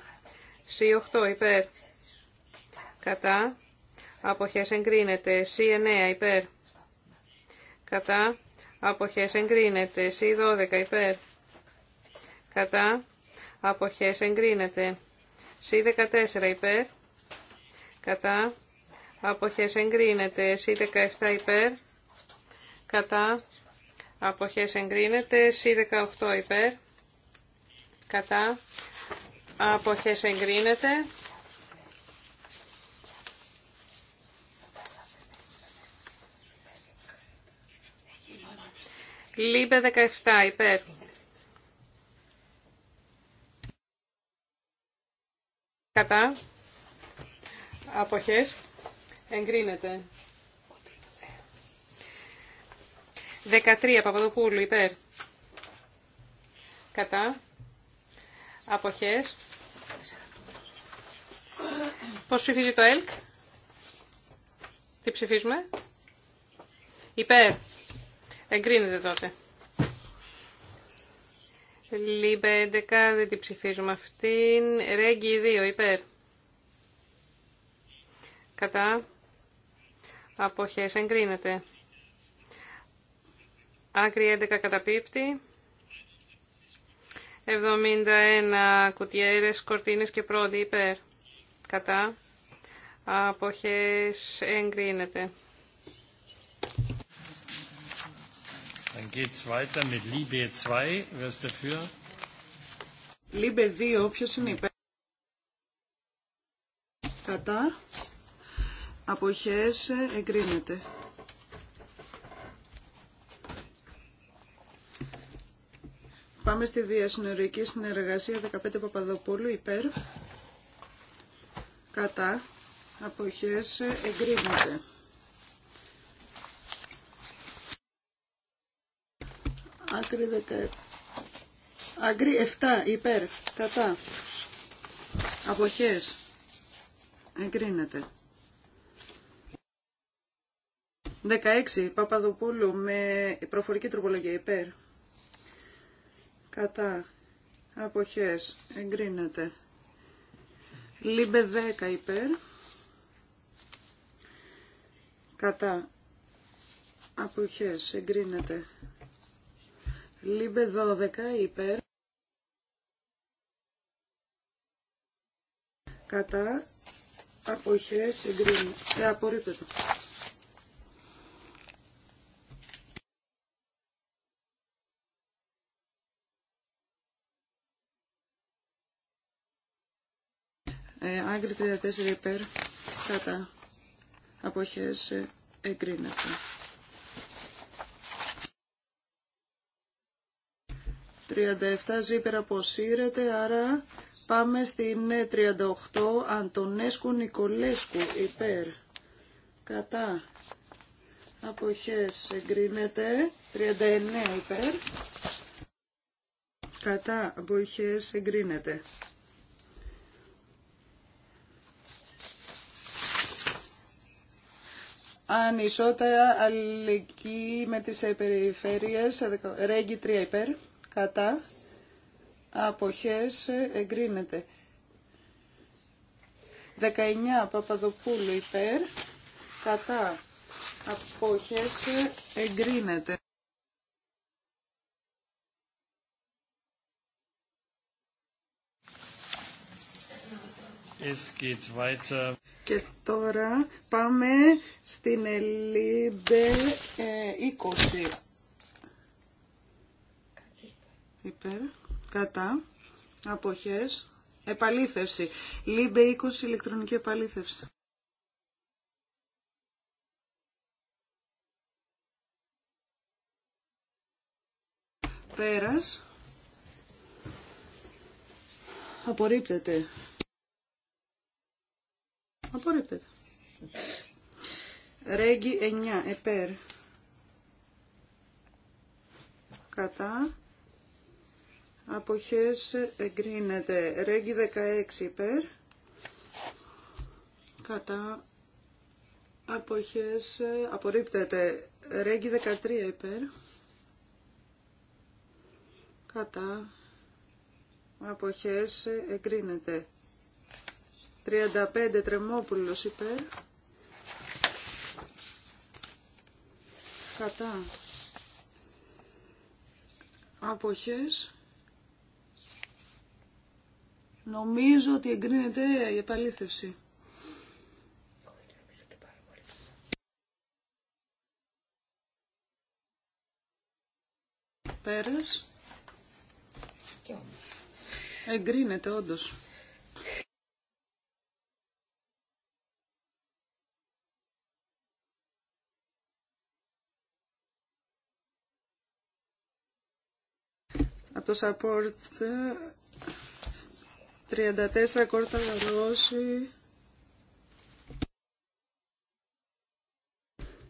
συ C8 υπέρ. Κατά. Αποχές Συ C9 υπέρ. Κατά. Αποχές εγκρίνεται. C12 υπέρ. Κατά αποχές εγκρίνεται. C14 υπέρ, Συ εγκρίνεται. C17 υπέρ, κατά, αποχές εγκρίνεται. C18 υπέρ, κατά, αποχές Συ 17 υπερ κατα αποχες εγκρινεται Συ 18 υπερ κατα αποχες εγκρινεται λιμπε 17 υπερ Κατά. Αποχές. Εγκρίνεται. 13. Παπαδοπούλου. Υπέρ. Κατά. Αποχές. Πώς ψηφίζει το ΕΛΚ. Τι ψηφίζουμε. Υπέρ. Εγκρίνεται τότε. Λίμπε 11, δεν την ψηφίζουμε αυτήν. Ρέγγι 2, υπέρ. Κατά. Αποχές εγκρίνεται. Άκρη 11 καταπίπτει. 71 κουτιέρες, κορτίνες και πρόντι υπέρ. Κατά. Αποχές εγκρίνεται. es weiter mit Liebe 2. Wer ist dafür? Liebe 2. Ποιος είναι υπέρ. Κατά. Αποχές ε, εγκρίνεται. Πάμε στη διασυνορική συνεργασία 15 Παπαδοπούλου υπέρ. Κατά. Αποχές ε, εγκρίνεται. Άκρη 17. Αγκρί 7 υπέρ. Κατά. Αποχές. Εγκρίνεται. 16 Παπαδοπούλου με προφορική τροπολογία υπέρ. Κατά. Αποχές. Εγκρίνεται. Λίμπε 10 υπέρ. Κατά. Αποχές. Εγκρίνεται. Λίμπε 12 υπέρ. Κατά Αποχέ εγκρίνεται. Ε, απορρίπτεται. Ε, Άγκρι 34 υπέρ. Κατά αποχές ε, εγκρίνεται. 37 Ζήπερα αποσύρεται, άρα πάμε στην 38 ε, Αντωνέσκου Νικολέσκου υπέρ. Κατά. Αποχές εγκρίνεται. 39 υπέρ. Κατά. Αποχές εγκρίνεται. Ανισότητα αλληλεγγύη με τις περιφέρειες. Ρέγγι 3 υπέρ κατά αποχές εγκρίνεται. 19 Παπαδοπούλου υπέρ κατά αποχές εγκρίνεται. Es geht weiter. Και τώρα πάμε στην Ελίμπε 20 υπέρ, κατά, αποχές, επαλήθευση. Λίμπε 20, ηλεκτρονική επαλήθευση. Πέρας. Απορρίπτεται. Απορρίπτεται. Ρέγγι 9, επέρ. Κατά αποχές εγκρίνεται. Ρέγγι 16 υπέρ, κατά αποχές απορρίπτεται. Ρέγγι 13 υπέρ, κατά αποχές εγκρίνεται. 35 τρεμόπουλος υπέρ, κατά αποχές Νομίζω ότι εγκρίνεται η επαλήθευση. Πέρας. Εγκρίνεται όντως. Από το support 34 κόρτα Ρώση.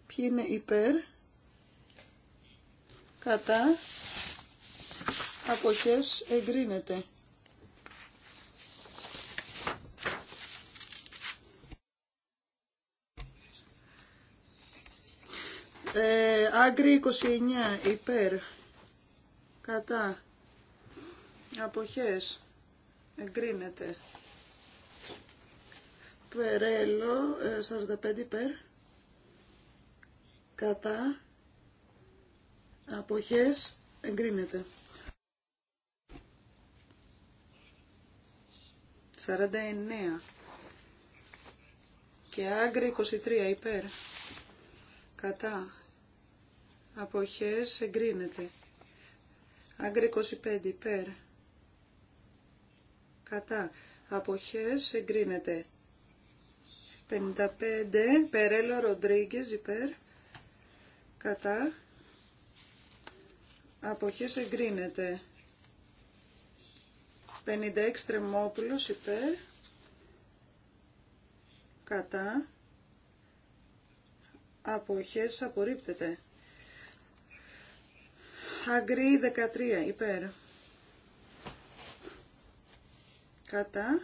Ποιοι είναι υπέρ. Κατά. Αποχές εγκρίνεται. Ε, άγκρι 29 υπέρ. Κατά. Αποχές εγκρίνεται. Περέλο, 45 ε, υπέρ, κατά, αποχές, εγκρίνεται. 49 και άγκρι 23 υπέρ, κατά, αποχές, εγκρίνεται. Άγκρι 25 υπέρ, κατά αποχές εγκρίνεται. 55 Περέλο Ροντρίγκες υπέρ κατά αποχές εγκρίνεται. 56 Τρεμόπουλος υπέρ κατά αποχές απορρίπτεται. Αγκρή 13 υπέρ κατά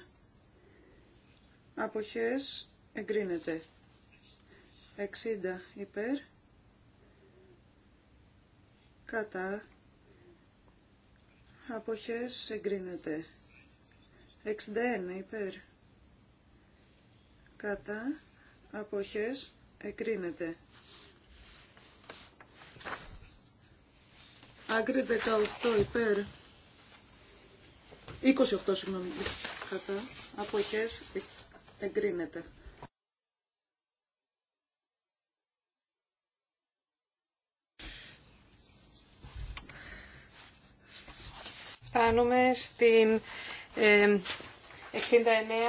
αποχές εγκρίνεται 60 υπέρ κατά αποχές εγκρίνεται 61 υπέρ κατά αποχές εγκρίνεται Άκρη 18 υπέρ 28 συγγνώμη κατά αποχές εγκρίνεται. Φτάνουμε στην 69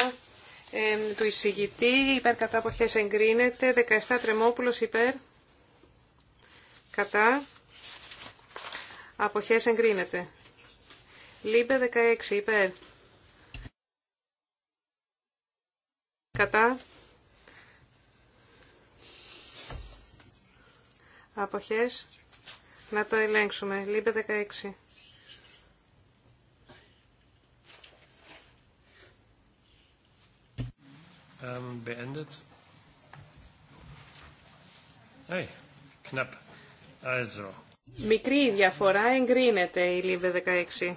του εισηγητή. Υπέρ κατά αποχές εγκρίνεται. 17 Τρεμόπουλος υπέρ κατά αποχές εγκρίνεται. Λίμπε 16 υπέρ. Κατά. Αποχές. Να το ελέγξουμε. Λίμπε 16. Ähm, beendet. Hey, knapp. Also. Μικρή διαφορά εγκρίνεται η Λίβε 16.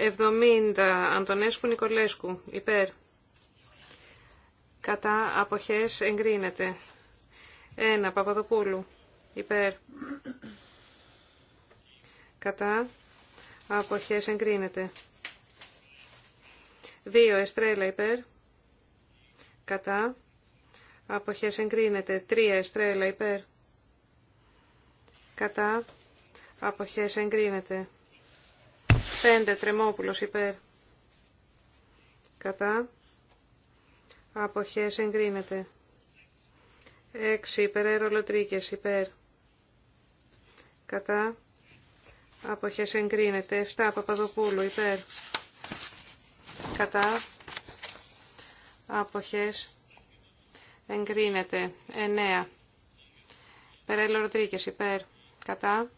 70. Αντωνέσκου Νικολέσκου. Υπέρ. Κατά αποχές εγκρίνεται. 1. Παπαδοπούλου. Υπέρ. Κατά αποχές εγκρίνεται. 2. Εστρέλα υπέρ. Κατά αποχές εγκρίνεται. 3. Εστρέλα υπέρ. Κατά αποχές εγκρίνεται. 5 τρεμόπουλος υπέρ κατά αποχές εγκρίνεται 6 υπερέρολοτρίκες υπέρ κατά αποχές εγκρίνεται 7 Παπαδοπούλου υπέρ κατά αποχές εγκρίνεται 9 Περέλο Ροτρίκες υπέρ κατά